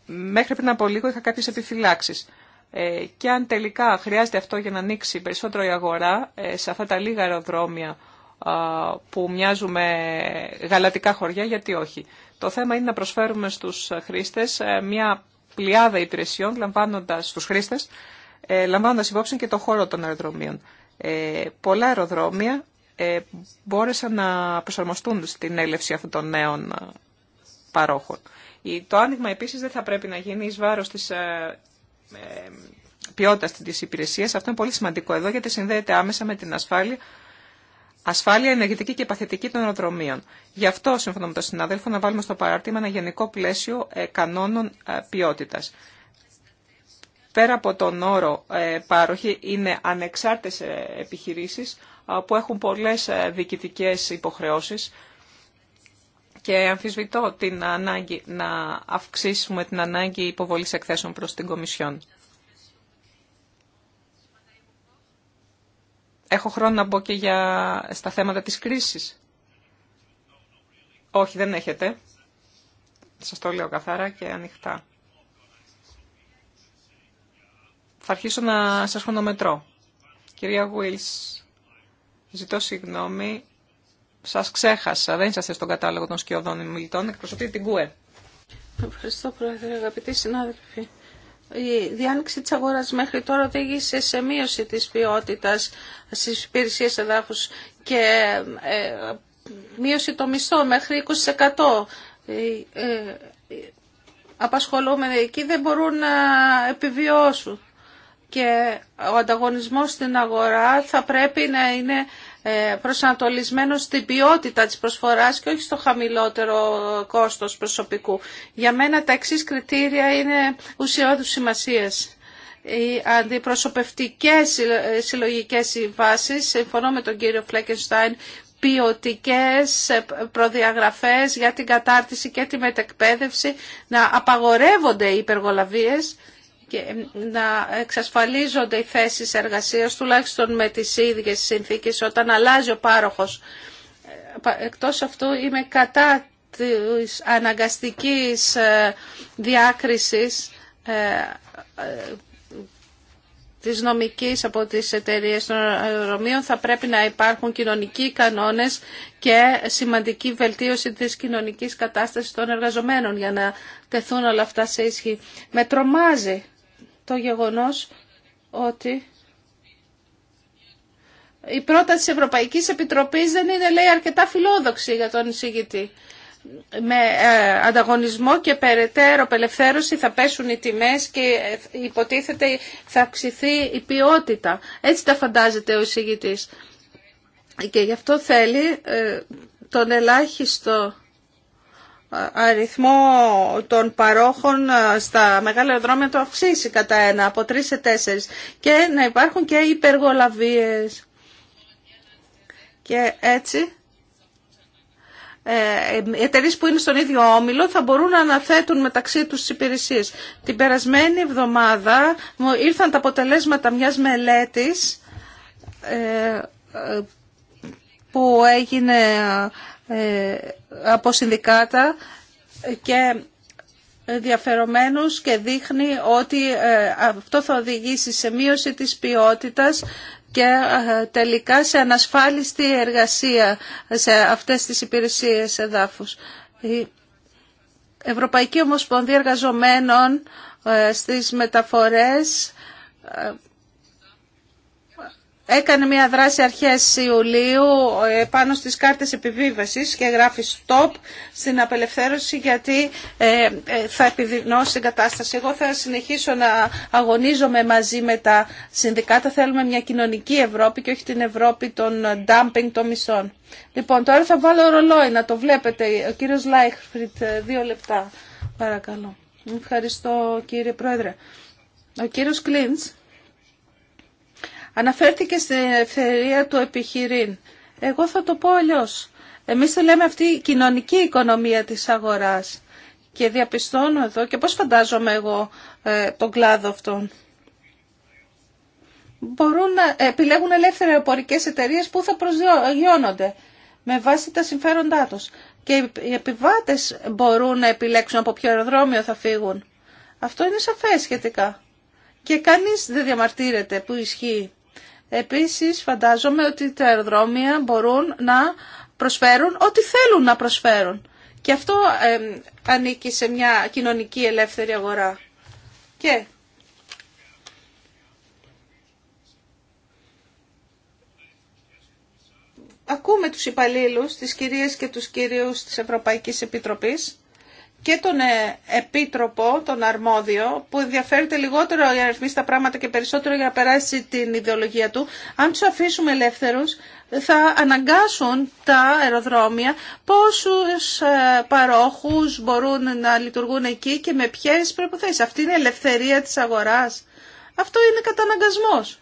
μέχρι πριν από λίγο είχα κάποιες επιφυλάξεις. Ε, και αν τελικά χρειάζεται αυτό για να ανοίξει περισσότερο η αγορά ε, σε αυτά τα λίγα αεροδρόμια που μοιάζουν με γαλατικά χωριά, γιατί όχι. Το θέμα είναι να προσφέρουμε στους χρήστες ε, μια πλειάδα υπηρεσιών, λαμβάνοντας, στους χρήστες, λαμβάνοντας υπόψη και το χώρο των αεροδρομίων. πολλά αεροδρόμια μπόρεσαν να προσαρμοστούν στην έλευση αυτών των νέων παρόχων. Το άνοιγμα επίσης δεν θα πρέπει να γίνει εις βάρος της ε, ποιότητα της υπηρεσία. Αυτό είναι πολύ σημαντικό εδώ γιατί συνδέεται άμεσα με την ασφάλεια Ασφάλεια ενεργητική και παθητική των αεροδρομίων. Γι' αυτό, σύμφωνα με τον συνάδελφο, να βάλουμε στο παράρτημα ένα γενικό πλαίσιο ε, κανόνων ε, ποιότητα. Πέρα από τον όρο πάροχη, είναι ανεξάρτητες επιχειρήσεις που έχουν πολλές διοικητικέ υποχρεώσει και αμφισβητώ την ανάγκη να αυξήσουμε την ανάγκη υποβολής εκθέσεων προς την Κομισιόν. Έχω χρόνο να μπω και για... στα θέματα της κρίσης. Όχι, δεν έχετε. Σας το λέω καθαρά και ανοιχτά. Θα αρχίσω να σας χρονομετρώ. Κυρία Γουίλς, ζητώ συγγνώμη σας ξέχασα, δεν είσαστε στον κατάλογο των σκιωδών μιλητών, εκπροσωπείτε την ΚΟΕ. Ευχαριστώ Πρόεδρε, αγαπητοί συνάδελφοι. Η διάνοιξη της αγοράς μέχρι τώρα οδήγησε σε μείωση της ποιότητας στις υπηρεσίες εδάφους και ε, μείωση το μισθό μέχρι 20%. Ε, ε, απασχολούμενοι εκεί δεν μπορούν να επιβιώσουν και ο ανταγωνισμός στην αγορά θα πρέπει να είναι ε, προσανατολισμένο στην ποιότητα της προσφοράς και όχι στο χαμηλότερο κόστος προσωπικού. Για μένα τα εξής κριτήρια είναι ουσιώδου σημασίας. Οι αντιπροσωπευτικές συλλογικές συμβάσεις, συμφωνώ με τον κύριο Φλέκενστάιν, ποιοτικέ προδιαγραφές για την κατάρτιση και τη μετεκπαίδευση, να απαγορεύονται οι υπεργολαβίες και να εξασφαλίζονται οι θέσεις εργασίας τουλάχιστον με τις ίδιες συνθήκες όταν αλλάζει ο πάροχος. Ε, εκτός αυτού είμαι κατά της αναγκαστικής ε, διάκρισης ε, της νομικής από τις εταιρείες των αεροδρομίων θα πρέπει να υπάρχουν κοινωνικοί κανόνες και σημαντική βελτίωση της κοινωνικής κατάστασης των εργαζομένων για να τεθούν όλα αυτά σε ισχύ. Με τρομάζει το γεγονός ότι η πρόταση της Ευρωπαϊκής Επιτροπής δεν είναι, λέει, αρκετά φιλόδοξη για τον εισηγητή. Με ε, ανταγωνισμό και περαιτέρω απελευθέρωση θα πέσουν οι τιμές και ε, υποτίθεται θα αυξηθεί η ποιότητα. Έτσι τα φαντάζεται ο εισηγητής. Και γι' αυτό θέλει ε, τον ελάχιστο αριθμό των παρόχων στα μεγάλα αεροδρόμια το αυξήσει κατά ένα, από τρεις σε τέσσερις. Και να υπάρχουν και υπεργολαβίες. Και έτσι, ε, οι εταιρείε που είναι στον ίδιο όμιλο θα μπορούν να αναθέτουν μεταξύ τους τις υπηρεσίες. Την περασμένη εβδομάδα ήρθαν τα αποτελέσματα μιας μελέτης ε, ε, που έγινε ε, από συνδικάτα και διαφερομένους και δείχνει ότι ε, αυτό θα οδηγήσει σε μείωση της ποιότητας και ε, τελικά σε ανασφάλιστη εργασία σε αυτές τις υπηρεσίες εδάφους. Η Ευρωπαϊκή Ομοσπονδία Εργαζομένων στις μεταφορές Έκανε μια δράση αρχές Ιουλίου ε, πάνω στις κάρτες επιβίβασης και γράφει stop στην απελευθέρωση γιατί ε, ε, θα επιδεινώσει την κατάσταση. Εγώ θα συνεχίσω να αγωνίζομαι μαζί με τα συνδικάτα. Θέλουμε μια κοινωνική Ευρώπη και όχι την Ευρώπη των dumping των μισών. Λοιπόν, τώρα θα βάλω ρολόι να το βλέπετε. Ο κύριος Λάιχφριτ, δύο λεπτά. Παρακαλώ. Ευχαριστώ κύριε Πρόεδρε. Ο κύριος Κλίντς Αναφέρθηκε στην ελευθερία του επιχειρήν. Εγώ θα το πω αλλιώ. Εμείς το λέμε αυτή η κοινωνική οικονομία της αγοράς. Και διαπιστώνω εδώ και πώς φαντάζομαι εγώ ε, τον κλάδο αυτόν. Μπορούν να επιλέγουν ελεύθερα εταιρείε εταιρείες που θα προσδιογιώνονται, με βάση τα συμφέροντά τους. Και οι επιβάτες μπορούν να επιλέξουν από ποιο αεροδρόμιο θα φύγουν. Αυτό είναι σαφές σχετικά. Και κανείς δεν διαμαρτύρεται που ισχύει. Επίσης φαντάζομαι ότι τα αεροδρόμια μπορούν να προσφέρουν ό,τι θέλουν να προσφέρουν. Και αυτό ανήκει σε μια κοινωνική ελεύθερη αγορά. Και ακούμε τους υπαλλήλους, τις κυρίες και τους κυρίους της Ευρωπαϊκής Επιτροπής και τον ε, επίτροπο, τον αρμόδιο, που ενδιαφέρεται λιγότερο για να ρυθμίσει τα πράγματα και περισσότερο για να περάσει την ιδεολογία του, αν του αφήσουμε ελεύθερους, θα αναγκάσουν τα αεροδρόμια πόσους ε, παρόχους μπορούν να λειτουργούν εκεί και με ποιες προϋποθέσεις. Αυτή είναι η ελευθερία της αγοράς. Αυτό είναι καταναγκασμό.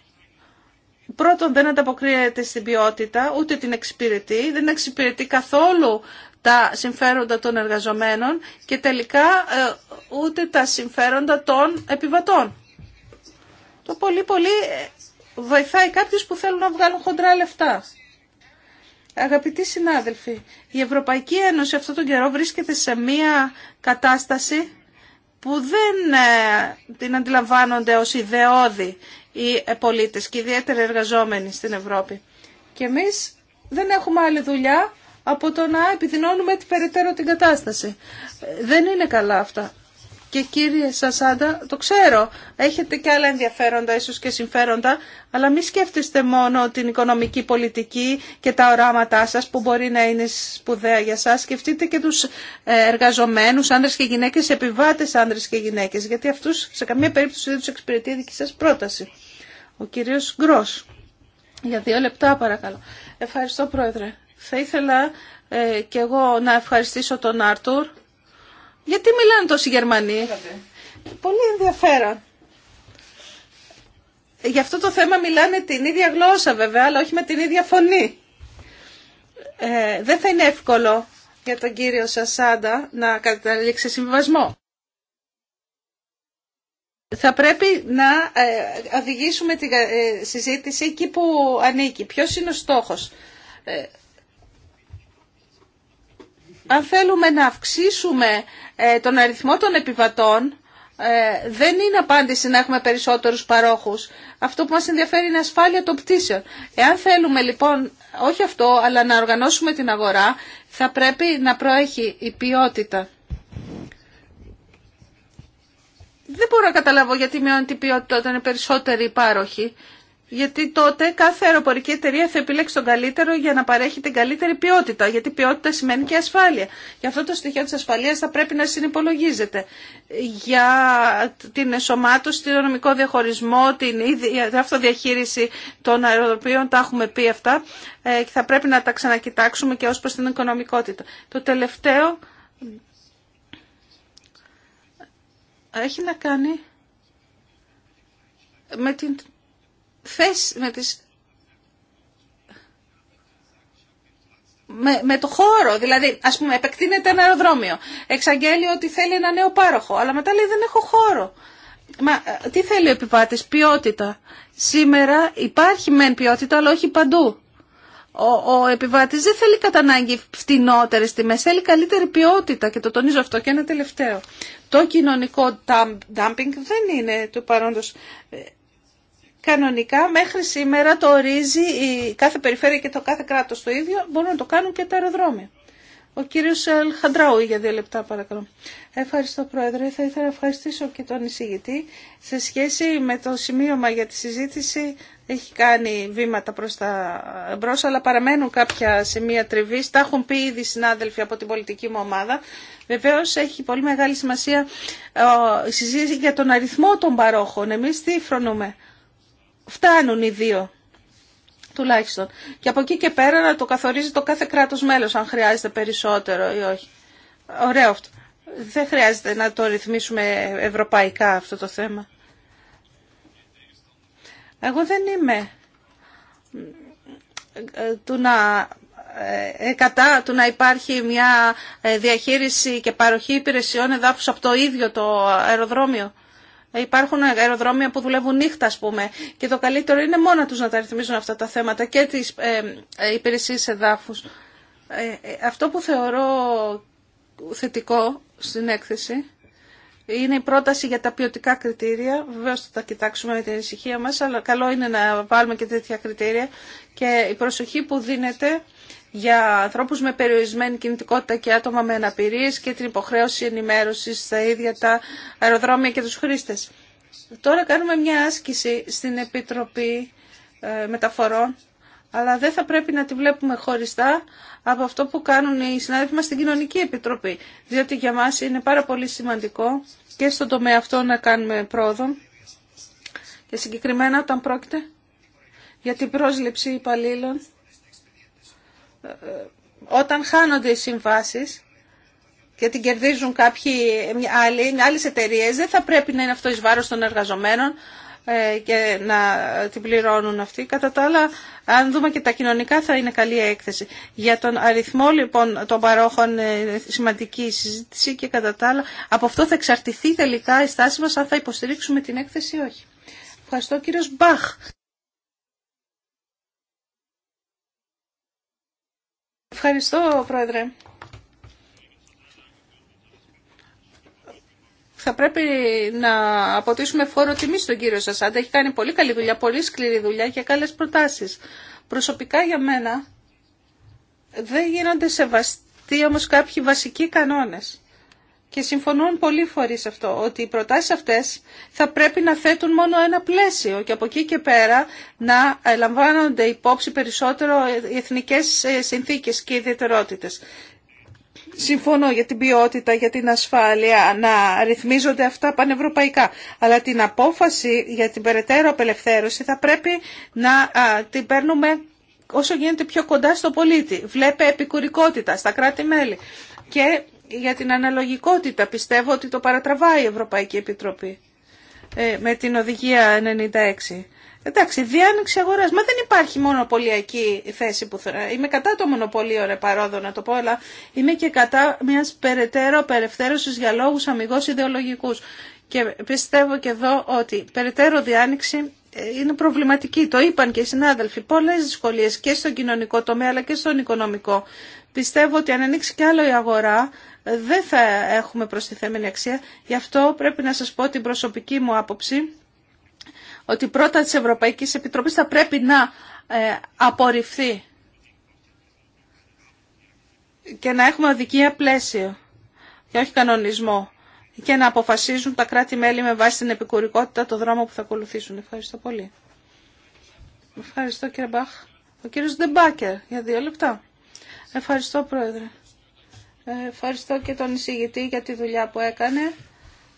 Πρώτον, δεν ανταποκρίνεται στην ποιότητα, ούτε την εξυπηρετεί, δεν εξυπηρετεί καθόλου τα συμφέροντα των εργαζομένων και τελικά ε, ούτε τα συμφέροντα των επιβατών. Το πολύ πολύ ε, βοηθάει κάποιους που θέλουν να βγάλουν χοντρά λεφτά. Αγαπητοί συνάδελφοι, η Ευρωπαϊκή Ένωση αυτόν τον καιρό βρίσκεται σε μία κατάσταση που δεν ε, την αντιλαμβάνονται ως ιδεώδη οι πολίτες και ιδιαίτερα εργαζόμενοι στην Ευρώπη. Και εμείς δεν έχουμε άλλη δουλειά από το να επιδεινώνουμε περαιτέρω την κατάσταση. Δεν είναι καλά αυτά. Και κύριε Σασάντα, το ξέρω, έχετε και άλλα ενδιαφέροντα ίσως και συμφέροντα, αλλά μην σκέφτεστε μόνο την οικονομική πολιτική και τα οράματά σας που μπορεί να είναι σπουδαία για σας. Σκεφτείτε και τους ε, εργαζομένους, άνδρες και γυναίκες, επιβάτες άνδρες και γυναίκες, γιατί αυτούς σε καμία περίπτωση δεν τους εξυπηρετεί η δική σας πρόταση. Ο κύριος Γκρό, Για δύο λεπτά παρακαλώ. Ευχαριστώ πρόεδρε. Θα ήθελα ε, και εγώ να ευχαριστήσω τον Άρτουρ. Γιατί μιλάνε τόσοι Γερμανοί. Πολύ ενδιαφέρον. Γι' αυτό το θέμα μιλάνε την ίδια γλώσσα βέβαια, αλλά όχι με την ίδια φωνή. Ε, δεν θα είναι εύκολο για τον κύριο Σασάντα να καταλήξει συμβιβασμό. Θα πρέπει να ε, οδηγήσουμε τη συζήτηση εκεί που ανήκει. Ποιος είναι ο στόχος αν θέλουμε να αυξήσουμε ε, τον αριθμό των επιβατών, ε, δεν είναι απάντηση να έχουμε περισσότερους παρόχους. Αυτό που μας ενδιαφέρει είναι ασφάλεια των πτήσεων. Εάν θέλουμε λοιπόν, όχι αυτό, αλλά να οργανώσουμε την αγορά, θα πρέπει να προέχει η ποιότητα. Δεν μπορώ να καταλάβω γιατί μειώνει την ποιότητα όταν είναι περισσότεροι οι πάροχοι γιατί τότε κάθε αεροπορική εταιρεία θα επιλέξει τον καλύτερο για να παρέχει την καλύτερη ποιότητα. Γιατί ποιότητα σημαίνει και ασφάλεια. Γι' αυτό το στοιχείο τη ασφαλεία θα πρέπει να συνυπολογίζεται. Για την εσωμάτωση, τον νομικό διαχωρισμό, την αυτοδιαχείριση των αεροδρομίων, τα έχουμε πει αυτά. Ε, θα πρέπει να τα ξανακοιτάξουμε και ω προ την οικονομικότητα. Το τελευταίο έχει να κάνει με την με τις με, το χώρο. Δηλαδή, ας πούμε, επεκτείνεται ένα αεροδρόμιο. Εξαγγέλει ότι θέλει ένα νέο πάροχο, αλλά μετά λέει δεν έχω χώρο. Μα ε, τι θέλει ο επιβάτης, ποιότητα. Σήμερα υπάρχει μεν ποιότητα, αλλά όχι παντού. Ο, ο επιβάτης δεν θέλει κατά ανάγκη φτηνότερες τιμές, θέλει καλύτερη ποιότητα και το τονίζω αυτό και ένα τελευταίο. Το κοινωνικό dumping δεν είναι του παρόντος ε, Κανονικά μέχρι σήμερα το ορίζει η κάθε περιφέρεια και το κάθε κράτος το ίδιο, μπορούν να το κάνουν και τα αεροδρόμια. Ο κύριος Χαντράου για δύο λεπτά παρακαλώ. Ευχαριστώ Πρόεδρε. Θα ήθελα να ευχαριστήσω και τον εισηγητή. Σε σχέση με το σημείωμα για τη συζήτηση έχει κάνει βήματα προς τα μπρος, αλλά παραμένουν κάποια σημεία τριβή. Τα έχουν πει ήδη συνάδελφοι από την πολιτική μου ομάδα. Βεβαίω έχει πολύ μεγάλη σημασία ε, η συζήτηση για τον αριθμό των παρόχων. Εμεί τι φρονούμε φτάνουν οι δύο τουλάχιστον. Και από εκεί και πέρα να το καθορίζει το κάθε κράτος μέλος αν χρειάζεται περισσότερο ή όχι. Ωραίο αυτό. Δεν χρειάζεται να το ρυθμίσουμε ευρωπαϊκά αυτό το θέμα. Εγώ δεν είμαι ε, του να, ε, κατά του υπάρχει μια ε, διαχείριση και παροχή υπηρεσιών εδάφους από το ίδιο το αεροδρόμιο. Υπάρχουν αεροδρόμια που δουλεύουν νύχτα, α πούμε, και το καλύτερο είναι μόνο τους να τα ρυθμίζουν αυτά τα θέματα και τις ε, ε υπηρεσίες ε, ε, αυτό που θεωρώ θετικό στην έκθεση είναι η πρόταση για τα ποιοτικά κριτήρια. Βεβαίω, θα τα κοιτάξουμε με την ησυχία μας, αλλά καλό είναι να βάλουμε και τέτοια κριτήρια. Και η προσοχή που δίνεται για ανθρώπους με περιορισμένη κινητικότητα και άτομα με αναπηρίες και την υποχρέωση ενημέρωσης στα ίδια τα αεροδρόμια και τους χρήστες. Τώρα κάνουμε μια άσκηση στην Επιτροπή ε, Μεταφορών, αλλά δεν θα πρέπει να τη βλέπουμε χωριστά από αυτό που κάνουν οι συνάδελφοι μας στην Κοινωνική Επιτροπή, διότι για μας είναι πάρα πολύ σημαντικό και στον τομέα αυτό να κάνουμε πρόοδο και συγκεκριμένα όταν πρόκειται για την πρόσληψη υπαλλήλων όταν χάνονται οι συμβάσεις και την κερδίζουν κάποιοι άλλοι, άλλες εταιρείες, δεν θα πρέπει να είναι αυτό εις βάρος των εργαζομένων ε, και να την πληρώνουν αυτοί. Κατά τα άλλα, αν δούμε και τα κοινωνικά, θα είναι καλή έκθεση. Για τον αριθμό λοιπόν των παρόχων ε, σημαντική συζήτηση και κατά τα άλλα, από αυτό θα εξαρτηθεί τελικά η στάση μας αν θα υποστηρίξουμε την έκθεση ή όχι. Ευχαριστώ κύριος Μπαχ. Ευχαριστώ, Πρόεδρε. θα πρέπει να αποτίσουμε φόρο τιμή στον κύριο Σασάντα. Έχει κάνει πολύ καλή δουλειά, πολύ σκληρή δουλειά και καλές προτάσεις. Προσωπικά για μένα δεν γίνονται σεβαστοί όμως κάποιοι βασικοί κανόνες και συμφωνούν πολλοί σε αυτό, ότι οι προτάσεις αυτές θα πρέπει να θέτουν μόνο ένα πλαίσιο και από εκεί και πέρα να ε, λαμβάνονται υπόψη περισσότερο οι εθνικές ε, συνθήκες και ιδιαιτερότητες. Συμφωνώ για την ποιότητα, για την ασφάλεια, να ρυθμίζονται αυτά πανευρωπαϊκά. Αλλά την απόφαση για την περαιτέρω απελευθέρωση θα πρέπει να την παίρνουμε όσο γίνεται πιο κοντά στο πολίτη. Βλέπε επικουρικότητα στα κράτη-μέλη. Και για την αναλογικότητα. Πιστεύω ότι το παρατραβάει η Ευρωπαϊκή Επιτροπή ε, με την οδηγία 96. Εντάξει, διάνοιξη αγορά. Μα δεν υπάρχει μονοπωλιακή θέση που θέλω. Είμαι κατά το μονοπωλίο, ρε παρόδο να το πω, αλλά είμαι και κατά μια περαιτέρω απελευθέρωση για λόγου αμυγό ιδεολογικού. Και πιστεύω και εδώ ότι περαιτέρω διάνοιξη ε, είναι προβληματική. Το είπαν και οι συνάδελφοι. Πολλέ δυσκολίε και στον κοινωνικό τομέα αλλά και στον οικονομικό. Πιστεύω ότι αν ανοίξει κι άλλο η αγορά δεν θα έχουμε προστιθέμενη αξία. Γι' αυτό πρέπει να σας πω την προσωπική μου άποψη ότι πρώτα της Ευρωπαϊκής Επιτροπής θα πρέπει να ε, απορριφθεί και να έχουμε οδικία πλαίσιο και όχι κανονισμό και να αποφασίζουν τα κράτη-μέλη με βάση την επικουρικότητα το δρόμο που θα ακολουθήσουν. Ευχαριστώ πολύ. Ευχαριστώ κύριε Μπαχ. Ο κύριος Ντεμπάκερ για δύο λεπτά. Ευχαριστώ πρόεδρε. Ευχαριστώ και τον εισηγητή για τη δουλειά που έκανε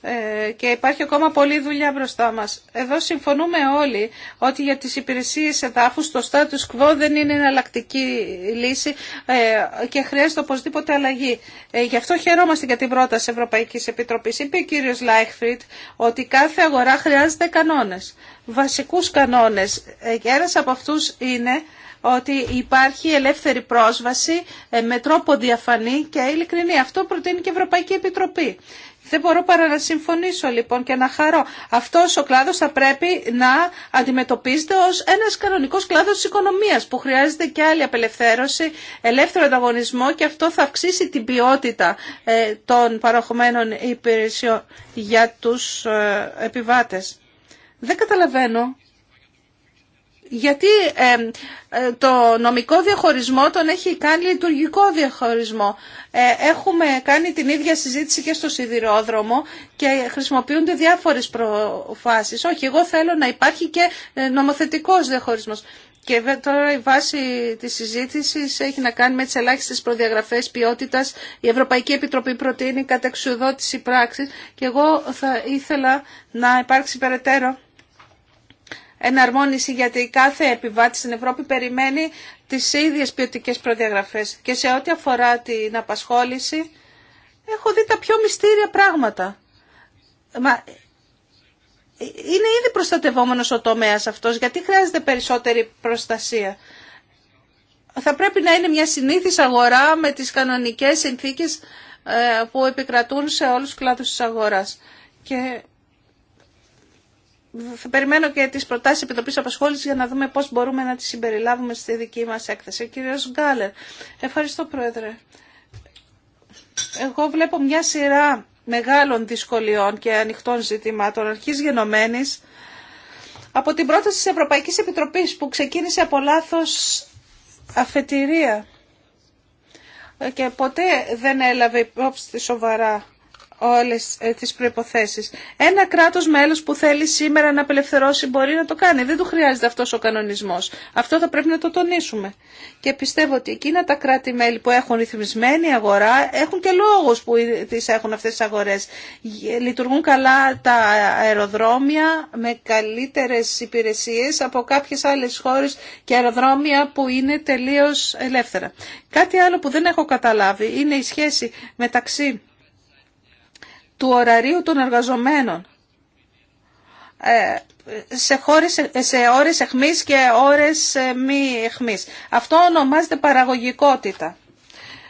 ε, και υπάρχει ακόμα πολλή δουλειά μπροστά μας. Εδώ συμφωνούμε όλοι ότι για τις υπηρεσίες εδάφους το status quo δεν είναι εναλλακτική λύση ε, και χρειάζεται οπωσδήποτε αλλαγή. Ε, γι' αυτό χαιρόμαστε για την πρόταση Ευρωπαϊκής Επιτροπής. Είπε ο κύριος Λάιχφριτ ότι κάθε αγορά χρειάζεται κανόνες, βασικούς κανόνες. Και ένας από αυτούς είναι ότι υπάρχει ελεύθερη πρόσβαση ε, με τρόπο διαφανή και ειλικρινή. Αυτό προτείνει και η Ευρωπαϊκή Επιτροπή. Δεν μπορώ παρά να συμφωνήσω λοιπόν και να χαρώ. Αυτός ο κλάδος θα πρέπει να αντιμετωπίζεται ως ένας κανονικός κλάδος της οικονομίας που χρειάζεται και άλλη απελευθέρωση, ελεύθερο ανταγωνισμό και αυτό θα αυξήσει την ποιότητα ε, των παροχωμένων υπηρεσιών για τους ε, επιβάτες. Δεν καταλαβαίνω γιατί ε, το νομικό διαχωρισμό τον έχει κάνει λειτουργικό διαχωρισμό. Ε, έχουμε κάνει την ίδια συζήτηση και στο σιδηρόδρομο και χρησιμοποιούνται διάφορες προφάσεις. Όχι, εγώ θέλω να υπάρχει και ε, νομοθετικός διαχωρισμός. Και τώρα η βάση της συζήτησης έχει να κάνει με τις ελάχιστες προδιαγραφές ποιότητας. Η Ευρωπαϊκή Επιτροπή προτείνει κατεξουδότηση πράξης και εγώ θα ήθελα να υπάρξει περαιτέρω εναρμόνιση γιατί κάθε επιβάτη στην Ευρώπη περιμένει τις ίδιες ποιοτικέ προδιαγραφές. Και σε ό,τι αφορά την απασχόληση έχω δει τα πιο μυστήρια πράγματα. Μα είναι ήδη προστατευόμενος ο τομέας αυτός γιατί χρειάζεται περισσότερη προστασία. Θα πρέπει να είναι μια συνήθις αγορά με τις κανονικές συνθήκες ε, που επικρατούν σε όλους τους κλάδους της αγοράς. Και θα περιμένω και τις προτάσεις Επιτροπής Απασχόλησης για να δούμε πώς μπορούμε να τις συμπεριλάβουμε στη δική μας έκθεση. Κύριε Γκάλερ. Ευχαριστώ Πρόεδρε. Εγώ βλέπω μια σειρά μεγάλων δυσκολιών και ανοιχτών ζητημάτων αρχής γενομένης από την πρόταση της Ευρωπαϊκής Επιτροπής που ξεκίνησε από λάθο αφετηρία και ποτέ δεν έλαβε υπόψη σοβαρά όλες ε, τις προϋποθέσεις. Ένα κράτος μέλος που θέλει σήμερα να απελευθερώσει μπορεί να το κάνει. Δεν του χρειάζεται αυτός ο κανονισμός. Αυτό θα πρέπει να το τονίσουμε. Και πιστεύω ότι εκείνα τα κράτη-μέλη που έχουν ρυθμισμένη αγορά έχουν και λόγους που τις έχουν αυτές τις αγορές. Λειτουργούν καλά τα αεροδρόμια με καλύτερες υπηρεσίες από κάποιες άλλες χώρες και αεροδρόμια που είναι τελείως ελεύθερα. Κάτι άλλο που δεν έχω καταλάβει είναι η σχέση μεταξύ του ωραρίου των εργαζομένων ε, σε, χώρες, σε ώρες εχμής και ώρες ε, μη εχμής. Αυτό ονομάζεται παραγωγικότητα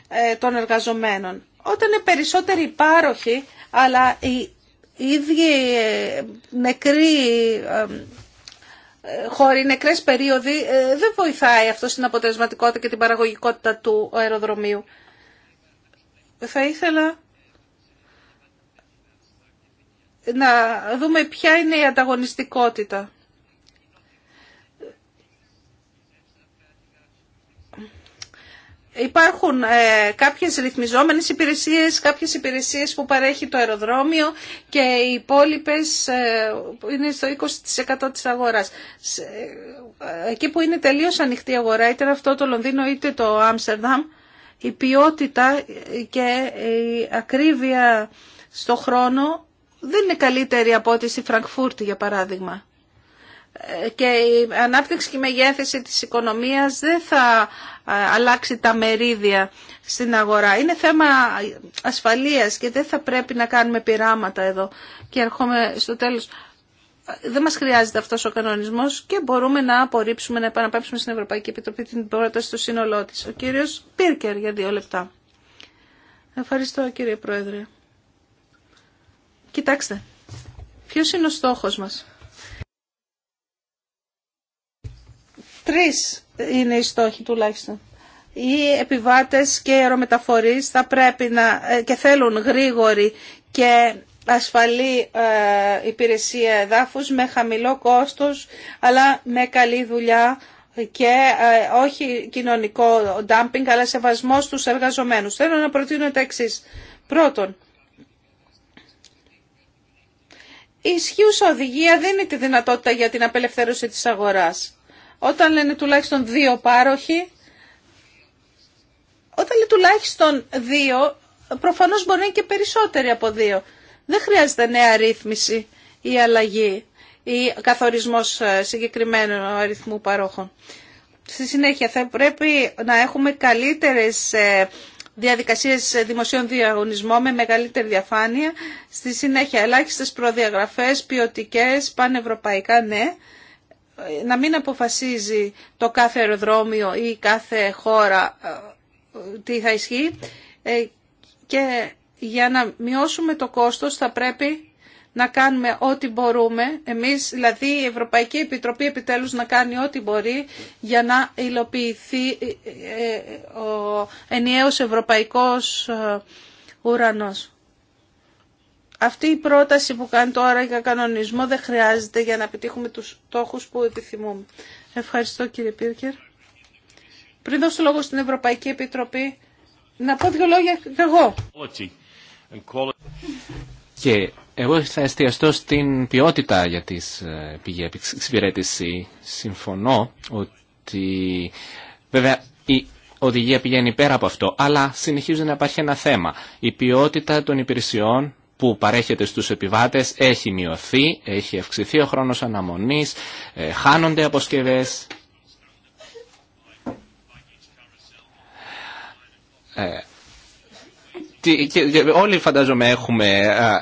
ε, των εργαζομένων. Όταν είναι περισσότεροι υπάροχοι αλλά οι ίδιοι νεκροί χώροι, νεκρές περίοδοι, δεν βοηθάει αυτό στην αποτελεσματικότητα και την παραγωγικότητα του αεροδρομίου. Θα ήθελα να δούμε ποια είναι η ανταγωνιστικότητα. Υπάρχουν ε, κάποιες ρυθμιζόμενες υπηρεσίες, κάποιες υπηρεσίες που παρέχει το αεροδρόμιο και οι υπόλοιπε ε, είναι στο 20% της αγοράς. Ε, εκεί που είναι τελείως ανοιχτή η αγορά, είτε αυτό το Λονδίνο είτε το Άμστερνταμ, η ποιότητα και η ακρίβεια στο χρόνο δεν είναι καλύτερη από ό,τι στη Φραγκφούρτη, για παράδειγμα. Ε, και η ανάπτυξη και η μεγέθυνση της οικονομίας δεν θα ε, αλλάξει τα μερίδια στην αγορά. Είναι θέμα ασφαλείας και δεν θα πρέπει να κάνουμε πειράματα εδώ. Και ερχόμαι στο τέλος. Ε, δεν μας χρειάζεται αυτός ο κανονισμός και μπορούμε να απορρίψουμε, να επαναπέψουμε στην Ευρωπαϊκή Επιτροπή την πρόταση στο σύνολό της. Ο κύριος Πίρκερ για δύο λεπτά. Ευχαριστώ κύριε Πρόεδρε. Κοιτάξτε, Ποιο είναι ο στόχος μας. Τρεις είναι οι στόχοι τουλάχιστον. Οι επιβάτες και οι αερομεταφορείς θα πρέπει να ε, και θέλουν γρήγορη και ασφαλή ε, υπηρεσία εδάφους με χαμηλό κόστος αλλά με καλή δουλειά και ε, όχι κοινωνικό ντάμπινγκ αλλά σεβασμό στους εργαζομένους. Θέλω να προτείνω τα εξής. Πρώτον, Η ισχύουσα οδηγία δίνει τη δυνατότητα για την απελευθέρωση της αγοράς. Όταν λένε τουλάχιστον δύο πάροχοι, όταν λένε τουλάχιστον δύο, προφανώς μπορεί να είναι και περισσότεροι από δύο. Δεν χρειάζεται νέα ρύθμιση ή αλλαγή ή καθορισμός ε, συγκεκριμένου αριθμού παρόχων. Στη συνέχεια θα πρέπει να έχουμε καλύτερες ε, διαδικασίες δημοσίων διαγωνισμών με μεγαλύτερη διαφάνεια. Στη συνέχεια, ελάχιστες προδιαγραφές, ποιοτικέ, πανευρωπαϊκά, ναι. Να μην αποφασίζει το κάθε αεροδρόμιο ή κάθε χώρα ε, τι θα ισχύει. Ε, και για να μειώσουμε το κόστος θα πρέπει να κάνουμε ό,τι μπορούμε, εμείς δηλαδή η Ευρωπαϊκή Επιτροπή επιτέλους να κάνει ό,τι μπορεί για να υλοποιηθεί ε, ε, ο ενιαίος ευρωπαϊκός ε, ουρανός. Αυτή η πρόταση που κάνει τώρα για κανονισμό δεν χρειάζεται για να επιτύχουμε τους στόχους που επιθυμούμε. Ευχαριστώ κύριε Πίρκερ. Πριν δώσω λόγο στην Ευρωπαϊκή Επιτροπή, να πω δύο λόγια εγώ. Και εγώ θα εστιαστώ στην ποιότητα για τις ε, πηγή εξυπηρέτηση. Συμφωνώ ότι βέβαια η οδηγία πηγαίνει πέρα από αυτό, αλλά συνεχίζει να υπάρχει ένα θέμα. Η ποιότητα των υπηρεσιών που παρέχεται στους επιβάτες έχει μειωθεί, έχει αυξηθεί ο χρόνος αναμονής, ε, χάνονται αποσκευές. Ε, όλοι φαντάζομαι έχουμε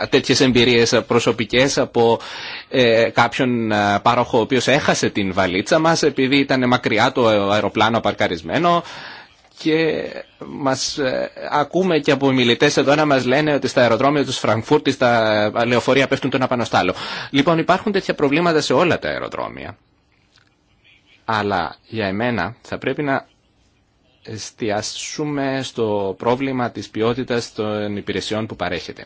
τέτοιες εμπειρίες προσωπικές από ε, κάποιον πάροχο ο οποίος έχασε την βαλίτσα μας επειδή ήταν μακριά το αεροπλάνο παρκαρισμένο και μας ε, ακούμε και από μιλητές εδώ να μας λένε ότι στα αεροδρόμια του Φραγκφούρτης τα λεωφορεία πέφτουν το απανοστάλο. Λοιπόν υπάρχουν τέτοια προβλήματα σε όλα τα αεροδρόμια. Αλλά για εμένα θα πρέπει να εστιάσουμε στο πρόβλημα της ποιότητας των υπηρεσιών που παρέχεται.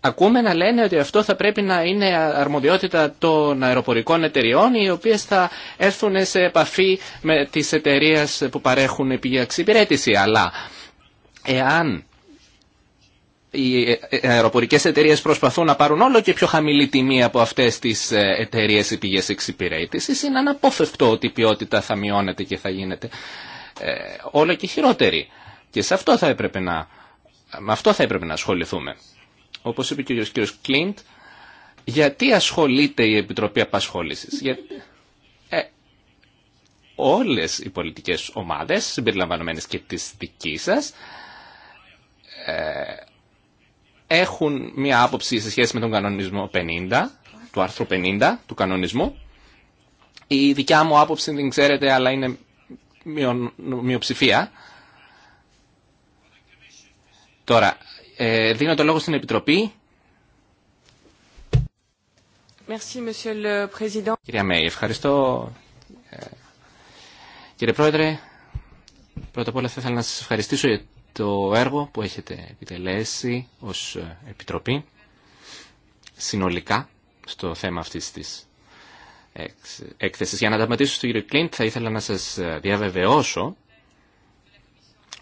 Ακούμε να λένε ότι αυτό θα πρέπει να είναι αρμοδιότητα των αεροπορικών εταιριών οι οποίες θα έρθουν σε επαφή με τις εταιρείες που παρέχουν εξυπηρέτηση. Αλλά εάν οι ε, ε, αεροπορικέ εταιρείε προσπαθούν να πάρουν όλο και πιο χαμηλή τιμή από αυτές τις ε, εταιρείε η πηγε εξυπηρετησης ειναι αναποφευκτο οτι η ποιοτητα θα μειώνεται και θα γίνεται όλο και χειρότερη. Και σε αυτό θα έπρεπε να, με αυτό θα έπρεπε να ασχοληθούμε. Όπως είπε και ο κ. Κλίντ, γιατί ασχολείται η Επιτροπή απασχόληση. Για... όλες οι πολιτικέ ομάδε, συμπεριλαμβανομένε και τη δική σα. ε, έχουν μία άποψη σε σχέση με τον κανονισμό 50, του άρθρου 50 του κανονισμού. Η δικιά μου άποψη δεν ξέρετε, αλλά είναι μειοψηφία. Τώρα, ε, δίνω το λόγο στην Επιτροπή. Merci, le Κυρία Μέη, ευχαριστώ. Ε, κύριε Πρόεδρε, πρώτα απ' όλα θα ήθελα να σας ευχαριστήσω το έργο που έχετε επιτελέσει ως Επιτροπή συνολικά στο θέμα αυτής της έκθεσης. Για να ανταπαντήσω στον κύριο Κλίντ θα ήθελα να σας διαβεβαιώσω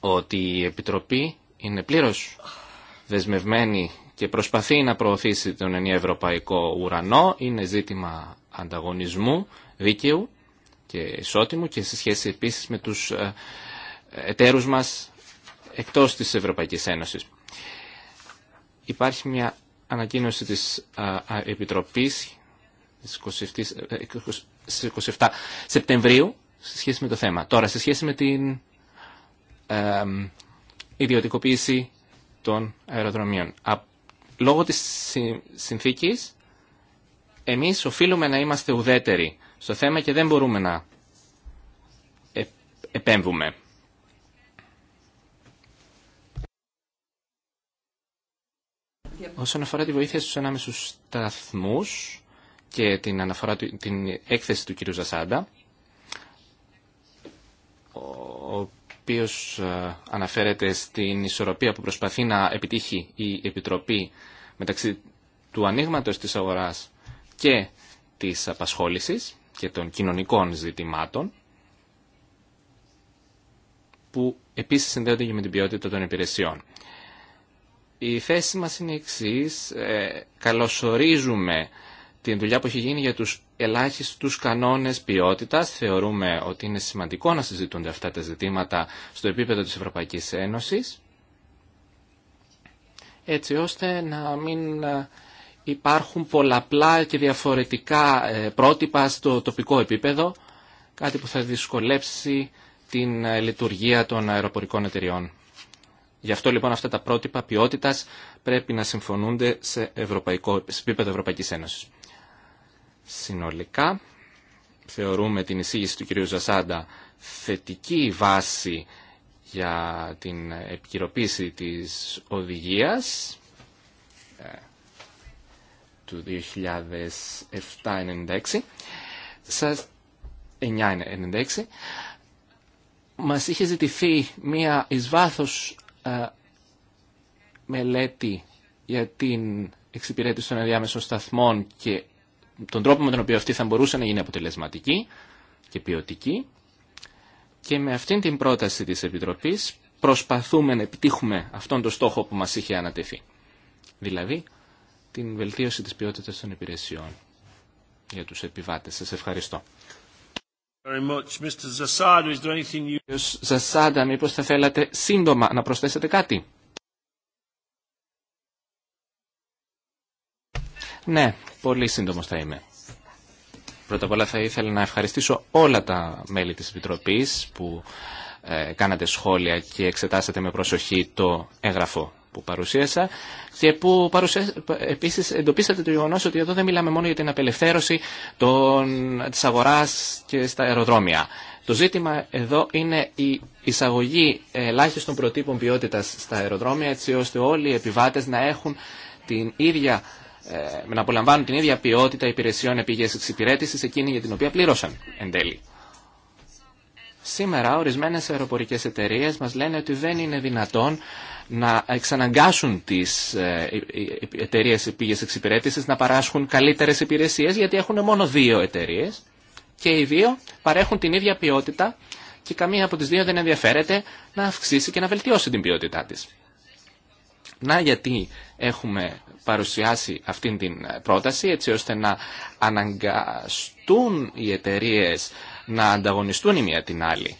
ότι η Επιτροπή είναι πλήρως δεσμευμένη και προσπαθεί να προωθήσει τον ενιαίο ευρωπαϊκό ουρανό. Είναι ζήτημα ανταγωνισμού, δίκαιου και ισότιμου και σε σχέση επίσης με τους ε, εταίρους μας εκτός της Ευρωπαϊκής Ένωσης. Υπάρχει μια ανακοίνωση της Επιτροπής ε, στις 27 Σεπτεμβρίου σε σχέση με το θέμα. Τώρα, σε σχέση με την ιδιωτικοποίηση των αεροδρομίων. λόγω της συνθήκης, εμείς οφείλουμε να είμαστε ουδέτεροι στο θέμα και δεν μπορούμε να επέμβουμε. Όσον αφορά τη βοήθεια στους ανάμεσους σταθμού και την, αναφορά, την έκθεση του κ. Ζασάντα, ο οποίο ε, αναφέρεται στην ισορροπία που προσπαθεί να επιτύχει η Επιτροπή μεταξύ του ανοίγματο της αγοράς και της απασχόλησης και των κοινωνικών ζητημάτων, που επίσης συνδέονται και με την ποιότητα των υπηρεσιών. Η θέση μας είναι εξή. Ε, καλωσορίζουμε την δουλειά που έχει γίνει για τους ελάχιστους κανόνες ποιότητας. Θεωρούμε ότι είναι σημαντικό να συζητούνται αυτά τα ζητήματα στο επίπεδο της Ευρωπαϊκής Ένωσης, έτσι ώστε να μην ε, υπάρχουν πολλαπλά και διαφορετικά ε, πρότυπα στο τοπικό επίπεδο, κάτι που θα δυσκολέψει την λειτουργία των αεροπορικών εταιριών. Γι' αυτό λοιπόν αυτά τα πρότυπα ποιότητα πρέπει να συμφωνούνται σε, ευρωπαϊκό, επίπεδο Ευρωπαϊκή Ένωση. Συνολικά, θεωρούμε την εισήγηση του κυρίου Ζασάντα θετική βάση για την επικυρωποίηση της οδηγίας ε, του 2007-96 σας 996 μας είχε ζητηθεί μία εις ε, μελέτη για την εξυπηρέτηση των ενδιάμεσων σταθμών και τον τρόπο με τον οποίο αυτή θα μπορούσε να γίνει αποτελεσματική και ποιοτική. Και με αυτήν την πρόταση της Επιτροπής προσπαθούμε να επιτύχουμε αυτόν τον στόχο που μας είχε ανατεθεί. Δηλαδή, την βελτίωση της ποιότητας των υπηρεσιών για τους επιβάτες. Σας ευχαριστώ. Ζασάντα, μήπως θα θέλατε σύντομα να προσθέσετε κάτι. Ναι, πολύ σύντομος θα είμαι. Πρώτα απ' όλα θα ήθελα να ευχαριστήσω όλα τα μέλη της Επιτροπής που ε, κάνατε σχόλια και εξετάσατε με προσοχή το έγγραφο που παρουσίασα και που παρουσία... επίσης εντοπίσατε το γεγονό ότι εδώ δεν μιλάμε μόνο για την απελευθέρωση των... της αγοράς και στα αεροδρόμια. Το ζήτημα εδώ είναι η εισαγωγή ελάχιστων προτύπων ποιότητας στα αεροδρόμια έτσι ώστε όλοι οι επιβάτες να έχουν την ίδια ε, να απολαμβάνουν την ίδια ποιότητα υπηρεσιών επίγειας εξυπηρέτησης εκείνη για την οποία πλήρωσαν εν τέλει. Σήμερα ορισμένες αεροπορικές εταιρείες μας λένε ότι δεν είναι δυνατόν να εξαναγκάσουν τις ε, εταιρείες πήγες εξυπηρέτησης να παράσχουν καλύτερες υπηρεσίες γιατί έχουν μόνο δύο εταιρείες και οι δύο παρέχουν την ίδια ποιότητα και καμία από τις δύο δεν ενδιαφέρεται να αυξήσει και να βελτιώσει την ποιότητά της. Να γιατί έχουμε παρουσιάσει αυτήν την πρόταση έτσι ώστε να αναγκαστούν οι εταιρείες να ανταγωνιστούν η μία την άλλη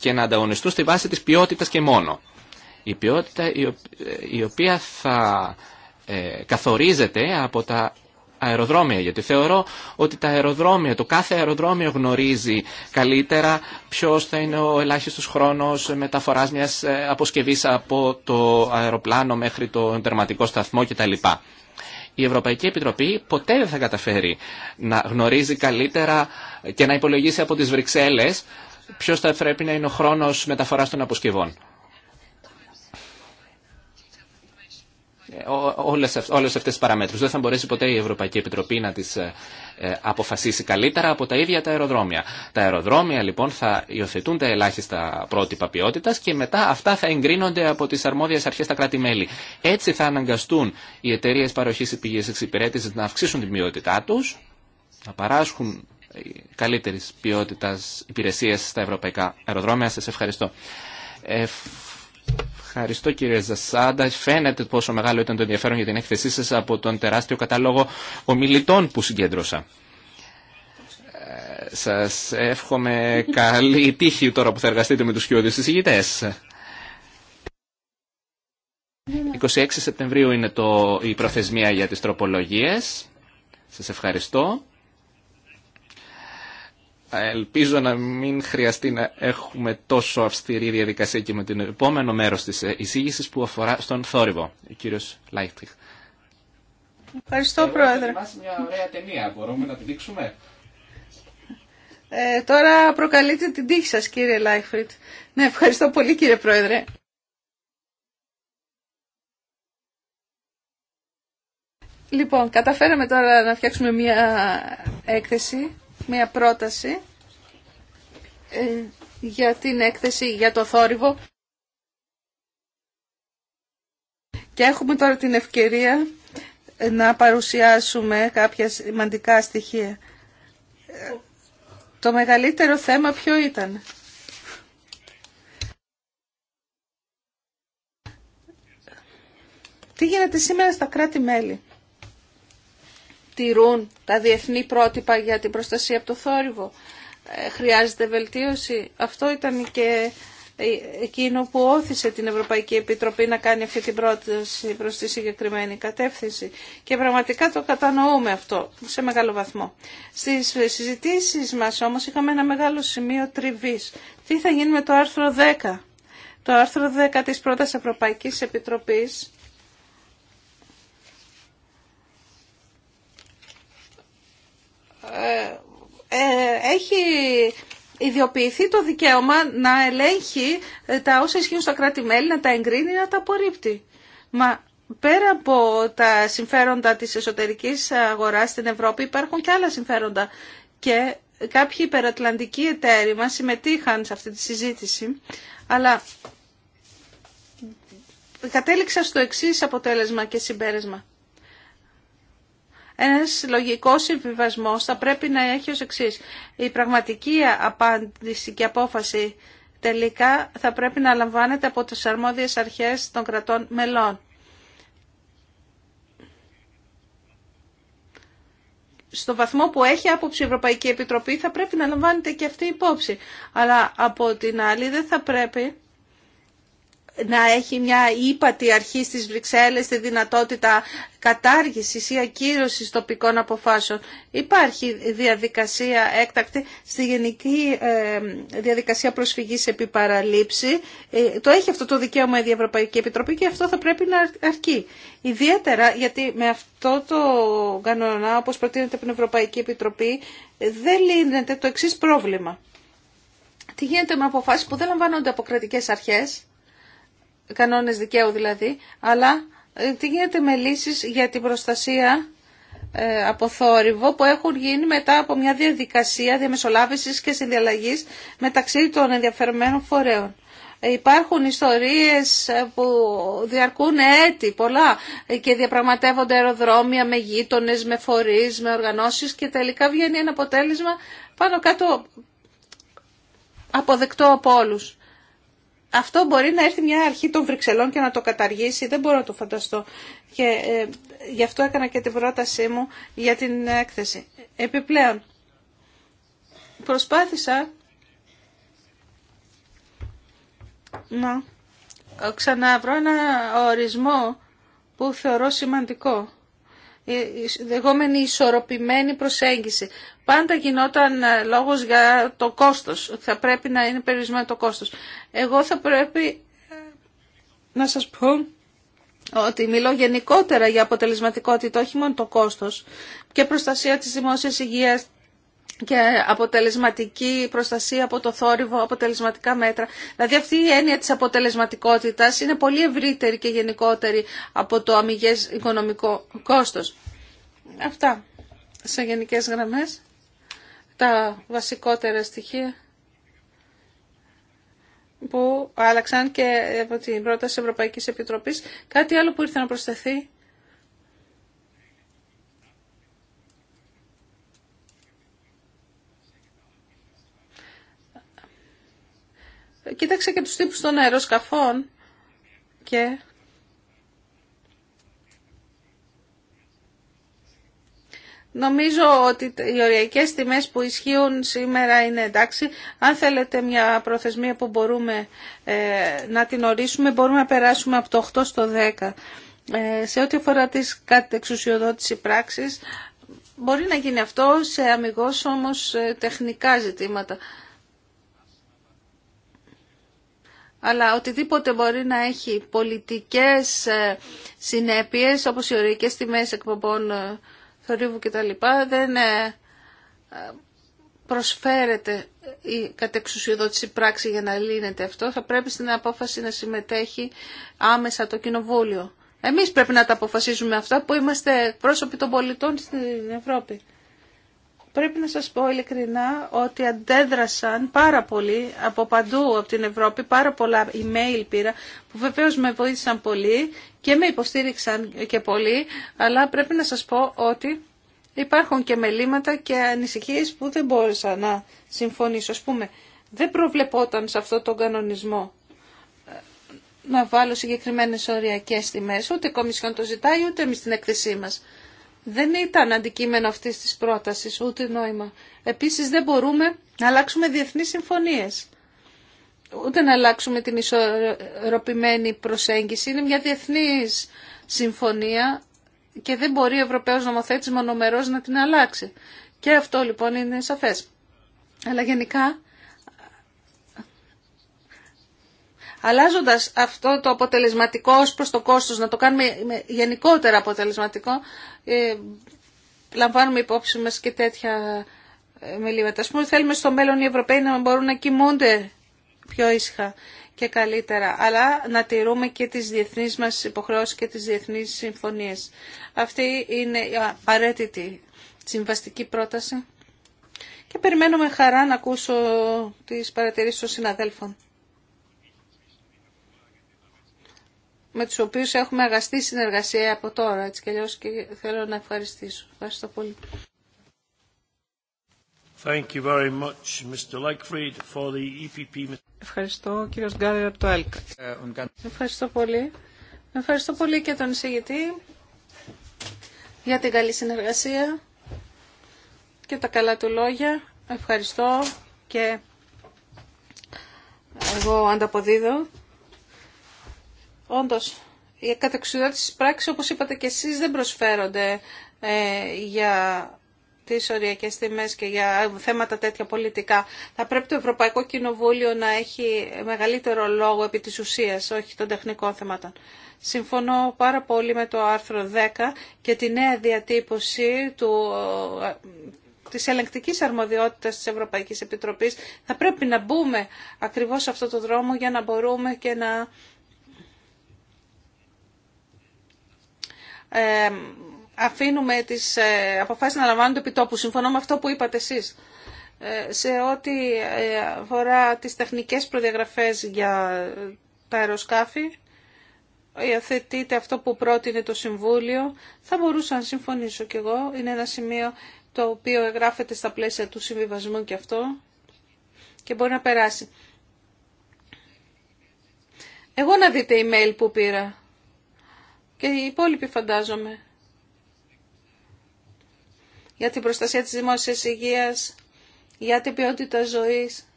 και να ανταγωνιστούν στη βάση της ποιότητας και μόνο. Η ποιότητα η οποία θα ε, καθορίζεται από τα αεροδρόμια, γιατί θεωρώ ότι τα αεροδρόμια, το κάθε αεροδρόμιο γνωρίζει καλύτερα ποιος θα είναι ο ελάχιστος χρόνος μεταφοράς μιας ε, αποσκευής από το αεροπλάνο μέχρι το τερματικό σταθμό κτλ η Ευρωπαϊκή Επιτροπή ποτέ δεν θα καταφέρει να γνωρίζει καλύτερα και να υπολογίσει από τις Βρυξέλλες ποιο θα πρέπει να είναι ο χρόνος μεταφοράς των αποσκευών. Ε, όλες, όλες αυτές τις παραμέτρους δεν θα μπορέσει ποτέ η Ευρωπαϊκή Επιτροπή να τις ε, ε, αποφασίσει καλύτερα από τα ίδια τα αεροδρόμια. Τα αεροδρόμια λοιπόν θα υιοθετούν τα ελάχιστα πρότυπα ποιότητα και μετά αυτά θα εγκρίνονται από τι αρμόδιε αρχέ στα κράτη-μέλη. Έτσι θα αναγκαστούν οι εταιρείε παροχή πηγή εξυπηρέτηση να αυξήσουν την ποιότητά του, να παράσχουν ε, καλύτερη ποιότητα υπηρεσίε στα ευρωπαϊκά αεροδρόμια. Σα ευχαριστώ. Ε, Ευχαριστώ κύριε Ζασάντα. Φαίνεται πόσο μεγάλο ήταν το ενδιαφέρον για την έκθεσή σας από τον τεράστιο κατάλογο ομιλητών που συγκέντρωσα. Ε, σας εύχομαι καλή τύχη τώρα που θα εργαστείτε με τους κοιόδης συζητητές. 26 Σεπτεμβρίου είναι το, η προθεσμία για τις τροπολογίες. Σας ευχαριστώ. Ελπίζω να μην χρειαστεί να έχουμε τόσο αυστηρή διαδικασία και με την επόμενο μέρος της ε, εισήγηση που αφορά στον θόρυβο. κύριος Λάιχτριχ. Ευχαριστώ Πρόεδρε. μια ωραία ταινία, μπορούμε να τη δείξουμε. Ε, τώρα προκαλείτε την τύχη σας κύριε Λάιχφριτ. Ναι, ευχαριστώ πολύ κύριε Πρόεδρε. Λοιπόν, καταφέραμε τώρα να φτιάξουμε μια έκθεση μια πρόταση ε, για την έκθεση για το θόρυβο. Και έχουμε τώρα την ευκαιρία ε, να παρουσιάσουμε κάποια σημαντικά στοιχεία. Ε, το μεγαλύτερο θέμα ποιο ήταν. Τι γίνεται σήμερα στα κράτη-μέλη τηρούν τα διεθνή πρότυπα για την προστασία από το θόρυβο. Ε, χρειάζεται βελτίωση. Αυτό ήταν και ε, εκείνο που όθησε την Ευρωπαϊκή Επιτροπή να κάνει αυτή την πρόταση προς τη συγκεκριμένη κατεύθυνση. Και πραγματικά το κατανοούμε αυτό σε μεγάλο βαθμό. Στις συζητήσεις μας όμως είχαμε ένα μεγάλο σημείο τριβής. Τι θα γίνει με το άρθρο 10. Το άρθρο 10 της πρώτας Ευρωπαϊκής Επιτροπής Ε, ε, έχει ιδιοποιηθεί το δικαίωμα να ελέγχει ε, τα όσα ισχύουν στα κράτη-μέλη, να τα εγκρίνει, να τα απορρίπτει. Μα πέρα από τα συμφέροντα της εσωτερικής αγοράς στην Ευρώπη υπάρχουν και άλλα συμφέροντα και κάποιοι υπερατλαντικοί εταίροι μας συμμετείχαν σε αυτή τη συζήτηση αλλά κατέληξα στο εξής αποτέλεσμα και συμπέρασμα. Ένας λογικός συμβιβασμός θα πρέπει να έχει ως εξής. Η πραγματική απάντηση και απόφαση τελικά θα πρέπει να λαμβάνεται από τις αρμόδιες αρχές των κρατών μελών. στο βαθμό που έχει άποψη η Ευρωπαϊκή Επιτροπή θα πρέπει να λαμβάνεται και αυτή η υπόψη. Αλλά από την άλλη δεν θα πρέπει να έχει μια ύπατη αρχή στις Βρυξέλλες τη δυνατότητα κατάργησης ή ακύρωσης τοπικών αποφάσεων. Υπάρχει διαδικασία έκτακτη στη γενική ε, διαδικασία προσφυγής επί παραλήψη. Ε, το έχει αυτό το δικαίωμα η Ευρωπαϊκή Επιτροπή και αυτό θα πρέπει να αρκεί. Ιδιαίτερα γιατί με αυτό το κανόνα, όπως προτείνεται από την Ευρωπαϊκή Επιτροπή, ε, δεν λύνεται το εξής πρόβλημα. Τι γίνεται με αυτο το κανονα οπως προτεινεται απο την ευρωπαικη επιτροπη δεν λυνεται το εξή προβλημα τι γινεται με αποφασεις που δεν λαμβάνονται από κρατικές αρχές, κανόνες δικαίου δηλαδή, αλλά ε, τι γίνεται με λύσεις για την προστασία ε, από θόρυβο που έχουν γίνει μετά από μια διαδικασία διαμεσολάβησης και συνδιαλλαγής μεταξύ των ενδιαφερμένων φορέων. Ε, υπάρχουν ιστορίες που διαρκούν έτη πολλά και διαπραγματεύονται αεροδρόμια με γείτονε, με φορείς, με οργανώσεις και τελικά βγαίνει ένα αποτέλεσμα πάνω κάτω αποδεκτό από όλους αυτό μπορεί να έρθει μια αρχή των Βρυξελών και να το καταργήσει, δεν μπορώ να το φανταστώ. Και ε, γι' αυτό έκανα και την πρότασή μου για την έκθεση. Επιπλέον, προσπάθησα να ξαναβρω ένα ορισμό που θεωρώ σημαντικό. Η λεγόμενη ισορροπημένη προσέγγιση πάντα γινόταν ε, λόγος για το κόστος, ότι θα πρέπει να είναι περιορισμένο το κόστος. Εγώ θα πρέπει ε, να σας πω ότι μιλώ γενικότερα για αποτελεσματικότητα, όχι μόνο το κόστος και προστασία της δημόσιας υγείας και αποτελεσματική προστασία από το θόρυβο, αποτελεσματικά μέτρα. Δηλαδή αυτή η έννοια της αποτελεσματικότητας είναι πολύ ευρύτερη και γενικότερη από το αμυγές οικονομικό κόστος. Αυτά σε γενικές γραμμές τα βασικότερα στοιχεία που άλλαξαν και από την πρόταση Ευρωπαϊκής Επιτροπής. Κάτι άλλο που ήρθε να προσθεθεί. Κοίταξε και τους τύπους των αεροσκαφών και Νομίζω ότι οι οριακές τιμές που ισχύουν σήμερα είναι εντάξει. Αν θέλετε μια προθεσμία που μπορούμε ε, να την ορίσουμε, μπορούμε να περάσουμε από το 8 στο 10. Ε, σε ό,τι αφορά τις κατεξουσιοδότηση πράξη, πράξης, μπορεί να γίνει αυτό σε αμυγός όμως ε, τεχνικά ζητήματα. αλλά οτιδήποτε μπορεί να έχει πολιτικές συνέπειες, όπως οι οριακές τιμές εκπομπών θορύβου κτλ. δεν ε, προσφέρεται η κατεξουσιοδότηση πράξη για να λύνεται αυτό. Θα πρέπει στην απόφαση να συμμετέχει άμεσα το κοινοβούλιο. Εμείς πρέπει να τα αποφασίζουμε αυτά που είμαστε πρόσωποι των πολιτών στην Ευρώπη. Πρέπει να σας πω ειλικρινά ότι αντέδρασαν πάρα πολύ από παντού από την Ευρώπη, πάρα πολλά email πήρα που βεβαίως με βοήθησαν πολύ και με υποστήριξαν και πολλοί, αλλά πρέπει να σας πω ότι υπάρχουν και μελήματα και ανησυχίες που δεν μπόρεσα να συμφωνήσω. Ας πούμε, δεν προβλεπόταν σε αυτό τον κανονισμό ε, να βάλω συγκεκριμένες οριακές τιμές, ούτε η Κομισιόν το ζητάει, ούτε εμείς στην έκθεσή μας. Δεν ήταν αντικείμενο αυτής της πρότασης, ούτε νόημα. Επίσης δεν μπορούμε να αλλάξουμε διεθνείς συμφωνίες ούτε να αλλάξουμε την ισορροπημένη προσέγγιση. Είναι μια διεθνής συμφωνία και δεν μπορεί ο Ευρωπαίος νομοθέτης μονομερός να την αλλάξει. Και αυτό λοιπόν είναι σαφές. Αλλά γενικά, αλλάζοντας αυτό το αποτελεσματικό ως προς το κόστος, να το κάνουμε γενικότερα αποτελεσματικό, ε, λαμβάνουμε υπόψη μας και τέτοια μελήματα. Ας πούμε θέλουμε στο μέλλον οι Ευρωπαίοι να μπορούν να κοιμούνται πιο ήσυχα και καλύτερα, αλλά να τηρούμε και τις διεθνείς μας υποχρεώσεις και τις διεθνείς συμφωνίες. Αυτή είναι η απαραίτητη συμβαστική πρόταση και περιμένω με χαρά να ακούσω τις παρατηρήσεις των συναδέλφων με τους οποίους έχουμε αγαστή συνεργασία από τώρα, έτσι και και θέλω να ευχαριστήσω. Ευχαριστώ πολύ. Ευχαριστώ, κύριος το ΕΛΚ. Ευχαριστώ πολύ. Ευχαριστώ πολύ και τον εισηγητή για την καλή συνεργασία και τα καλά του λόγια. Ευχαριστώ και εγώ ανταποδίδω. Όντως, οι κατεξουδότητες πράξης, όπως είπατε και εσείς, δεν προσφέρονται ε, για τις οριακές τιμέ και για θέματα τέτοια πολιτικά. Θα πρέπει το Ευρωπαϊκό Κοινοβούλιο να έχει μεγαλύτερο λόγο επί της ουσίας, όχι των τεχνικών θεμάτων. Συμφωνώ πάρα πολύ με το άρθρο 10 και τη νέα διατύπωση του, της ελεγκτικής αρμοδιότητας της Ευρωπαϊκής Επιτροπής. Θα πρέπει να μπούμε ακριβώς σε αυτό το δρόμο για να μπορούμε και να ε, αφήνουμε τις ε, αποφάσεις να λαμβάνονται επί τόπου. Συμφωνώ με αυτό που είπατε εσείς. Ε, σε ό,τι ε, αφορά τις τεχνικές προδιαγραφές για τα αεροσκάφη, υιοθετείτε αυτό που πρότεινε το Συμβούλιο. Θα μπορούσα να συμφωνήσω κι εγώ. Είναι ένα σημείο το οποίο εγγράφεται στα πλαίσια του συμβιβασμού και αυτό και μπορεί να περάσει. Εγώ να δείτε email που πήρα. Και οι υπόλοιποι φαντάζομαι για την προστασία της δημόσιας υγείας, για την ποιότητα ζωής.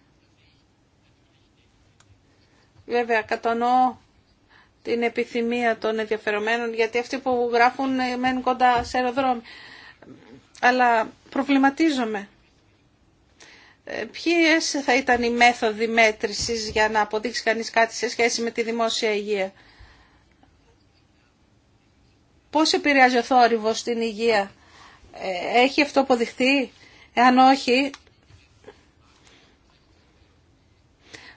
Βέβαια, κατανοώ την επιθυμία των ενδιαφερομένων, γιατί αυτοί που γράφουν ε, μένουν κοντά σε αεροδρόμι. Αλλά προβληματίζομαι. Ε, ποιες θα ήταν οι μέθοδοι μέτρησης για να αποδείξει κανείς κάτι σε σχέση με τη δημόσια υγεία. Πώς επηρεάζει ο θόρυβος στην υγεία ε, έχει αυτό αποδειχθεί, Εάν όχι,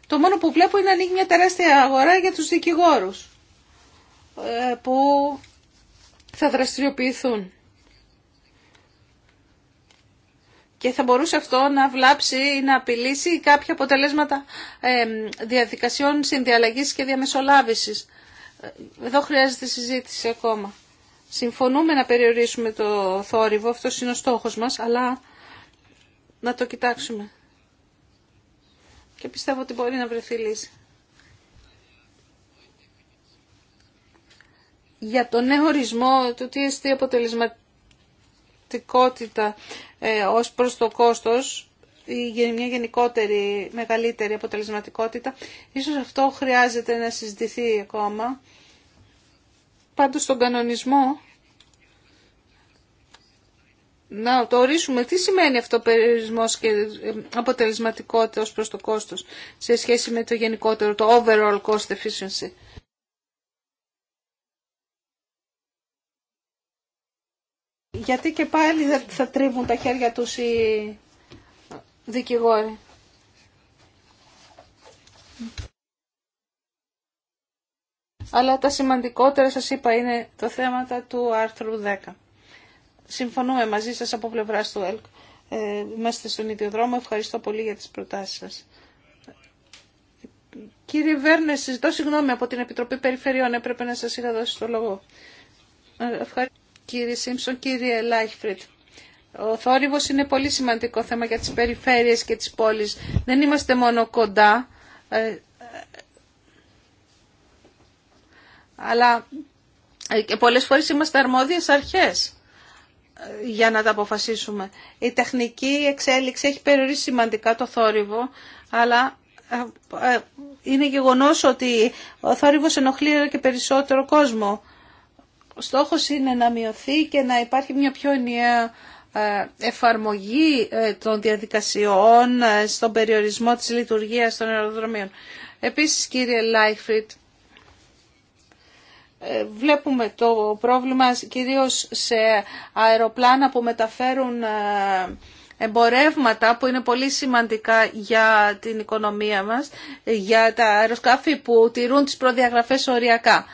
το μόνο που βλέπω είναι να ανοίγει μια τεράστια αγορά για τους δικηγόρους ε, που θα δραστηριοποιηθούν. Και θα μπορούσε αυτό να βλάψει ή να απειλήσει κάποια αποτελέσματα ε, διαδικασιών συνδιαλλαγής και διαμεσολάβησης. Εδώ χρειάζεται συζήτηση ακόμα. Συμφωνούμε να περιορίσουμε το θόρυβο, αυτό είναι ο στόχος μας, αλλά να το κοιτάξουμε. Και πιστεύω ότι μπορεί να βρεθεί λύση. Για τον νέο ορισμό του τι εστί αποτελεσματικότητα ε, ως προς το κόστος, ή μια γενικότερη, μεγαλύτερη αποτελεσματικότητα, ίσως αυτό χρειάζεται να συζητηθεί ακόμα Πάντως στον κανονισμό να το ορίσουμε τι σημαίνει αυτό περιορισμός και ε, αποτελεσματικότητα ως προς το κόστος σε σχέση με το γενικότερο, το overall cost efficiency. Γιατί και πάλι θα τρίβουν τα χέρια τους οι δικηγόροι. αλλά τα σημαντικότερα σας είπα είναι το θέματα του άρθρου 10. Συμφωνούμε μαζί σας από πλευρά του ΕΛΚ. Ε, είμαστε στον ίδιο δρόμο. Ευχαριστώ πολύ για τις προτάσεις σας. Κύριε Βέρνε, συζητώ συγγνώμη από την Επιτροπή Περιφερειών. Έπρεπε να σας είχα δώσει το λόγο. Ε, ευχαριστώ κύριε Σίμψον, κύριε Λάιχφριτ. Ο θόρυβος είναι πολύ σημαντικό θέμα για τις περιφέρειες και τις πόλεις. Δεν είμαστε μόνο κοντά, ε, αλλά ε, και πολλές φορές είμαστε αρμόδιες αρχές ε, για να τα αποφασίσουμε. Η τεχνική εξέλιξη έχει περιορίσει σημαντικά το θόρυβο, αλλά ε, είναι γεγονός ότι ο θόρυβος ενοχλεί και περισσότερο κόσμο. Ο στόχος είναι να μειωθεί και να υπάρχει μια πιο ενιαία εφαρμογή των διαδικασιών στον περιορισμό της λειτουργίας των αεροδρομίων. Επίσης, κύριε Λάιφριτ, ε, βλέπουμε το πρόβλημα κυρίως σε αεροπλάνα που μεταφέρουν ε, εμπορεύματα που είναι πολύ σημαντικά για την οικονομία μας, για τα αεροσκάφη που τηρούν τις προδιαγραφές οριακά.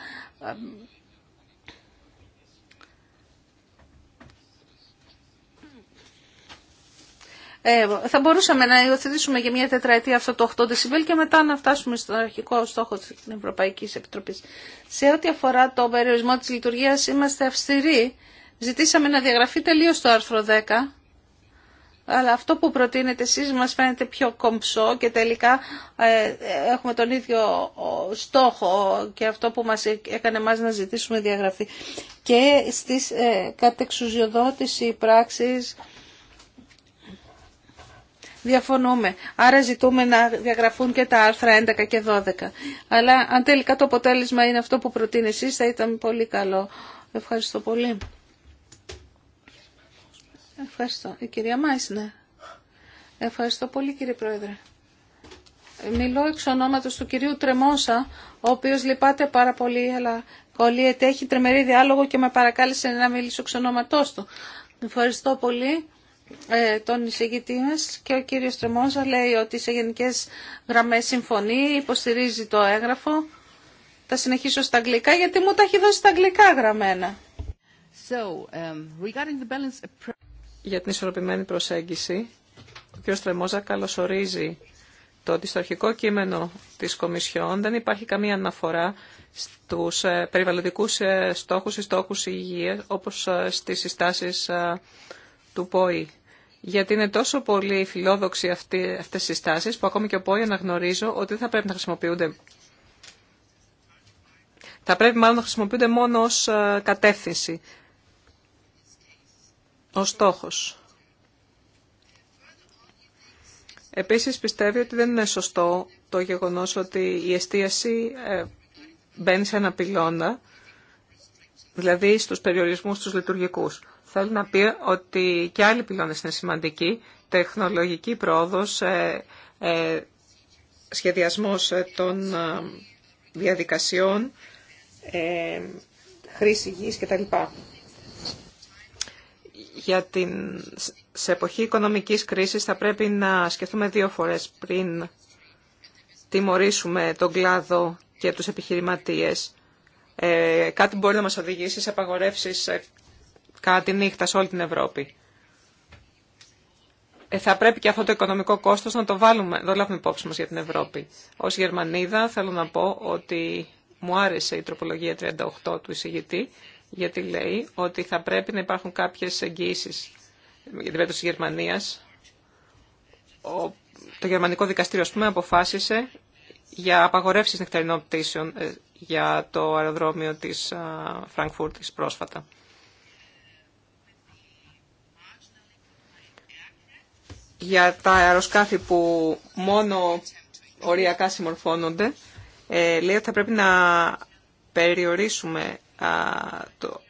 Ε, θα μπορούσαμε να υιοθετήσουμε για μια τετραετία αυτό το 8 δεσιμπέλ και μετά να φτάσουμε στον αρχικό στόχο της Ευρωπαϊκής Επιτροπής. Σε ό,τι αφορά το περιορισμό της λειτουργίας είμαστε αυστηροί. Ζητήσαμε να διαγραφεί τελείως το άρθρο 10. Αλλά αυτό που προτείνετε εσείς μας φαίνεται πιο κομψό και τελικά ε, έχουμε τον ίδιο στόχο και αυτό που μας έκανε μας να ζητήσουμε διαγραφή. Και στις ε, κατεξουσιοδότηση πράξης Διαφωνούμε. Άρα ζητούμε να διαγραφούν και τα άρθρα 11 και 12. Αλλά αν τελικά το αποτέλεσμα είναι αυτό που προτείνει εσείς θα ήταν πολύ καλό. Ευχαριστώ πολύ. Ευχαριστώ. Η κυρία ναι. Ευχαριστώ πολύ κύριε Πρόεδρε. Μιλώ εξ ονόματος του κυρίου Τρεμόσα, ο οποίος λυπάται πάρα πολύ, αλλά κολλείεται, έχει τρεμερή διάλογο και με παρακάλεσε να μιλήσω εξ ονόματός του. Ευχαριστώ πολύ. Ε, τον εισηγητή μα και ο κύριος Τρεμόζα λέει ότι σε γενικές γραμμές συμφωνεί, υποστηρίζει το έγγραφο. Θα συνεχίσω στα αγγλικά γιατί μου τα έχει δώσει στα αγγλικά γραμμένα. So, um, the balance... Για την ισορροπημένη προσέγγιση, ο κύριος Τρεμόζα καλωσορίζει το ότι στο κείμενο της Κομισιόν δεν υπάρχει καμία αναφορά στους ε, περιβαλλοντικούς ε, στόχους ή στόχους υγείας, όπως στις συστάσεις του ΠΟΗ γιατί είναι τόσο πολύ φιλόδοξη αυτέ αυτές οι στάσεις που ακόμη και ο ΠΟΗ αναγνωρίζω ότι δεν θα πρέπει να χρησιμοποιούνται. Θα πρέπει μάλλον να χρησιμοποιούνται μόνο ω ε, κατεύθυνση, ως στόχος. Επίση, πιστεύει ότι δεν είναι σωστό το γεγονός ότι η εστίαση ε, μπαίνει σε ένα πυλώνα, δηλαδή στους περιορισμούς του λειτουργικού. Θέλω να πει ότι και άλλοι πυλώνες είναι σημαντικοί, τεχνολογική πρόοδος, ε, ε, σχεδιασμός ε, των διαδικασιών, χρήση γης κτλ. Για την, σε εποχή οικονομικής κρίσης θα πρέπει να σκεφτούμε δύο φορές πριν τιμωρήσουμε τον κλάδο και τους επιχειρηματίες. κάτι μπορεί να μας οδηγήσει σε απαγορεύσεις Κάτι τη νύχτα σε όλη την Ευρώπη. Ε, θα πρέπει και αυτό το οικονομικό κόστος να το βάλουμε, λάβουμε υπόψη μας για την Ευρώπη. Ως Γερμανίδα θέλω να πω ότι μου άρεσε η τροπολογία 38 του εισηγητή, γιατί λέει ότι θα πρέπει να υπάρχουν κάποιες εγγύσει για την περίπτωση της Γερμανίας. το γερμανικό δικαστήριο, ας πούμε, αποφάσισε για απαγορεύσεις νυχτερινών πτήσεων ε, για το αεροδρόμιο της Φραγκφούρτης πρόσφατα. για τα αεροσκάφη που μόνο οριακά συμμορφώνονται, ε, λέει ότι θα πρέπει να περιορίσουμε το,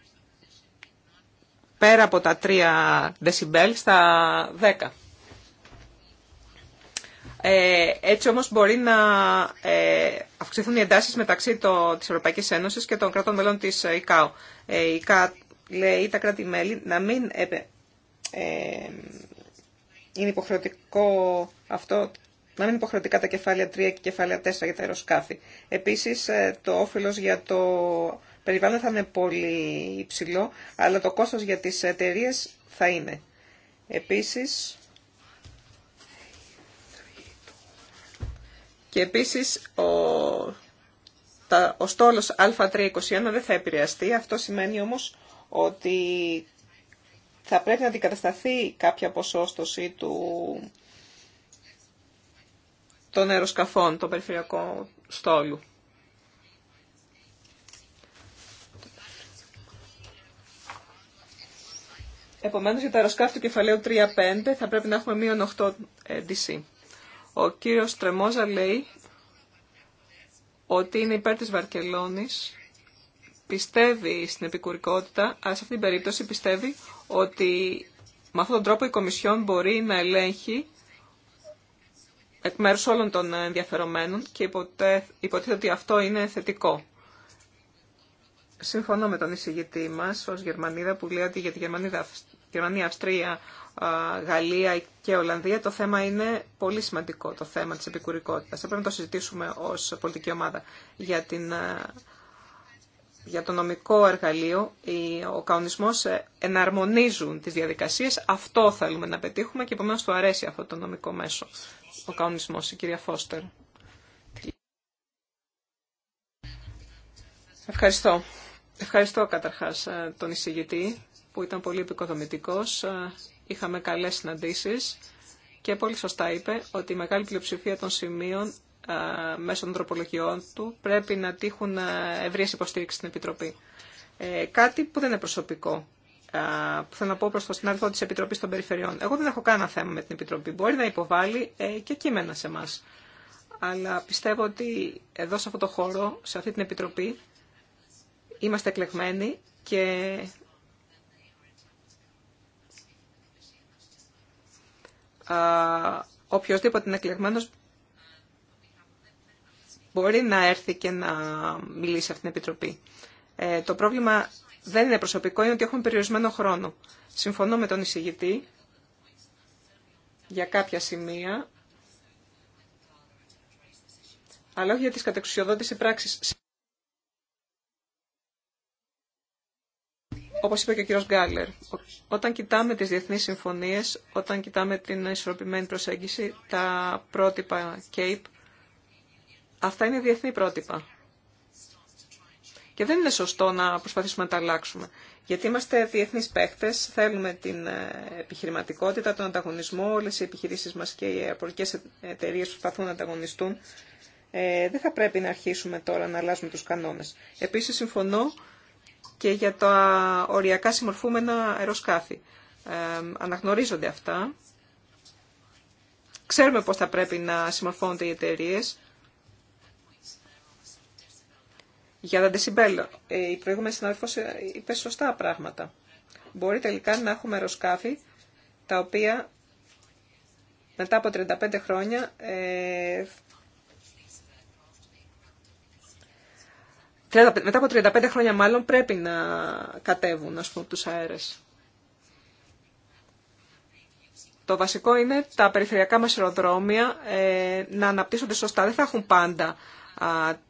πέρα από τα 3 δεσιμπέλ στα 10. Ε, έτσι όμως μπορεί να ε, αυξηθούν οι εντάσεις μεταξύ το, της Ευρωπαϊκής Ένωσης και των κρατών μελών της ε, ΙΚΑΟ. Ε, η ΕΚΑΟ λέει τα κράτη-μέλη να μην ε, είναι υποχρεωτικό αυτό, να μην είναι υποχρεωτικά τα κεφάλαια 3 και κεφάλαια 4 για τα αεροσκάφη. Επίσης, ε, το όφελος για το περιβάλλον θα είναι πολύ υψηλό, αλλά το κόστος για τις εταιρείε θα είναι. Επίσης, και επίσης ο, τα, ο στόλος α321 δεν θα επηρεαστεί. Αυτό σημαίνει όμως ότι θα πρέπει να αντικατασταθεί κάποια ποσόστοση του, των αεροσκαφών, των περιφερειακών στόλου. Επομένως, για τα αεροσκάφη του κεφαλαίου 3-5 θα πρέπει να έχουμε μείον 8 DC. Ο κύριος Τρεμόζα λέει ότι είναι υπέρ της Βαρκελόνης πιστεύει στην επικουρικότητα, αλλά σε αυτήν την περίπτωση πιστεύει ότι με αυτόν τον τρόπο η Κομισιόν μπορεί να ελέγχει εκ μέρους όλων των ενδιαφερομένων και υποτίθεται ότι αυτό είναι θετικό. Συμφωνώ με τον εισηγητή μας ως Γερμανίδα που λέει ότι για τη Γερμανία, Αυστρία, Γαλλία και Ολλανδία το θέμα είναι πολύ σημαντικό, το θέμα της επικουρικότητας. Θα πρέπει να το συζητήσουμε ως πολιτική ομάδα για την για το νομικό εργαλείο, ο κανονισμός ε, εναρμονίζουν τις διαδικασίες. Αυτό θέλουμε να πετύχουμε και επομένως του αρέσει αυτό το νομικό μέσο, ο κανονισμός, η κυρία Φώστερ. Ευχαριστώ. Ευχαριστώ καταρχάς ε, τον εισηγητή που ήταν πολύ επικοδομητικός. Ε, είχαμε καλές συναντήσεις και πολύ σωστά είπε ότι η μεγάλη πλειοψηφία των σημείων ε, μέσω των τροπολογιών του πρέπει να τύχουν ε, ευρεία υποστήριξη στην Επιτροπή. Ε, κάτι που δεν είναι προσωπικό. Ε, που θέλω να πω προ το συνάδελφο τη Επιτροπή των Περιφερειών. Εγώ δεν έχω κανένα θέμα με την Επιτροπή. Μπορεί να υποβάλει και κείμενα σε εμά. Αλλά πιστεύω ότι εδώ σε αυτό το χώρο, σε αυτή την Επιτροπή, είμαστε εκλεγμένοι και οποιοδήποτε είναι εκλεγμένος μπορεί να έρθει και να μιλήσει αυτήν την Επιτροπή. Ε, το πρόβλημα δεν είναι προσωπικό, είναι ότι έχουμε περιορισμένο χρόνο. Συμφωνώ με τον εισηγητή για κάποια σημεία, αλλά όχι για τις κατεξουσιοδότηση πράξεις. Όπως είπε και ο κύριος Γκάλερ, όταν κοιτάμε τις διεθνείς συμφωνίες, όταν κοιτάμε την ισορροπημένη προσέγγιση, τα πρότυπα CAPE, Αυτά είναι διεθνή πρότυπα. Και δεν είναι σωστό να προσπαθήσουμε να τα αλλάξουμε. Γιατί είμαστε διεθνείς παίχτες, θέλουμε την ε, επιχειρηματικότητα, τον ανταγωνισμό, όλες οι επιχειρήσεις μας και οι απορικές εταιρείες προσπαθούν να ανταγωνιστούν. Ε, δεν θα πρέπει να αρχίσουμε τώρα να αλλάζουμε τους κανόνες. Επίσης συμφωνώ και για τα οριακά συμμορφούμενα αεροσκάφη. Ε, αναγνωρίζονται αυτά. Ξέρουμε πώς θα πρέπει να συμμορφώνονται οι εταιρείε Για τα δεσιμπέλ, ε, η προηγούμενη συνάδελφο ε, είπε σωστά πράγματα. Μπορεί τελικά να έχουμε αεροσκάφη τα οποία μετά από 35 χρόνια ε, μετά από 35 χρόνια μάλλον πρέπει να κατέβουν ας πούμε τους αέρες. Το βασικό είναι τα περιφερειακά μας αεροδρόμια να αναπτύσσονται σωστά. Δεν θα έχουν πάντα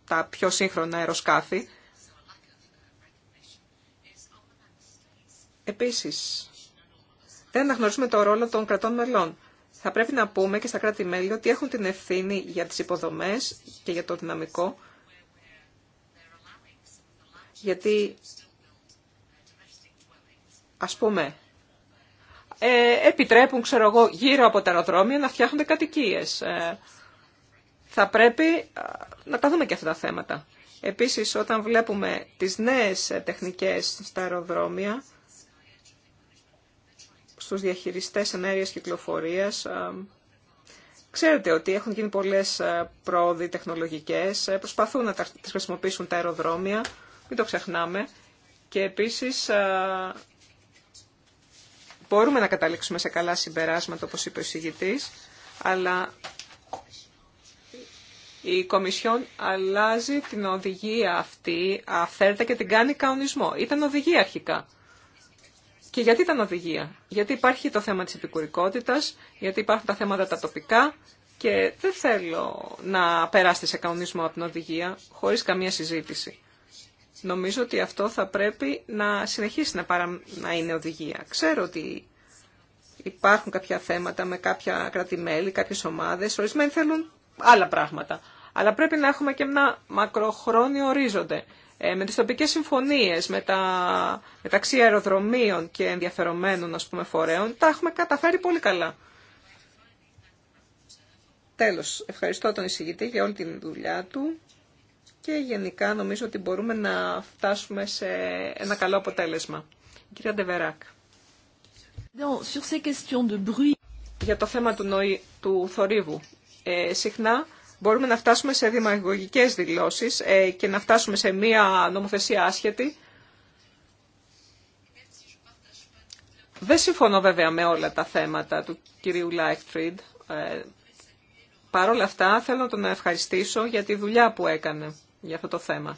τα πιο σύγχρονα αεροσκάφη. Επίσης, δεν αναγνωρίζουμε το ρόλο των κρατών μελών. Θα πρέπει να πούμε και στα κράτη-μέλη ότι έχουν την ευθύνη για τις υποδομές και για το δυναμικό, γιατί, ας πούμε, ε, επιτρέπουν, ξέρω εγώ, γύρω από τα αεροδρόμια να φτιάχνονται κατοικίες, ε, θα πρέπει να τα δούμε και αυτά τα θέματα. Επίσης, όταν βλέπουμε τις νέες ε, τεχνικές στα αεροδρόμια, στους διαχειριστές ενέργειας κυκλοφορίας, ξέρετε ότι έχουν γίνει πολλές πρόοδοι τεχνολογικές, ε, προσπαθούν να τις χρησιμοποιήσουν τα αεροδρόμια, μην το ξεχνάμε, και επίσης μπορούμε να καταλήξουμε σε καλά συμπεράσματα, όπως είπε ο συγητής, αλλά η Κομισιόν αλλάζει την οδηγία αυτή αφέρτα και την κάνει καονισμό. Ήταν οδηγία αρχικά. Και γιατί ήταν οδηγία. Γιατί υπάρχει το θέμα της επικουρικότητας, γιατί υπάρχουν τα θέματα τα τοπικά και δεν θέλω να περάσει σε καονισμό από την οδηγία χωρίς καμία συζήτηση. Νομίζω ότι αυτό θα πρέπει να συνεχίσει να, παρα... να είναι οδηγία. Ξέρω ότι υπάρχουν κάποια θέματα με κάποια κρατημέλη, κάποιες ομάδες. Ορισμένοι θέλουν άλλα πράγματα. Αλλά πρέπει να έχουμε και ένα μακροχρόνιο ορίζοντα. Ε, με τις τοπικές συμφωνίες με τα, μεταξύ αεροδρομίων και ενδιαφερομένων ας πούμε, φορέων, τα έχουμε καταφέρει πολύ καλά. Τέλος, ευχαριστώ τον εισηγητή για όλη την δουλειά του και γενικά νομίζω ότι μπορούμε να φτάσουμε σε ένα καλό αποτέλεσμα. Κυρία Ντεβεράκ. Για το θέμα του, νοή, του θορύβου, ε, συχνά μπορούμε να φτάσουμε σε δημαγωγικές δηλώσεις ε, και να φτάσουμε σε μία νομοθεσία άσχετη. Δεν συμφωνώ βέβαια με όλα τα θέματα του κυρίου Λάιχτφριντ. Ε, Παρ' όλα αυτά θέλω να τον ευχαριστήσω για τη δουλειά που έκανε για αυτό το θέμα.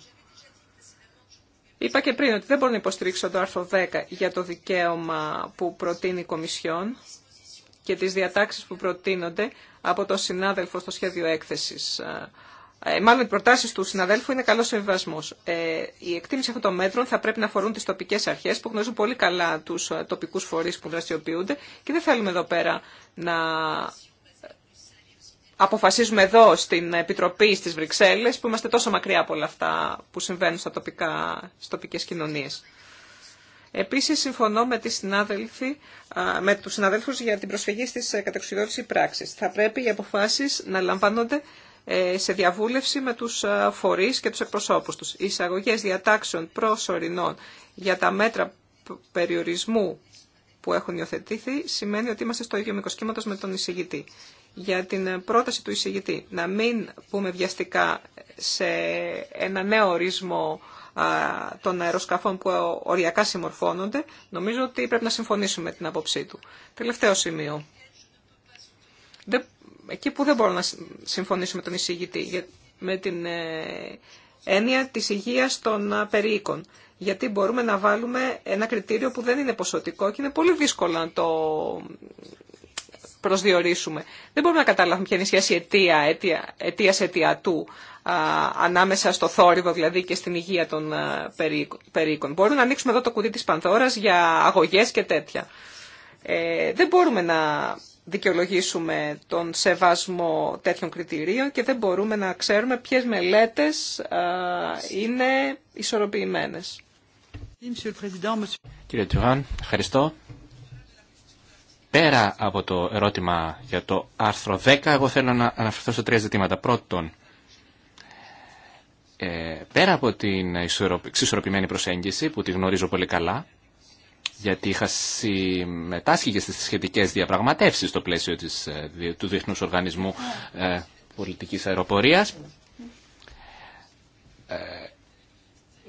Είπα και πριν ότι δεν μπορώ να υποστηρίξω το άρθρο 10 για το δικαίωμα που προτείνει η Κομισιόν και τις διατάξεις που προτείνονται από το συνάδελφο στο σχέδιο έκθεσης. Ε, ε, μάλλον οι προτάσει του συναδέλφου είναι καλό συμβιβασμό. Ε, η εκτίμηση αυτών των μέτρων θα πρέπει να αφορούν τι τοπικέ αρχέ που γνωρίζουν πολύ καλά του τοπικού φορεί που δραστηριοποιούνται και δεν θέλουμε εδώ πέρα να αποφασίζουμε εδώ στην Επιτροπή στις Βρυξέλλες που είμαστε τόσο μακριά από όλα αυτά που συμβαίνουν στα τοπικά, στις τοπικές κοινωνίες. Επίσης, συμφωνώ με, συναδέλφη με τους συναδέλφους για την προσφυγή στις ε, κατεξουδότηση πράξεις. Θα πρέπει οι αποφάσεις να λαμβάνονται ε, σε διαβούλευση με τους φορείς και τους εκπροσώπους τους. Οι εισαγωγές διατάξεων προσωρινών για τα μέτρα περιορισμού που έχουν υιοθετήθει σημαίνει ότι είμαστε στο ίδιο κύματος με τον εισηγητή. Για την ε, πρόταση του εισηγητή να μην πούμε βιαστικά σε ένα νέο ορισμό των αεροσκαφών που οριακά συμμορφώνονται, νομίζω ότι πρέπει να συμφωνήσουμε με την άποψή του. Τελευταίο σημείο. Εκεί που δεν μπορώ να συμφωνήσω με τον εισηγητή, με την ε, έννοια της υγείας των ε, περίοικων. Γιατί μπορούμε να βάλουμε ένα κριτήριο που δεν είναι ποσοτικό και είναι πολύ δύσκολο να το προσδιορίσουμε. Δεν μπορούμε να καταλάβουμε ποια είναι η σχέση αιτία, αιτία, αιτίας αιτιατού ανάμεσα στο θόρυβο δηλαδή και στην υγεία των περίοικων. Μπορούμε να ανοίξουμε εδώ το κουτί της πανθόρας για αγωγές και τέτοια. Ε, δεν μπορούμε να δικαιολογήσουμε τον σεβασμό τέτοιων κριτηρίων και δεν μπορούμε να ξέρουμε ποιες μελέτες είναι ισορροπημένες. Πέρα από το ερώτημα για το άρθρο 10, εγώ θέλω να αναφερθώ σε τρία ζητήματα. Πρώτον, ε, πέρα από την εξισορροπημένη προσέγγιση που τη γνωρίζω πολύ καλά, γιατί είχα συμμετάσχει και στις σχετικές διαπραγματεύσεις στο πλαίσιο της, ε, του Διεθνούς Οργανισμού ε, Πολιτικής Αεροπορίας. Ε,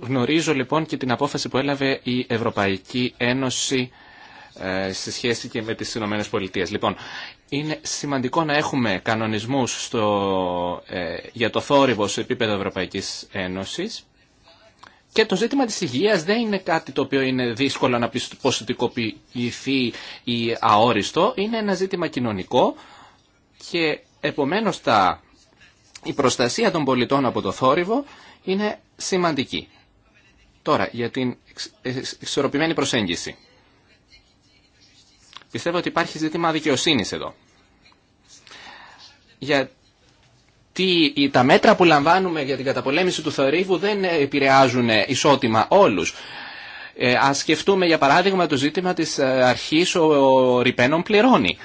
γνωρίζω λοιπόν και την απόφαση που έλαβε η Ευρωπαϊκή Ένωση ε, σε σχέση και με τις Ηνωμένες Πολιτείες. Λοιπόν, είναι σημαντικό να έχουμε κανονισμούς στο, ε, για το θόρυβο σε επίπεδο Ευρωπαϊκής Ένωσης και το ζήτημα της υγείας δεν είναι κάτι το οποίο είναι δύσκολο να ποσοτικοποιηθεί ή αόριστο. Είναι ένα ζήτημα κοινωνικό και επομένως τα, η προστασία των πολιτών από το θόρυβο είναι σημαντική. Τώρα, για την ισορροπημένη προσέγγιση. Πιστεύω ότι υπάρχει ζήτημα δικαιοσύνης εδώ. Γιατί τα μέτρα που λαμβάνουμε για την καταπολέμηση του θορύβου δεν επηρεάζουν ισότιμα όλους. Ε, ας σκεφτούμε για παράδειγμα το ζήτημα της ε, αρχής ο, ο Ριπένον πληρώνει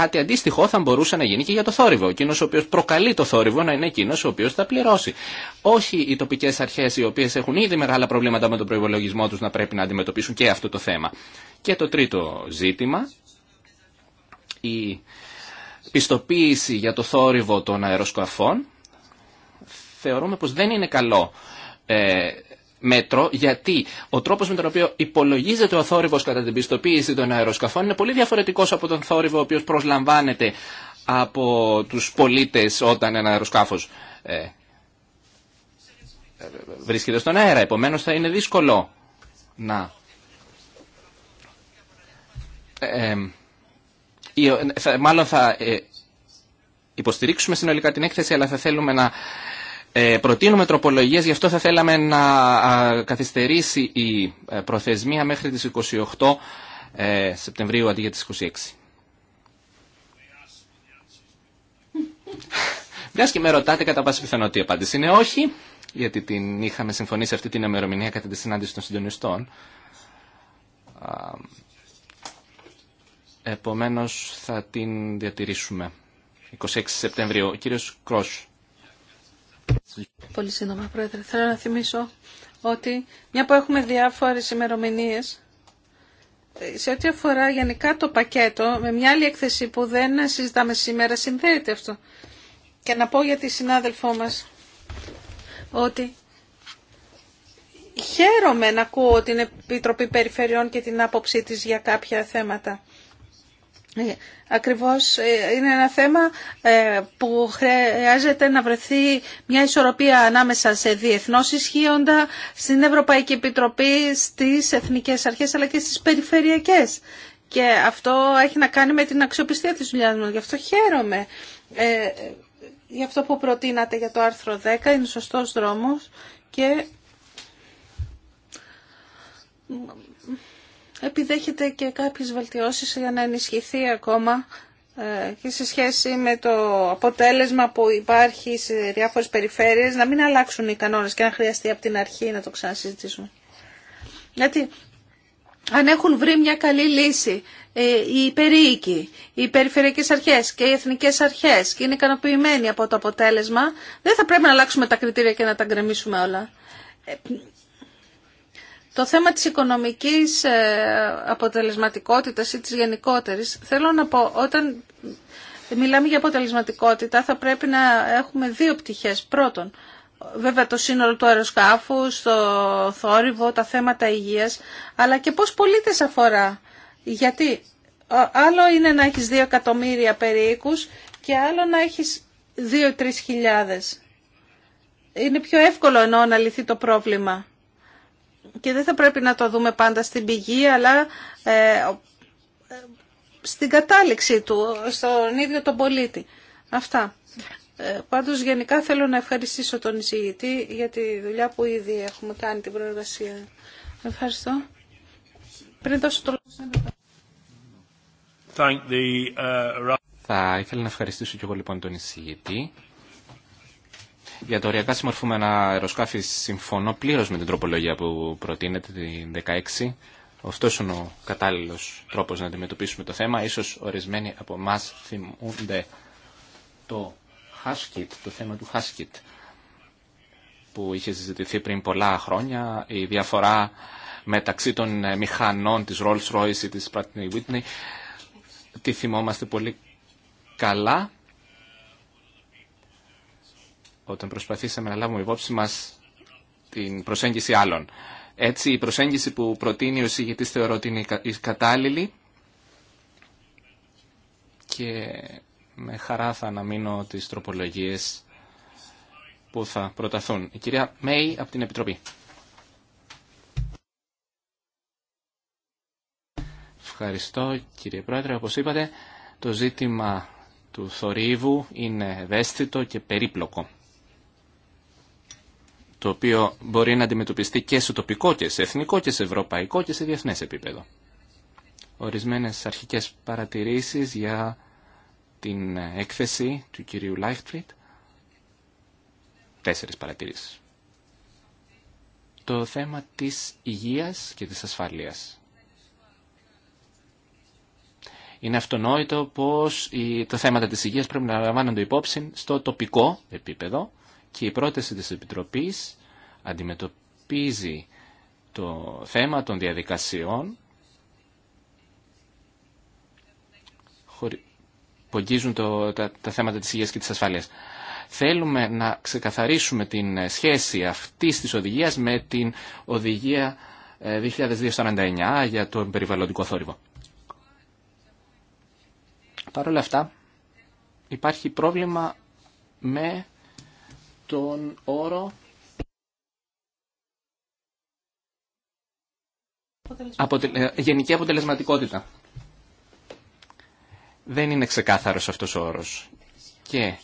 κάτι αντίστοιχο θα μπορούσε να γίνει και για το θόρυβο. Εκείνο ο οποίο προκαλεί το θόρυβο να είναι εκείνο ο οποίο θα πληρώσει. Όχι οι τοπικέ αρχέ οι οποίε έχουν ήδη μεγάλα προβλήματα με τον προπολογισμό του να πρέπει να αντιμετωπίσουν και αυτό το θέμα. Και το τρίτο ζήτημα, η πιστοποίηση για το θόρυβο των αεροσκαφών. Θεωρούμε πως δεν είναι καλό ε, μέτρο γιατί ο τρόπος με τον οποίο υπολογίζεται ο θόρυβος κατά την πιστοποίηση των αεροσκαφών είναι πολύ διαφορετικός από τον θόρυβο ο οποίος προσλαμβάνεται από τους πολίτες όταν ένα αεροσκάφος ε, βρίσκεται στον αέρα. Επομένως θα είναι δύσκολο να... Ε, ε, ε μάλλον θα ε, υποστηρίξουμε συνολικά την έκθεση αλλά θα θέλουμε να ε, προτείνουμε τροπολογίες, γι' αυτό θα θέλαμε να καθυστερήσει η ε, προθεσμία μέχρι τις 28 ε, Σεπτεμβρίου αντί για τις 26. Μιας και με ρωτάτε κατά πάση πιθανότητα η απάντηση είναι όχι, γιατί την είχαμε συμφωνήσει αυτή την ημερομηνία κατά τη συνάντηση των συντονιστών. Επομένως θα την διατηρήσουμε. 26 Σεπτεμβρίου. Ο κύριος Κρόσου. Πολύ σύντομα, Πρόεδρε. Θέλω να θυμίσω ότι μια που έχουμε διάφορε ημερομηνίε. Σε ό,τι αφορά γενικά το πακέτο, με μια άλλη έκθεση που δεν συζητάμε σήμερα, συνδέεται αυτό. Και να πω για τη συνάδελφό μας ότι χαίρομαι να ακούω την Επιτροπή Περιφερειών και την άποψή της για κάποια θέματα. Ναι, ακριβώς ε, είναι ένα θέμα ε, που χρειάζεται να βρεθεί μια ισορροπία ανάμεσα σε διεθνώς ισχύοντα στην Ευρωπαϊκή Επιτροπή, στις εθνικές αρχές αλλά και στις περιφερειακές. Και αυτό έχει να κάνει με την αξιοπιστία της δουλειά μου. Γι' αυτό χαίρομαι. Ε, γι' αυτό που προτείνατε για το άρθρο 10 είναι σωστός δρόμος και επιδέχεται και κάποιες βελτιώσεις για να ενισχυθεί ακόμα ε, και σε σχέση με το αποτέλεσμα που υπάρχει σε διάφορες περιφέρειες να μην αλλάξουν οι κανόνες και να χρειαστεί από την αρχή να το ξανασυζητήσουμε. Γιατί αν έχουν βρει μια καλή λύση ε, οι περίοικοι, οι περιφερειακές αρχές και οι εθνικές αρχές και είναι ικανοποιημένοι από το αποτέλεσμα, δεν θα πρέπει να αλλάξουμε τα κριτήρια και να τα γκρεμίσουμε όλα. Ε, το θέμα της οικονομικής ε, αποτελεσματικότητας ή της γενικότερης, θέλω να πω, όταν μιλάμε για αποτελεσματικότητα θα πρέπει να έχουμε δύο πτυχές. Πρώτον, βέβαια το σύνολο του αεροσκάφου, το θόρυβο, τα θέματα υγείας, αλλά και πώς πολίτες αφορά. Γιατί άλλο είναι να έχεις δύο εκατομμύρια περίοικους και άλλο να έχεις δύο-τρεις χιλιάδες. Είναι πιο εύκολο ενώ να λυθεί το πρόβλημα και δεν θα πρέπει να το δούμε πάντα στην πηγή, αλλά ε, στην κατάληξη του, στον ίδιο τον πολίτη. Αυτά. Ε, πάντως γενικά θέλω να ευχαριστήσω τον εισηγητή για τη δουλειά που ήδη έχουμε κάνει την προεργασία. Ευχαριστώ. Πριν δώσω το λόγο uh, Θα ήθελα να ευχαριστήσω και εγώ λοιπόν τον εισηγητή για τα οριακά συμμορφούμενα αεροσκάφη συμφωνώ πλήρω με την τροπολογία που προτείνεται, την 16. Αυτό είναι ο κατάλληλο τρόπο να αντιμετωπίσουμε το θέμα. σω ορισμένοι από εμά θυμούνται το το θέμα του Haskit που είχε συζητηθεί πριν πολλά χρόνια, η διαφορά μεταξύ των ε, μηχανών της Rolls Royce ή της Pratt Whitney, τη θυμόμαστε πολύ καλά όταν προσπαθήσαμε να λάβουμε υπόψη μας την προσέγγιση άλλων. Έτσι, η προσέγγιση που προτείνει ο θεωρώ ότι είναι η κατάλληλη και με χαρά θα αναμείνω τις τροπολογίες που θα προταθούν. Η κυρία Μέη από την Επιτροπή. Ευχαριστώ κύριε Πρόεδρε. Όπως είπατε, το ζήτημα του θορύβου είναι ευαίσθητο και περίπλοκο το οποίο μπορεί να αντιμετωπιστεί και σε τοπικό και σε εθνικό και σε ευρωπαϊκό και σε διεθνές επίπεδο. Ορισμένες αρχικές παρατηρήσεις για την έκθεση του κυρίου Λάιχτφριτ. Τέσσερις παρατηρήσεις. Το θέμα της υγείας και της ασφάλειας. Είναι αυτονόητο πως τα θέματα της υγείας πρέπει να λαμβάνονται υπόψη στο τοπικό επίπεδο, και η πρόταση της Επιτροπής αντιμετωπίζει το θέμα των διαδικασιών που αγγίζουν τα, θέματα της υγείας και της ασφάλειας. Θέλουμε να ξεκαθαρίσουμε την σχέση αυτής της οδηγίας με την οδηγία 2249 ε, για το περιβαλλοντικό θόρυβο. Παρ' όλα αυτά υπάρχει πρόβλημα με τον όρο αποτελε... Ε, γενική αποτελεσματικότητα. Δεν είναι ξεκάθαρος αυτός ο όρος. Και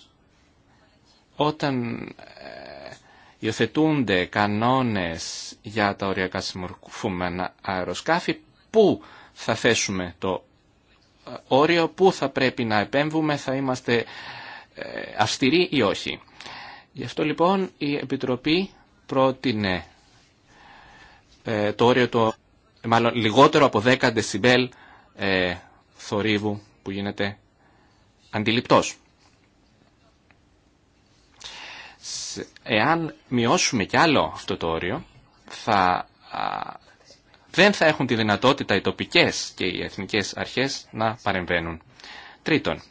όταν ε, υιοθετούνται κανόνες για τα οριακά συμμορφωμένα αεροσκάφη, πού θα θέσουμε το ε, όριο, πού θα πρέπει να επέμβουμε, θα είμαστε αυστηροί ή όχι. Γι' αυτό λοιπόν η Επιτροπή πρότεινε ε, το όριο το, μάλλον λιγότερο από 10 δεσιμπέλ ε, θορύβου που γίνεται αντιληπτός. Εάν μειώσουμε κι άλλο αυτό το όριο, θα, δεν θα έχουν τη δυνατότητα οι τοπικές και οι εθνικές αρχές να παρεμβαίνουν. Τρίτον,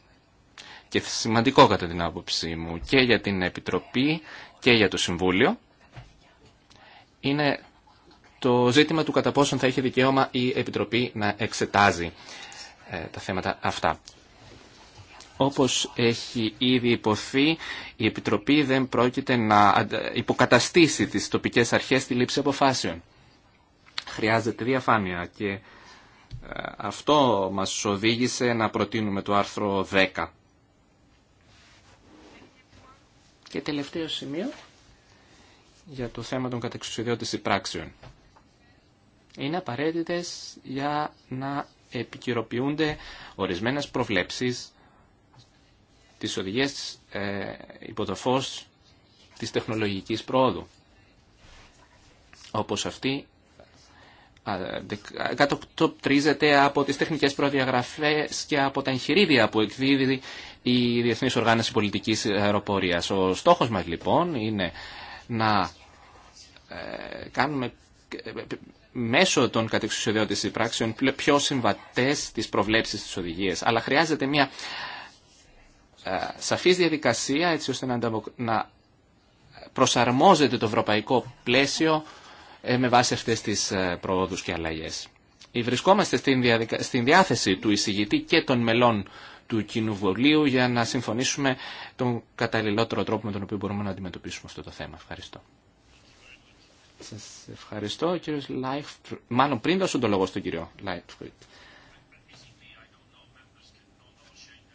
και σημαντικό κατά την άποψή μου και για την Επιτροπή και για το Συμβούλιο είναι το ζήτημα του κατά πόσον θα έχει δικαίωμα η Επιτροπή να εξετάζει ε, τα θέματα αυτά. Όπως έχει ήδη υποθεί, η Επιτροπή δεν πρόκειται να υποκαταστήσει τις τοπικές αρχές στη λήψη αποφάσεων. Χρειάζεται διαφάνεια και ε, αυτό μας οδήγησε να προτείνουμε το άρθρο 10 Και τελευταίο σημείο για το θέμα των της πράξεων. Είναι απαραίτητες για να επικυροποιούνται ορισμένες προβλέψεις της οδηγίες ε, της τεχνολογικής πρόοδου. Όπως αυτή κατοπτρίζεται από τις τεχνικές προδιαγραφές και από τα εγχειρίδια που εκδίδει η Διεθνής Οργάνωση πολιτική αεροπορία. Ο στόχος μας λοιπόν είναι να ε, κάνουμε ε, μέσω των κατεξουσιοδιώτης πράξεων πιο συμβατές τις προβλέψεις της οδηγίας. Αλλά χρειάζεται μια ε, σαφής διαδικασία έτσι ώστε να προσαρμόζεται το ευρωπαϊκό πλαίσιο με βάση αυτές τις προόδους και αλλαγές. Βρισκόμαστε στην διάθεση του εισηγητή και των μελών του Κοινοβουλίου για να συμφωνήσουμε τον καταλληλότερο τρόπο με τον οποίο μπορούμε να αντιμετωπίσουμε αυτό το θέμα. Ευχαριστώ. Σα ευχαριστώ, κύριο Λάιφ. Μάλλον πριν δώσω το λόγο στον κύριο Λάιφ.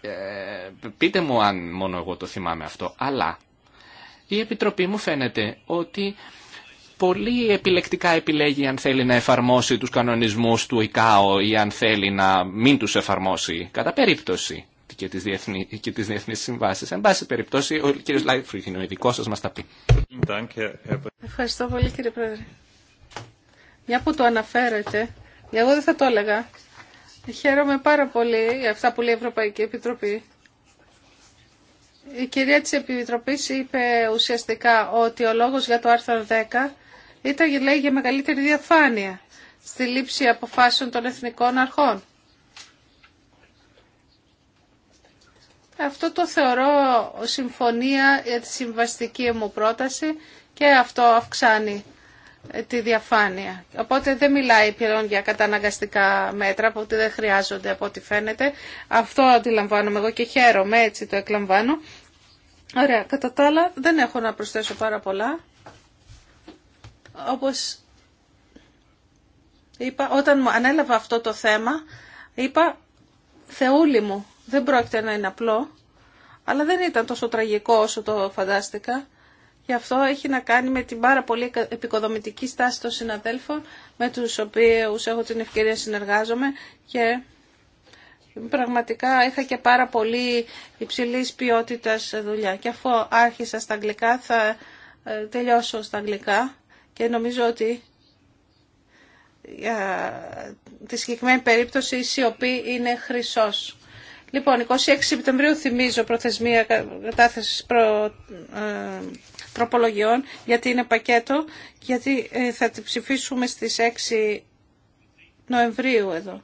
Ε, πείτε μου αν μόνο εγώ το θυμάμαι αυτό, αλλά η Επιτροπή μου φαίνεται ότι πολύ επιλεκτικά επιλέγει αν θέλει να εφαρμόσει τους κανονισμούς του ΙΚΑΟ ή αν θέλει να μην τους εφαρμόσει κατά περίπτωση και τις, διεθνεί, και τις διεθνείς συμβάσεις. Εν πάση περιπτώσει, ο κ. Λάιφρυχ είναι ο ειδικός σας, μας τα πει. Ευχαριστώ πολύ κύριε Πρόεδρε. Μια που το αναφέρετε, εγώ δεν θα το έλεγα, χαίρομαι πάρα πολύ για αυτά που λέει η Ευρωπαϊκή Επιτροπή. Η κυρία της Επιτροπής είπε ουσιαστικά ότι ο λόγος για το άρθρο 10 ήταν λέει, για μεγαλύτερη διαφάνεια στη λήψη αποφάσεων των εθνικών αρχών. Αυτό το θεωρώ συμφωνία για τη συμβαστική μου πρόταση και αυτό αυξάνει ε, τη διαφάνεια. Οπότε δεν μιλάει πλέον για καταναγκαστικά μέτρα που δεν χρειάζονται από ό,τι φαίνεται. Αυτό αντιλαμβάνομαι εγώ και χαίρομαι, έτσι το εκλαμβάνω. Ωραία, κατά τα άλλα δεν έχω να προσθέσω πάρα πολλά. Όπως είπα, όταν μου ανέλαβα αυτό το θέμα, είπα, Θεούλη μου, δεν πρόκειται να είναι απλό, αλλά δεν ήταν τόσο τραγικό όσο το φαντάστηκα. Γι' αυτό έχει να κάνει με την πάρα πολύ επικοδομητική στάση των συναδέλφων με τους οποίους έχω την ευκαιρία συνεργάζομαι και πραγματικά είχα και πάρα πολύ υψηλής ποιότητας δουλειά. Και αφού άρχισα στα αγγλικά θα ε, τελειώσω στα αγγλικά και νομίζω ότι για τη συγκεκριμένη περίπτωση η σιωπή είναι χρυσός. Λοιπόν, 26 Σεπτεμβρίου θυμίζω προθεσμία κατάθεση προ, ε, τροπολογιών, γιατί είναι πακέτο, γιατί ε, θα τη ψηφίσουμε στις 6 Νοεμβρίου εδώ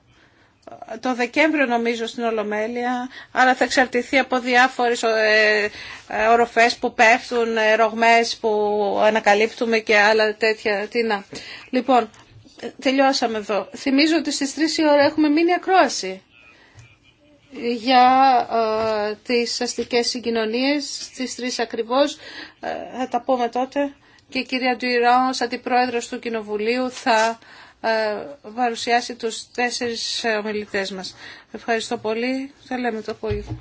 το Δεκέμβριο νομίζω στην Ολομέλεια, αλλά θα εξαρτηθεί από διάφορες ε, ε, οροφές που πέφτουν, ε, ρογμές που ανακαλύπτουμε και άλλα τέτοια. τίνα. Λοιπόν, τελειώσαμε εδώ. Θυμίζω ότι στις 3 η ώρα έχουμε μείνει ακρόαση για τις αστικές συγκοινωνίες, στις 3 ακριβώς, θα τα πούμε τότε. Και η κυρία την πρόεδρος του Κοινοβουλίου, θα ε, παρουσιάσει τους τέσσερις ομιλητές μας. Ευχαριστώ πολύ. Θα λέμε το απόγευμα.